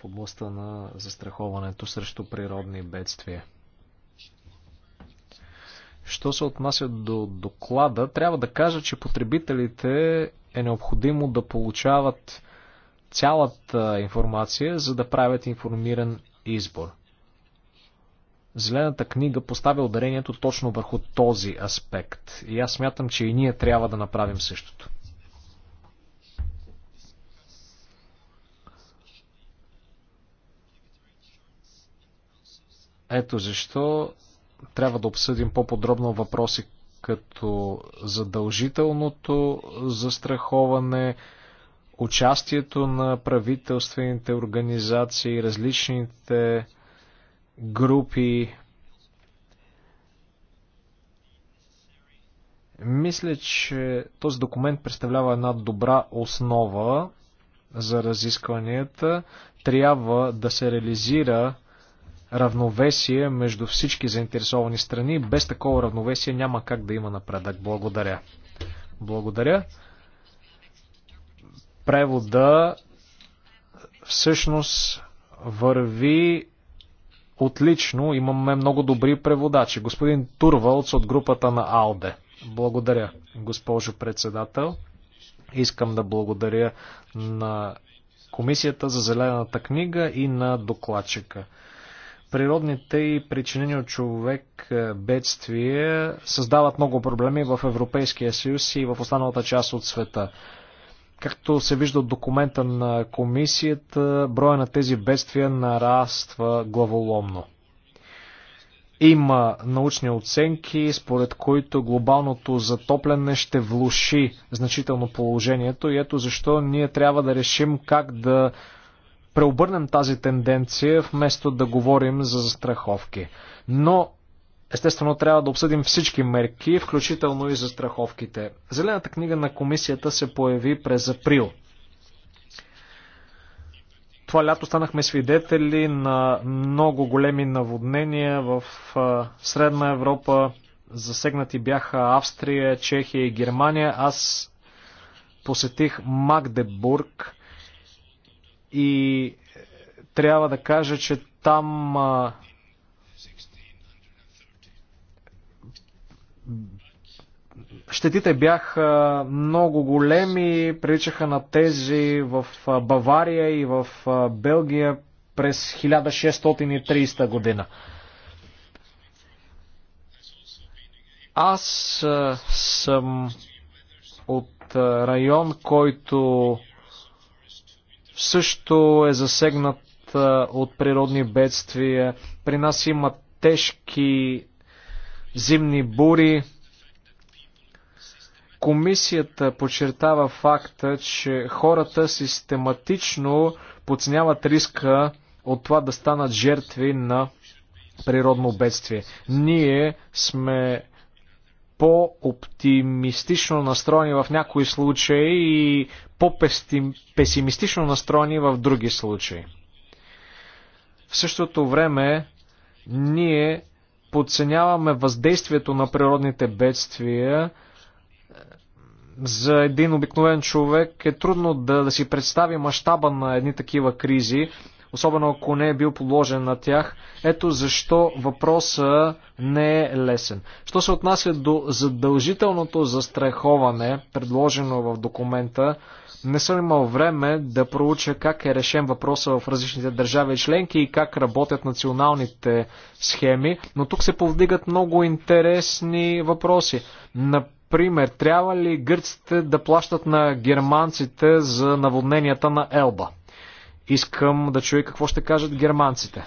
В областта на застраховането срещу природни бедствия. Що се отнася до доклада, трябва да кажа, че потребителите е необходимо да получават цялата информация, за да правят информиран избор. Зелената книга поставя ударението точно върху този аспект. И аз смятам, че и ние трябва да направим същото. Ето защо трябва да обсъдим по-подробно въпроси като задължителното застраховане, участието на правителствените организации, различните групи. Мисля, че този документ представлява една добра основа за разискванията. Трябва да се реализира равновесие между всички заинтересовани страни. Без такова равновесие няма как да има напредък. Благодаря. Благодаря. Превода всъщност върви отлично. Имаме много добри преводачи. Господин Турвалц от групата на АЛДЕ. Благодаря, госпожо председател. Искам да благодаря на Комисията за зелената книга и на докладчика природните и причинени от човек е, бедствия създават много проблеми в Европейския съюз и в останалата част от света. Както се вижда от документа на комисията, броя на тези бедствия нараства главоломно. Има научни оценки, според които глобалното затопляне ще влуши значително положението и ето защо ние трябва да решим как да преобърнем тази тенденция, вместо да говорим за застраховки. Но, естествено, трябва да обсъдим всички мерки, включително и застраховките. Зелената книга на комисията се появи през април. Това лято станахме свидетели на много големи наводнения в Средна Европа. Засегнати бяха Австрия, Чехия и Германия. Аз посетих Магдебург и трябва да кажа, че там а, щетите бяха много големи, приличаха на тези в Бавария и в Белгия през 1630 година. Аз съм от район, който също е засегнат от природни бедствия. При нас има тежки зимни бури. Комисията подчертава факта, че хората систематично подсняват риска от това да станат жертви на природно бедствие. Ние сме по-оптимистично настроени в някои случаи и по-песимистично настроени в други случаи. В същото време ние подценяваме въздействието на природните бедствия за един обикновен човек е трудно да, да си представи мащаба на едни такива кризи особено ако не е бил подложен на тях. Ето защо въпросът не е лесен. Що се отнася до задължителното застраховане, предложено в документа, не съм имал време да проуча как е решен въпроса в различните държави и членки и как работят националните схеми, но тук се повдигат много интересни въпроси. Например, трябва ли гърците да плащат на германците за наводненията на Елба? Искам да чуя какво ще кажат германците.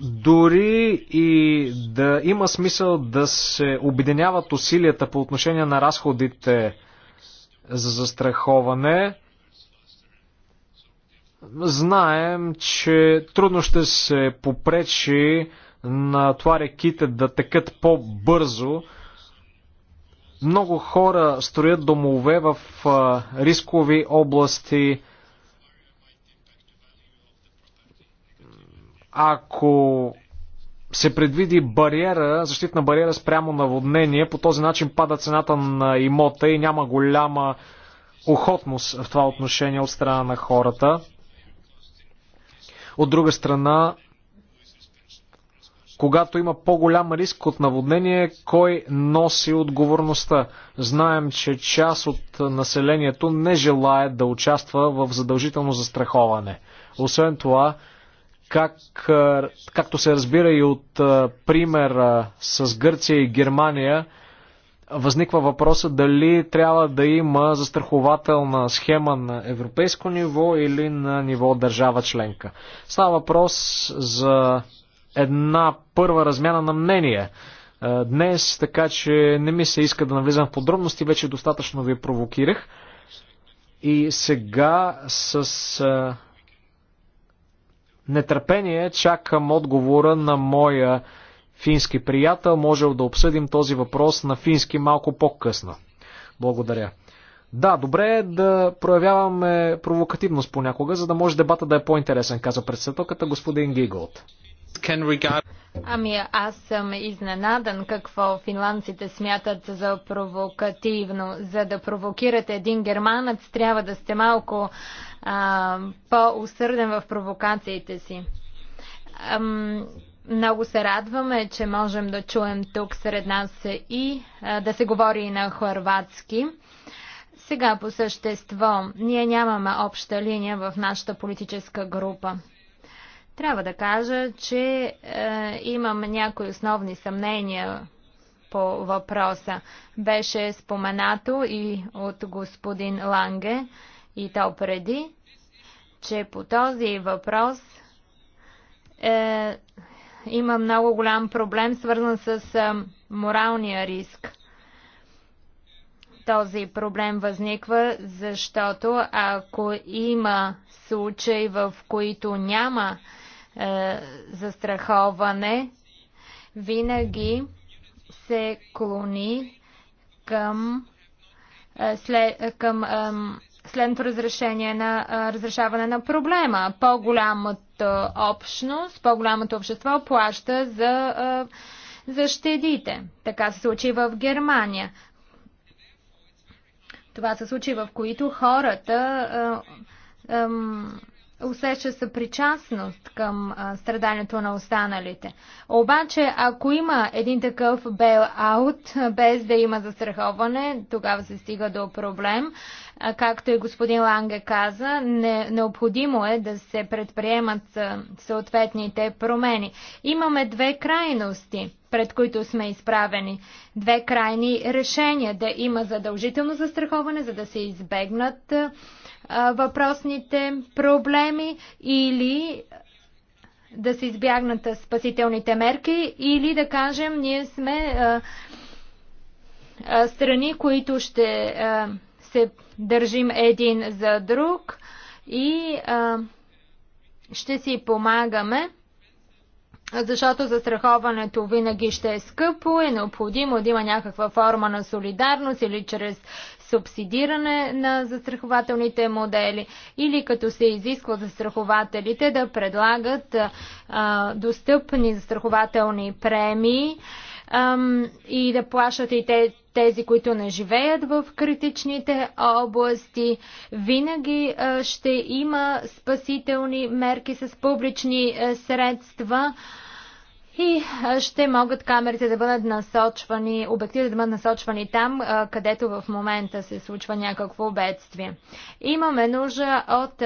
Дори и да има смисъл да се обединяват усилията по отношение на разходите за застраховане, знаем, че трудно ще се попречи на това реките да текат по-бързо, много хора строят домове в рискови области. Ако се предвиди бариера, защитна бариера спрямо наводнение, по този начин пада цената на имота и няма голяма охотност в това отношение от страна на хората. От друга страна, когато има по-голям риск от наводнение, кой носи отговорността? Знаем, че част от населението не желая да участва в задължително застраховане. Освен това, как, както се разбира и от пример с Гърция и Германия, възниква въпроса дали трябва да има застрахователна схема на европейско ниво или на ниво държава членка. Става въпрос за една първа размяна на мнение днес, така че не ми се иска да навлизам в подробности, вече достатъчно ви провокирах. И сега с нетърпение чакам отговора на моя фински приятел. Можел да обсъдим този въпрос на фински малко по-късно. Благодаря. Да, добре е да проявяваме провокативност понякога, за да може дебата да е по-интересен, каза председателката господин Гиголт regard... Ами аз съм изненадан какво финландците смятат за провокативно. За да провокирате един германец, трябва да сте малко по-усърден в провокациите си. Ам, много се радваме, че можем да чуем тук сред нас и а, да се говори и на хорватски. Сега по същество, ние нямаме обща линия в нашата политическа група. Трябва да кажа, че е, имам някои основни съмнения по въпроса. Беше споменато и от господин Ланге, и то преди, че по този въпрос е, има много голям проблем, свързан с е, моралния риск. Този проблем възниква, защото ако има случаи, в които няма е, застраховане винаги се клони към, е, след, към следното разрешение на е, разрешаване на проблема. По-голямата общност, по-голямото общество плаща за, защедите. Така се случи в Германия. Това се случи в които хората усеща съпричастност към страданието на останалите. Обаче, ако има един такъв бейл-аут, без да има застраховане, тогава се стига до проблем. Както и господин Ланге каза, не, необходимо е да се предприемат съответните промени. Имаме две крайности, пред които сме изправени. Две крайни решения да има задължително застраховане, за да се избегнат въпросните проблеми или да се избягнат спасителните мерки или да кажем ние сме а, а, страни, които ще а, се държим един за друг и а, ще си помагаме защото застраховането винаги ще е скъпо, е необходимо да има някаква форма на солидарност или чрез субсидиране на застрахователните модели или като се изисква застрахователите да предлагат а, достъпни застрахователни премии а, и да плащат и те, тези, които не живеят в критичните области. Винаги а, ще има спасителни мерки с публични а, средства. А, и ще могат камерите да бъдат насочвани, обективите да бъдат насочвани там, където в момента се случва някакво бедствие. Имаме нужда от.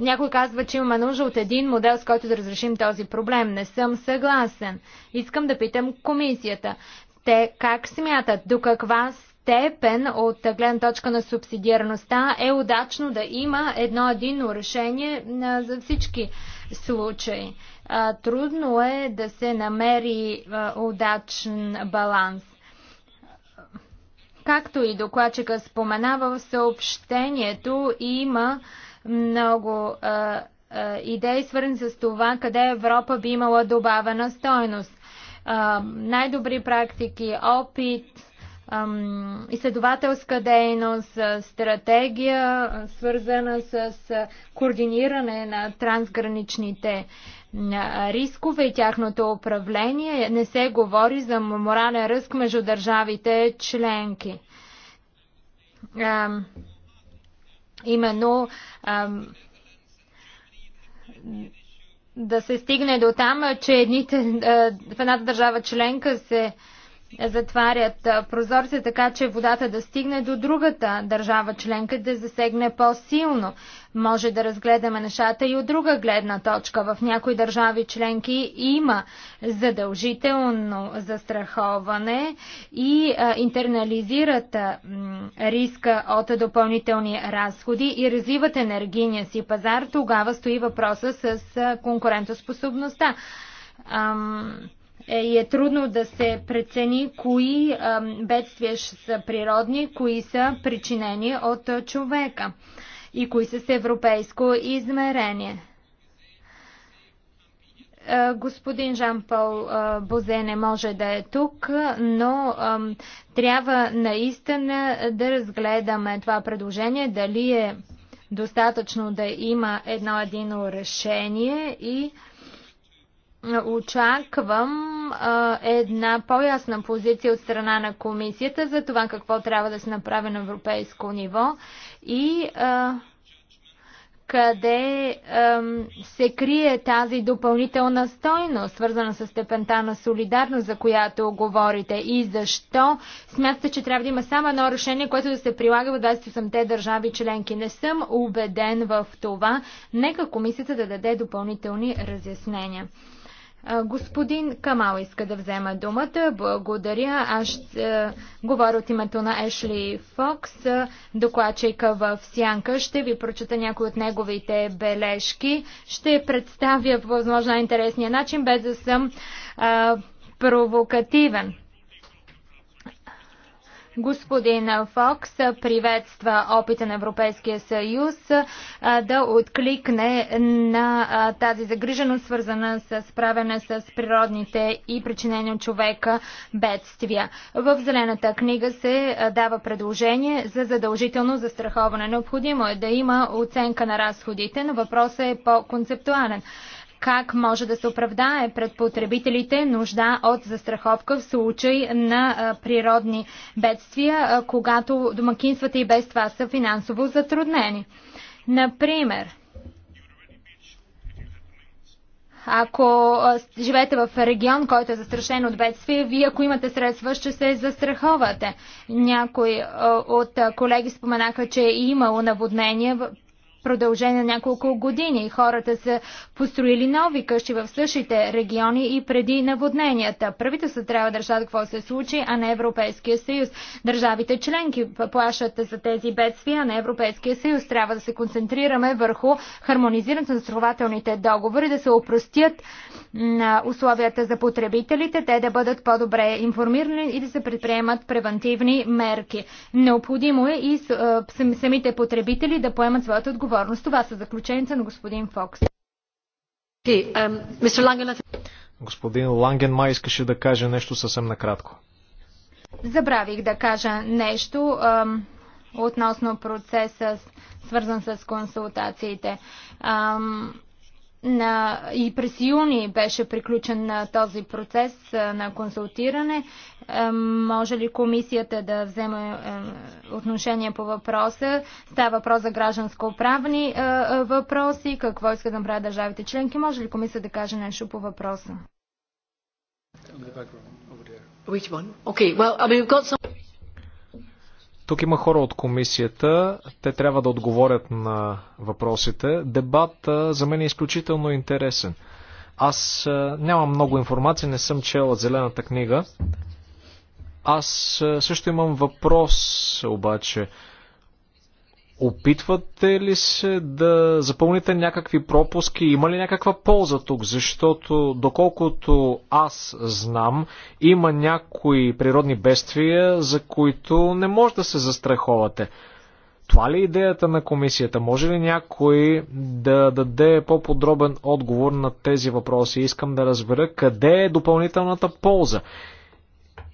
някой казва, че имаме нужда от един модел, с който да разрешим този проблем. Не съм съгласен. Искам да питам комисията. Те как смятат? До каква степен от гледна точка на субсидиарността е удачно да има едно единно решение за всички случаи? а, трудно е да се намери а, удачен баланс. Както и докладчика споменава в съобщението, има много а, а, идеи свързани с това къде Европа би имала добавена стойност. най-добри практики, опит, изследователска дейност, стратегия, свързана с координиране на трансграничните рискове и тяхното управление. Не се говори за морален риск между държавите членки. Именно да се стигне до там, че едните, в едната държава членка се затварят прозорци, така че водата да стигне до другата държава членка, да засегне по-силно. Може да разгледаме нещата и от друга гледна точка. В някои държави членки има задължително застраховане и а, интернализират а, м, риска от допълнителни разходи и развиват енергийния си пазар. Тогава стои въпроса с а, конкурентоспособността. Ам е, и е трудно да се прецени кои бедствия са природни, кои са причинени от човека и кои са с европейско измерение. Е, господин Жан-Пол е, Бозе не може да е тук, но трябва наистина да разгледаме това предложение, дали е достатъчно да има едно-едино решение и очаквам а, една по-ясна позиция от страна на комисията за това какво трябва да се направи на европейско ниво и а, къде а, се крие тази допълнителна стойност, свързана с степента на солидарност, за която говорите и защо смятате, че трябва да има само едно решение, което да се прилага в 28-те държави членки. Не съм убеден в това. Нека комисията да даде допълнителни разяснения. Господин Камал иска да взема думата. Благодаря. Аз ще говоря от името на Ешли Фокс, докладчика в Сянка. Ще ви прочета някои от неговите бележки. Ще представя по възможно интересния начин, без да съм а, провокативен. Господин Фокс приветства опита на Европейския съюз да откликне на тази загриженост, свързана с справяне с природните и причинени от човека бедствия. В Зелената книга се дава предложение за задължително застраховане. Необходимо е да има оценка на разходите, но въпросът е по-концептуален как може да се оправдае пред потребителите нужда от застраховка в случай на природни бедствия, когато домакинствата и без това са финансово затруднени. Например, ако живеете в регион, който е застрашен от бедствие, вие ако имате средства, ще се застраховате. Някои от колеги споменаха, че е имало наводнение продължение на няколко години. Хората са построили нови къщи в същите региони и преди наводненията. Правителството трябва да решат какво се случи, а не Европейския съюз. Държавите членки плащат за тези бедствия, а не Европейския съюз. Трябва да се концентрираме върху хармонизирането на страхователните договори, да се опростят на условията за потребителите, те да бъдат по-добре информирани и да се предприемат превентивни мерки. Необходимо е и самите потребители да поемат своята отговорност отговорност. Това са заключенията на господин Фокс. Господин май искаше да каже нещо съвсем накратко. Забравих да кажа нещо ам, относно процеса, свързан с консултациите. Ам, на, и през юни беше приключен на този процес на консултиране. Може ли комисията да вземе отношение по въпроса? Става въпрос за гражданско-правни въпроси. Какво иска да направят държавите членки? Може ли комисията да каже нещо по въпроса? Which one? Okay, well, I mean, we've got some... Тук има хора от комисията, те трябва да отговорят на въпросите. Дебат за мен е изключително интересен. Аз нямам много информация, не съм чел от Зелената книга. Аз също имам въпрос, обаче. Опитвате ли се да запълните някакви пропуски? Има ли някаква полза тук? Защото, доколкото аз знам, има някои природни бедствия, за които не може да се застраховате. Това ли е идеята на комисията? Може ли някой да даде по-подробен отговор на тези въпроси? Искам да разбера къде е допълнителната полза.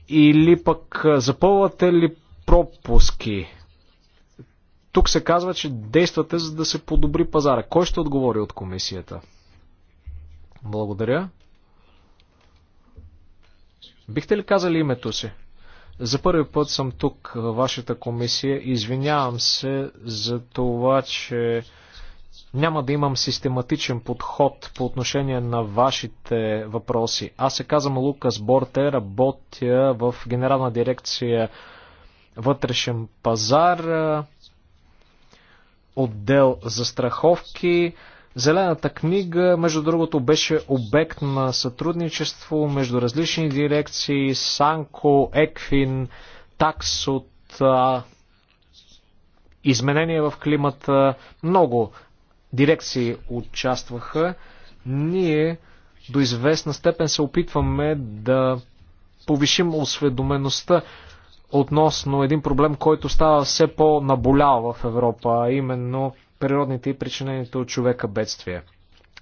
Или пък запълвате ли пропуски? Тук се казва, че действате за да се подобри пазара. Кой ще отговори от комисията? Благодаря. Бихте ли казали името си? За първи път съм тук във вашата комисия. Извинявам се за това, че няма да имам систематичен подход по отношение на вашите въпроси. Аз се казвам Лукас Борте, работя в Генерална дирекция вътрешен пазар отдел за страховки. Зелената книга, между другото, беше обект на сътрудничество между различни дирекции, Санко, Еквин, Таксот, изменения в климата. Много дирекции участваха. Ние до известна степен се опитваме да повишим осведомеността относно един проблем, който става все по-наболял в Европа, а именно природните и причинените от човека бедствия.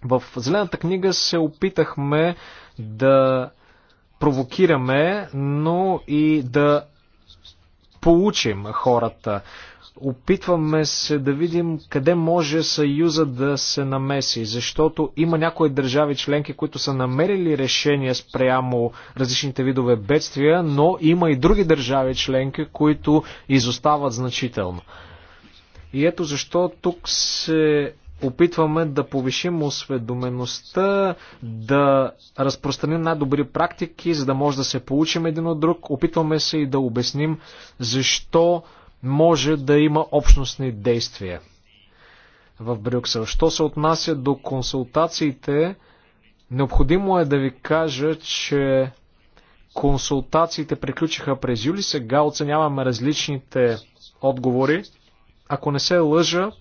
В Зелената книга се опитахме да провокираме, но и да получим хората. Опитваме се да видим къде може Съюза да се намеси, защото има някои държави членки, които са намерили решение спрямо различните видове бедствия, но има и други държави членки, които изостават значително. И ето защо тук се опитваме да повишим осведомеността, да разпространим най-добри практики, за да може да се получим един от друг. Опитваме се и да обясним защо може да има общностни действия в Брюксел. Що се отнася до консултациите, необходимо е да ви кажа, че консултациите приключиха през юли. Сега оценяваме различните отговори. Ако не се лъжа,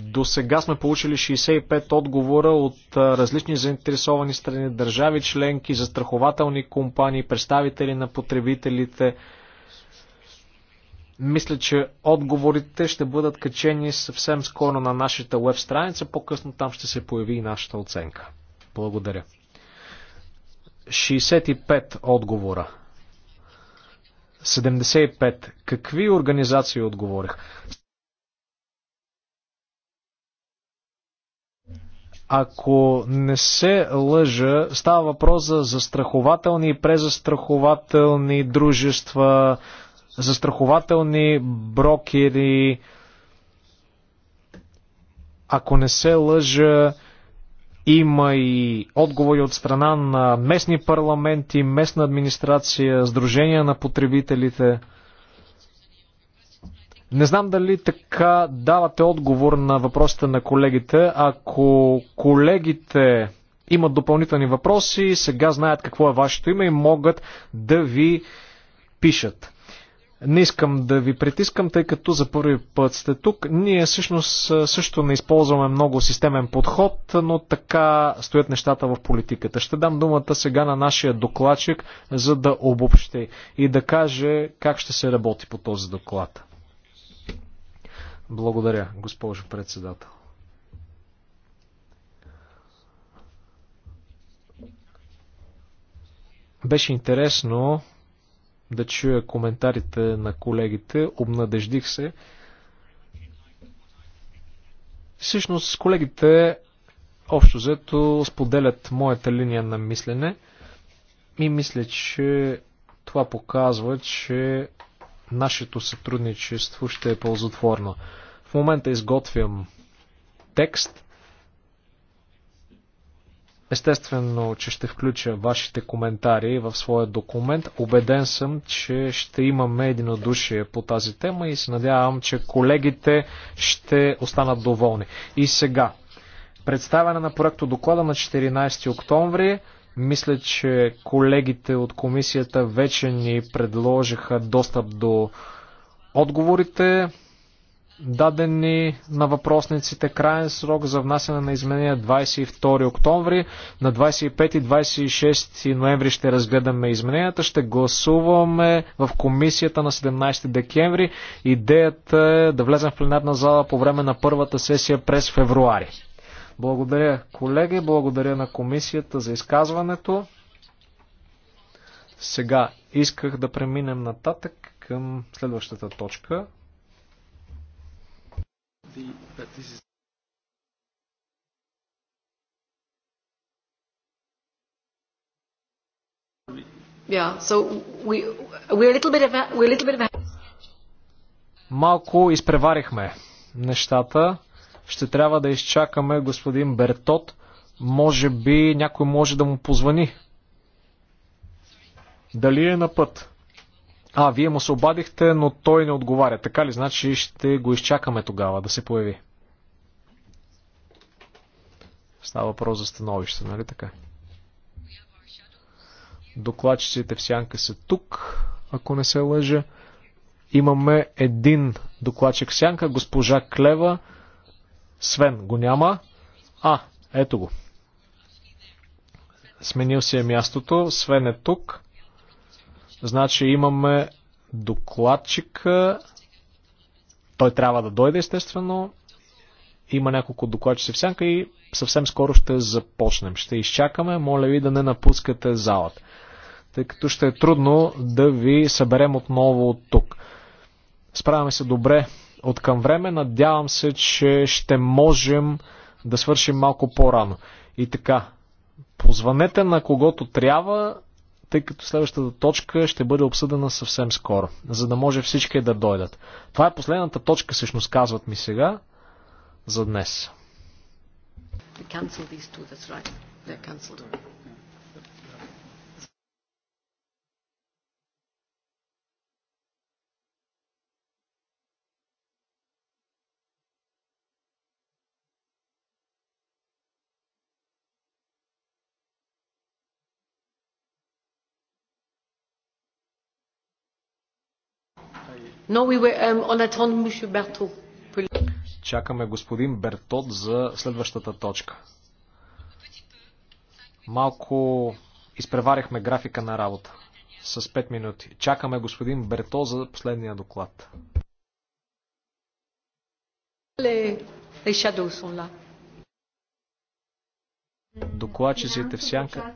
до сега сме получили 65 отговора от различни заинтересовани страни, държави членки, застрахователни компании, представители на потребителите, мисля, че отговорите ще бъдат качени съвсем скоро на нашата веб страница. По-късно там ще се появи и нашата оценка. Благодаря. 65 отговора. 75. Какви организации отговорих? Ако не се лъжа, става въпрос за застрахователни и презастрахователни дружества, застрахователни брокери, ако не се лъжа, има и отговори от страна на местни парламенти, местна администрация, Сдружения на потребителите. Не знам дали така давате отговор на въпросите на колегите. Ако колегите имат допълнителни въпроси, сега знаят какво е вашето име и могат да ви пишат. Не искам да ви притискам, тъй като за първи път сте тук. Ние всъщност също не използваме много системен подход, но така стоят нещата в политиката. Ще дам думата сега на нашия докладчик, за да обобщи и да каже как ще се работи по този доклад. Благодаря, госпожо председател. Беше интересно да чуя коментарите на колегите. Обнадеждих се. Всъщност, колегите общо взето споделят моята линия на мислене и мисля, че това показва, че нашето сътрудничество ще е ползотворно. В момента изготвям текст, Естествено, че ще включа вашите коментари в своя документ. Обеден съм, че ще имаме единодушие по тази тема и се надявам, че колегите ще останат доволни. И сега, представяне на проекто доклада на 14 октомври. Мисля, че колегите от комисията вече ни предложиха достъп до отговорите дадени на въпросниците. Крайен срок за внасяне на изменения 22 е октомври. На 25 и 26 ноември ще разгледаме измененията. Ще гласуваме в комисията на 17 декември. Идеята е да влезем в пленарна зала по време на първата сесия през февруари. Благодаря, колеги. Благодаря на комисията за изказването. Сега исках да преминем нататък към следващата точка the, that this is Yeah, so we, we're a little bit of a, we're a little bit of a... Малко изпреварихме нещата. Ще трябва да изчакаме господин Бертот. Може би някой може да му позвани. Дали е на път? А, вие му се обадихте, но той не отговаря. Така ли? Значи ще го изчакаме тогава да се появи. Става въпрос за становище, нали така? Докладчиците в сянка са тук, ако не се лъжа. Имаме един докладчик в сянка, госпожа Клева. Свен го няма. А, ето го. Сменил си е мястото. Свен е тук. Значи имаме докладчика. Той трябва да дойде, естествено. Има няколко докладчици в сянка и съвсем скоро ще започнем. Ще изчакаме. Моля ви да не напускате залата, тъй като ще е трудно да ви съберем отново от тук. Справяме се добре от към време. Надявам се, че ще можем да свършим малко по-рано. И така, позванете на когото трябва, тъй като следващата точка ще бъде обсъдена съвсем скоро, за да може всички да дойдат. Това е последната точка, всъщност казват ми сега, за днес. these two, that's right. They're cancelled already. Euh, Чакаме господин Бертот за следващата точка. Малко изпреварихме графика на работа с 5 минути. Чакаме господин Берто за последния доклад. Докладчиците в сянка.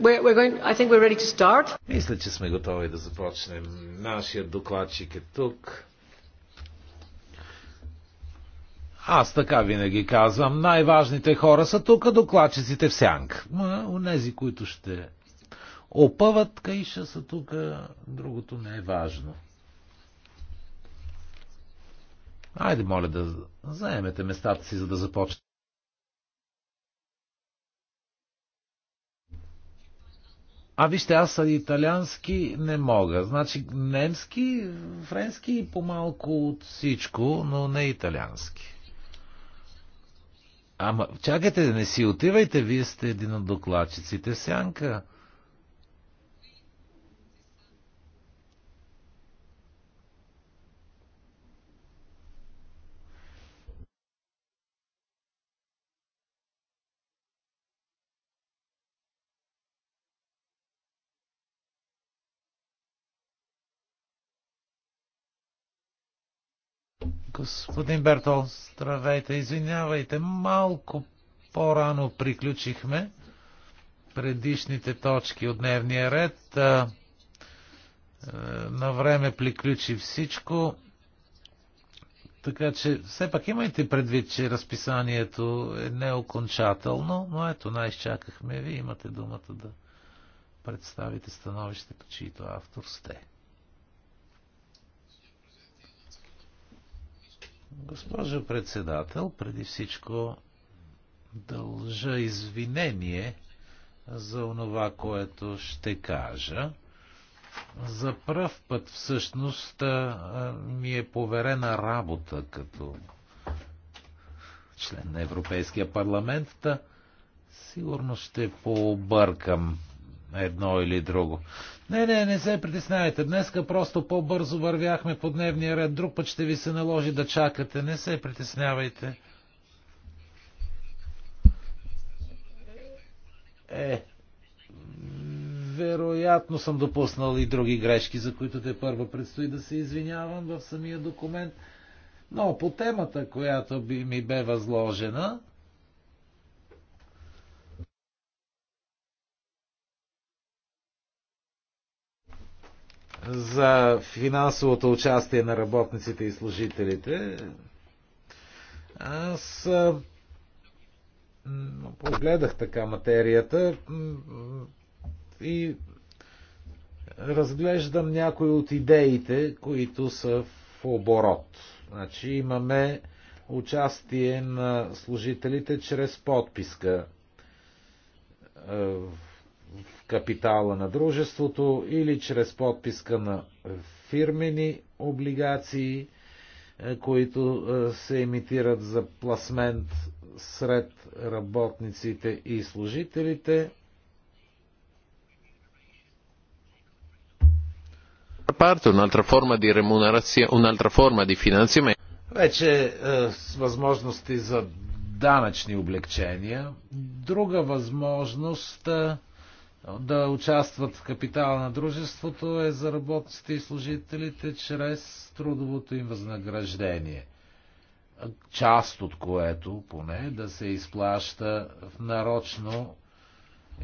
We're, we're going, I think we're ready to start. Мисля, че сме готови да започнем. Нашия докладчик е тук. Аз така винаги казвам, най-важните хора са тук, докладчиците в сянк. Онези, които ще опъват каиша са тук, другото не е важно. Айде, моля да заемете местата си, за да започнем. А вижте, аз италиански не мога. Значи немски, френски и по-малко от всичко, но не италиански. Ама, чакайте, не си отивайте, вие сте един от докладчиците в сянка. Господин Бертол, здравейте, извинявайте, малко по-рано приключихме предишните точки от дневния ред. На време приключи всичко. Така че, все пак имайте предвид, че разписанието е неокончателно, но ето, най-изчакахме ви, имате думата да представите становище, по чието автор сте. Госпожо председател, преди всичко дължа извинение за онова, което ще кажа. За пръв път всъщност ми е поверена работа като член на Европейския парламент, да сигурно ще пообъркам едно или друго. Не, не, не се притеснявайте. Днеска просто по-бързо вървяхме по дневния ред. Друг път ще ви се наложи да чакате. Не се притеснявайте. Е, вероятно съм допуснал и други грешки, за които те първо предстои да се извинявам в самия документ. Но по темата, която би ми бе възложена, за финансовото участие на работниците и служителите, аз погледах така материята и разглеждам някои от идеите, които са в оборот. Значи имаме участие на служителите чрез подписка в капитала на дружеството или чрез подписка на фирмени облигации, е, които е, се емитират за пласмент сред работниците и служителите. un'altra di remunerazione, un'altra di finanziamento. Вече е, с възможности за данъчни облегчения. Друга възможност е, да участват в капитала на дружеството е за работниците и служителите чрез трудовото им възнаграждение. Част от което поне да се изплаща в нарочно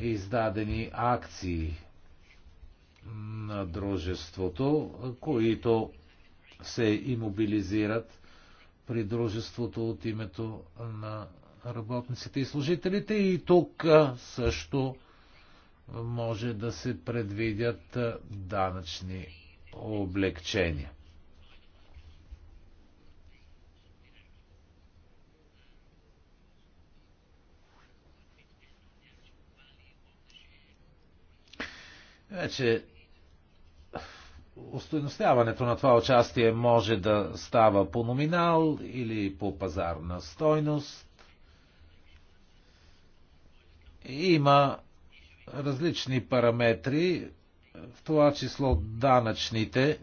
издадени акции на дружеството, които се имобилизират при дружеството от името на работниците и служителите. И тук също може да се предвидят данъчни облегчения. Вече устойностяването на това участие може да става по номинал или по пазарна стойност. Има различни параметри, в това число данъчните,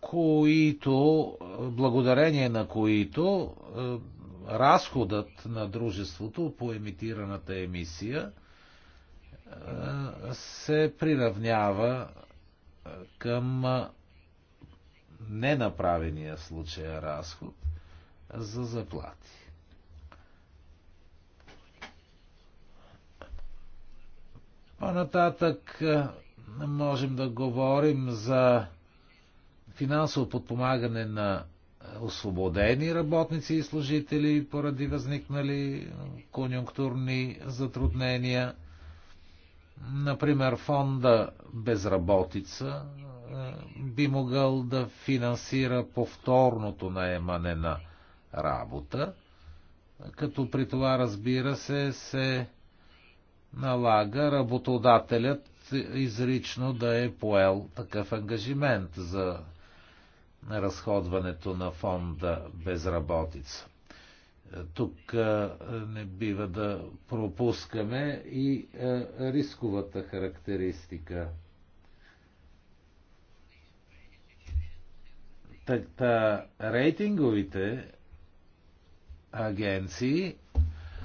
които, благодарение на които, е, разходът на дружеството по емитираната емисия е, се приравнява е, към ненаправения случая разход за заплати. По-нататък е, можем да говорим за финансово подпомагане на освободени работници и служители поради възникнали конюнктурни затруднения. Например, фонда безработица е, би могъл да финансира повторното наемане на работа, като при това, разбира се, се налага работодателят изрично да е поел такъв ангажимент за разходването на фонда безработица. Тук не бива да пропускаме и рисковата характеристика. Така, рейтинговите агенции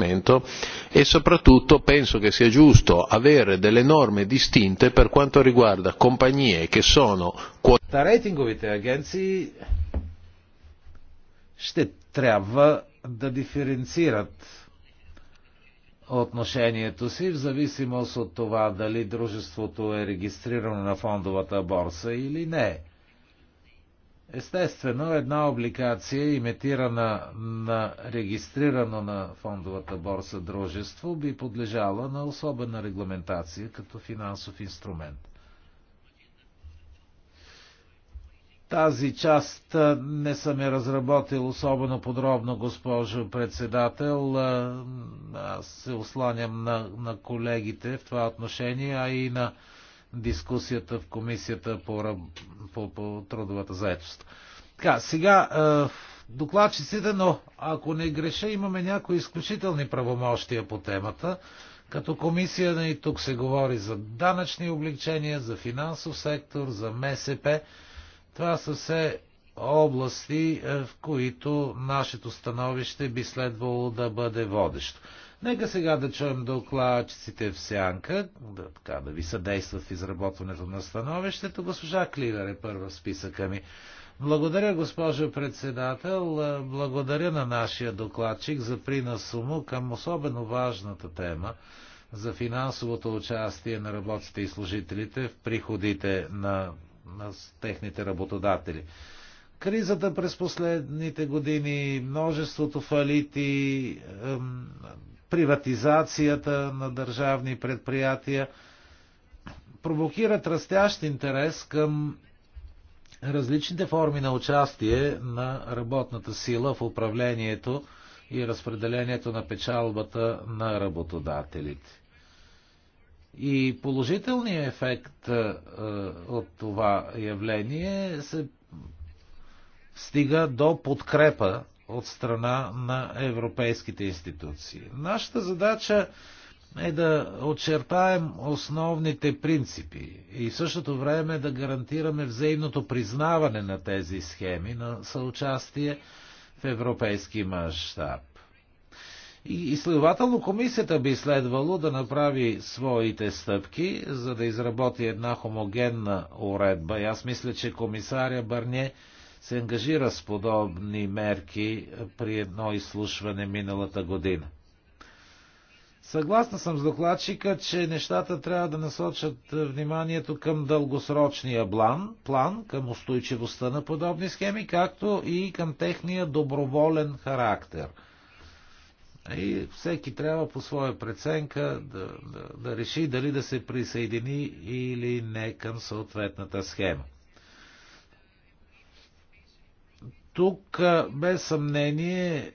regolamento e soprattutto penso che sia giusto avere delle norme distinte per quanto riguarda compagnie che sono Та рейтинговите агенции ще трябва да диференцират отношението си в зависимост от това дали дружеството е регистрирано на фондовата борса или не. Естествено, една обликация, имитирана на регистрирано на фондовата борса дружество, би подлежала на особена регламентация като финансов инструмент. Тази част не съм я разработил особено подробно, госпожо председател. Аз се осланям на, на колегите в това отношение, а и на дискусията в комисията по, по, по трудовата заедост. Така, сега е, докладчиците, но ако не греша, имаме някои изключителни правомощия по темата. Като комисия и нали, тук се говори за данъчни облегчения, за финансов сектор, за МСП. Това са все области, е, в които нашето становище би следвало да бъде водещо. Нека сега да чуем докладчиците в сянка, да, така, да ви съдействат в изработването на становището. Госпожа Кливер е първа в списъка ми. Благодаря, госпожо председател. Благодаря на нашия докладчик за приноса му към особено важната тема за финансовото участие на работите и служителите в приходите на, на техните работодатели. Кризата през последните години, множеството фалити, приватизацията на държавни предприятия, провокират растящ интерес към различните форми на участие на работната сила в управлението и разпределението на печалбата на работодателите. И положителният ефект е, от това явление се стига до подкрепа от страна на европейските институции. Нашата задача е да очертаем основните принципи и в същото време да гарантираме взаимното признаване на тези схеми на съучастие в европейски мащаб. И, и следователно комисията би следвало да направи своите стъпки, за да изработи една хомогенна уредба. И аз мисля, че комисаря Бърне се ангажира с подобни мерки при едно изслушване миналата година. Съгласна съм с докладчика, че нещата трябва да насочат вниманието към дългосрочния план, план към устойчивостта на подобни схеми, както и към техния доброволен характер. И всеки трябва по своя преценка да, да, да реши дали да се присъедини или не към съответната схема. Тук, без съмнение,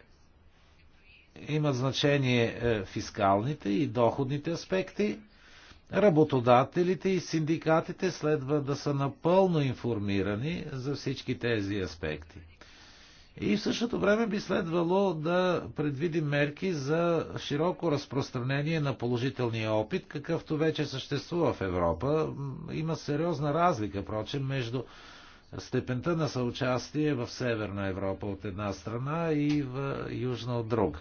има значение е, фискалните и доходните аспекти. Работодателите и синдикатите следва да са напълно информирани за всички тези аспекти. И в същото време би следвало да предвидим мерки за широко разпространение на положителния опит, какъвто вече съществува в Европа. Има сериозна разлика, прочем, между степента на съучастие в Северна Европа от една страна и в Южна от друга.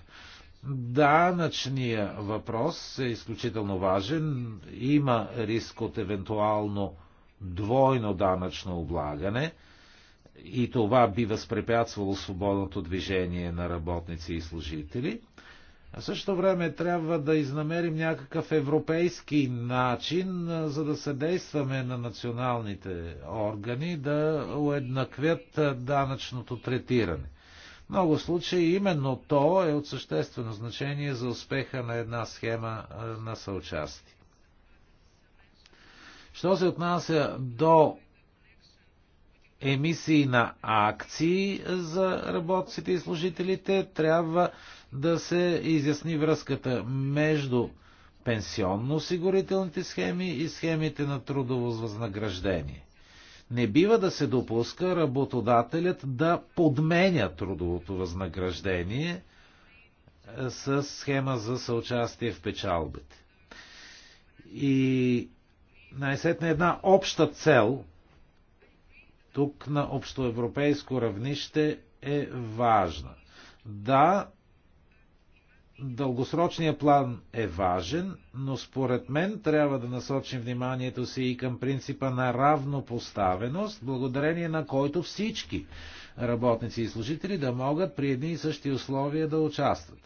Данъчния въпрос е изключително важен. Има риск от евентуално двойно данъчно облагане и това би възпрепятствало свободното движение на работници и служители – а също време трябва да изнамерим някакъв европейски начин, за да съдействаме на националните органи да уеднаквят данъчното третиране. В много случаи именно то е от съществено значение за успеха на една схема на съучастие. Що се отнася до емисии на акции за работците и служителите, трябва да се изясни връзката между пенсионно-осигурителните схеми и схемите на трудово възнаграждение. Не бива да се допуска работодателят да подменя трудовото възнаграждение е, с схема за съучастие в печалбите. И най-сетне една обща цел тук на общоевропейско равнище е важна. Да, Дългосрочният план е важен, но според мен трябва да насочим вниманието си и към принципа на равнопоставеност, благодарение на който всички работници и служители да могат при едни и същи условия да участват.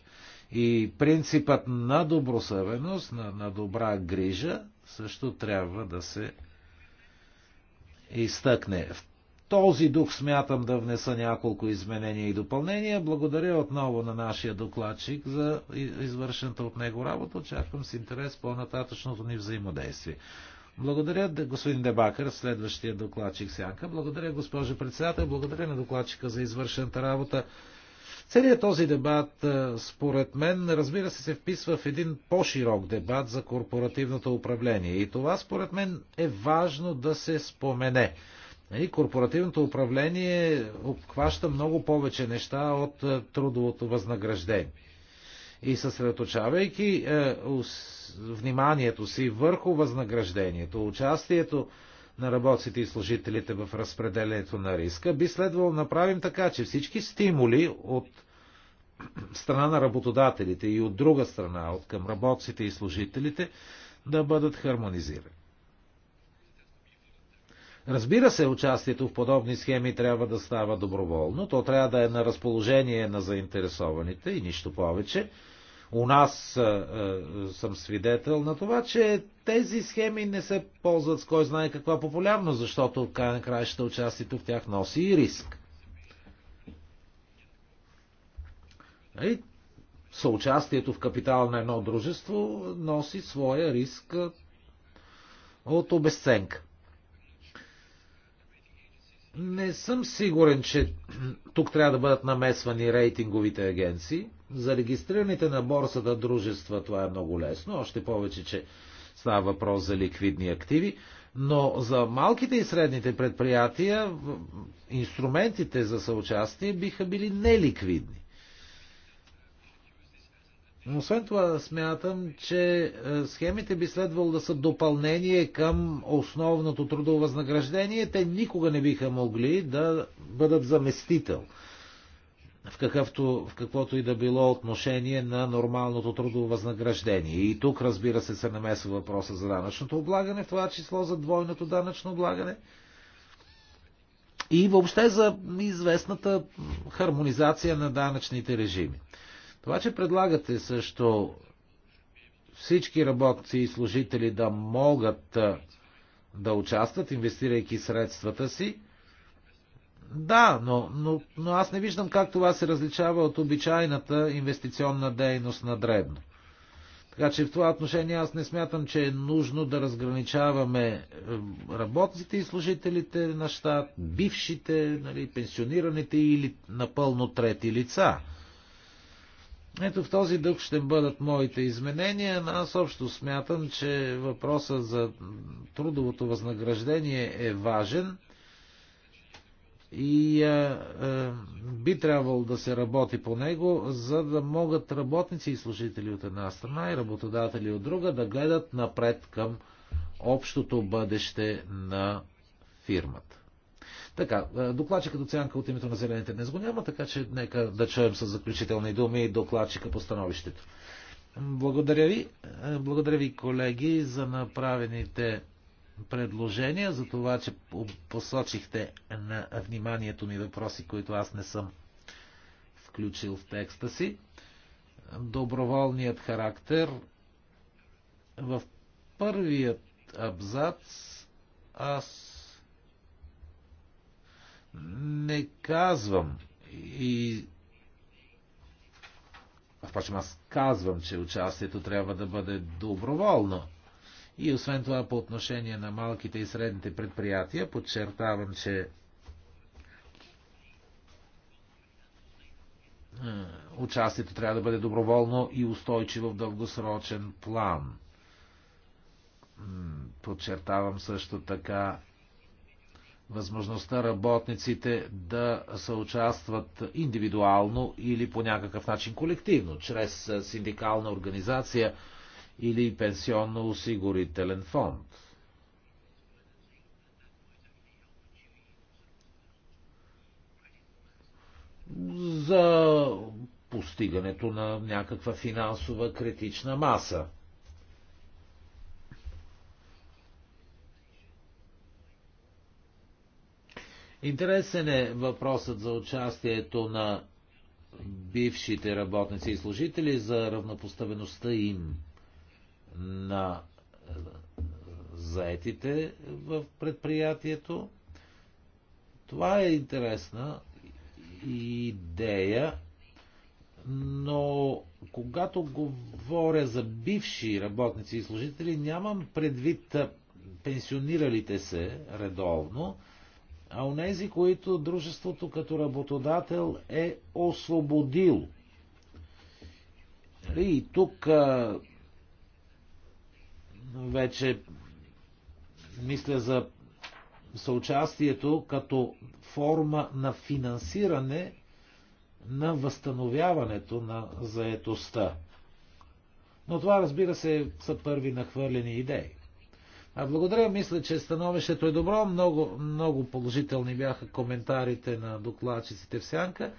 И принципът на добросъвеност, на, на добра грижа, също трябва да се изтъкне. В този дух смятам да внеса няколко изменения и допълнения. Благодаря отново на нашия докладчик за извършената от него работа. Очаквам с интерес по-нататъчното ни взаимодействие. Благодаря, господин Дебакър, следващия докладчик Сянка. Благодаря, госпожо председател. Благодаря на докладчика за извършената работа. Целият този дебат, според мен, разбира се, се вписва в един по-широк дебат за корпоративното управление. И това, според мен, е важно да се спомене. Нали, корпоративното управление обхваща много повече неща от е, трудовото възнаграждение. И съсредоточавайки е, вниманието си върху възнаграждението, участието на работците и служителите в разпределението на риска, би следвало да направим така, че всички стимули от страна на работодателите и от друга страна, от към работците и служителите, да бъдат хармонизирани. Разбира се, участието в подобни схеми трябва да става доброволно, то трябва да е на разположение на заинтересованите и нищо повече. У нас е, е, съм свидетел на това, че тези схеми не се ползват с кой знае каква популярност, защото от край на краища участието в тях носи и риск. И съучастието в капитал на едно дружество носи своя риск от обесценка. Не съм сигурен, че тук трябва да бъдат намесвани рейтинговите агенции. За регистрираните на борсата дружества това е много лесно, още повече, че става въпрос за ликвидни активи. Но за малките и средните предприятия инструментите за съучастие биха били неликвидни. Освен това смятам, че е, схемите би следвало да са допълнение към основното трудово възнаграждение. Те никога не биха могли да бъдат заместител в, какъвто, в каквото и да било отношение на нормалното трудово възнаграждение. И тук, разбира се, се намесва въпроса за данъчното облагане, в това число за двойното данъчно облагане и въобще за известната хармонизация на данъчните режими. Това, че предлагате също всички работници и служители да могат да участват, инвестирайки средствата си, да, но, но, но аз не виждам как това се различава от обичайната инвестиционна дейност на дребно. Така че в това отношение аз не смятам, че е нужно да разграничаваме е, работниците и служителите на щат, бившите, нали, пенсионираните или напълно трети лица. Ето в този дух ще бъдат моите изменения, но аз общо смятам, че въпросът за трудовото възнаграждение е важен и а, а, би трябвало да се работи по него, за да могат работници и служители от една страна и работодатели от друга да гледат напред към общото бъдеще на фирмата. Така, е, до Цянка от името на зелените днес го няма, така че нека да чуем с заключителни думи докладчика по становището. Благодаря ви, е, благодаря ви колеги за направените предложения, за това, че посочихте на вниманието ми въпроси, които аз не съм включил в текста си. Доброволният характер в първият абзац аз не казвам и впрочем аз казвам, че участието трябва да бъде доброволно. И освен това по отношение на малките и средните предприятия, подчертавам, че участието трябва да бъде доброволно и устойчиво в дългосрочен план. Подчертавам също така възможността работниците да съучастват индивидуално или по някакъв начин колективно, чрез синдикална организация или пенсионно-осигурителен фонд. За постигането на някаква финансова критична маса – Интересен е въпросът за участието на бившите работници и служители за равнопоставеността им на е, заетите в предприятието. Това е интересна идея, но когато говоря за бивши работници и служители, нямам предвид пенсиониралите се редовно, а онези, които дружеството като работодател е освободило. Нали, и тук а, вече мисля за съучастието като форма на финансиране на възстановяването на заетостта. Но това, разбира се, са първи нахвърлени идеи. Благодаря, мисля, че становището е добро. Много, много положителни бяха коментарите на докладчиците в Сянка.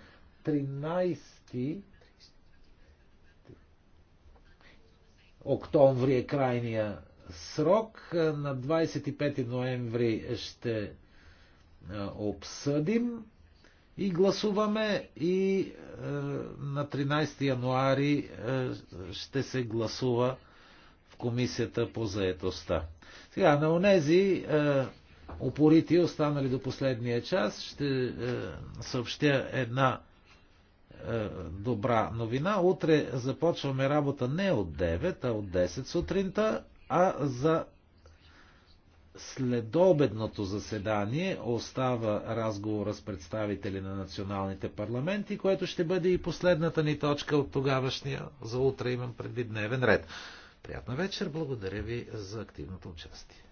13 октомври е крайния срок. На 25 ноември ще обсъдим и гласуваме и на 13 януари ще се гласува в комисията по заетостта. Сега, на онези е, опорити, останали до последния час, ще е, съобщя една е, добра новина. Утре започваме работа не от 9, а от 10 сутринта, а за следобедното заседание остава разговора с представители на националните парламенти, което ще бъде и последната ни точка от тогавашния за утре имам предвид дневен ред. Приятна вечер, благодаря ви за активното участие.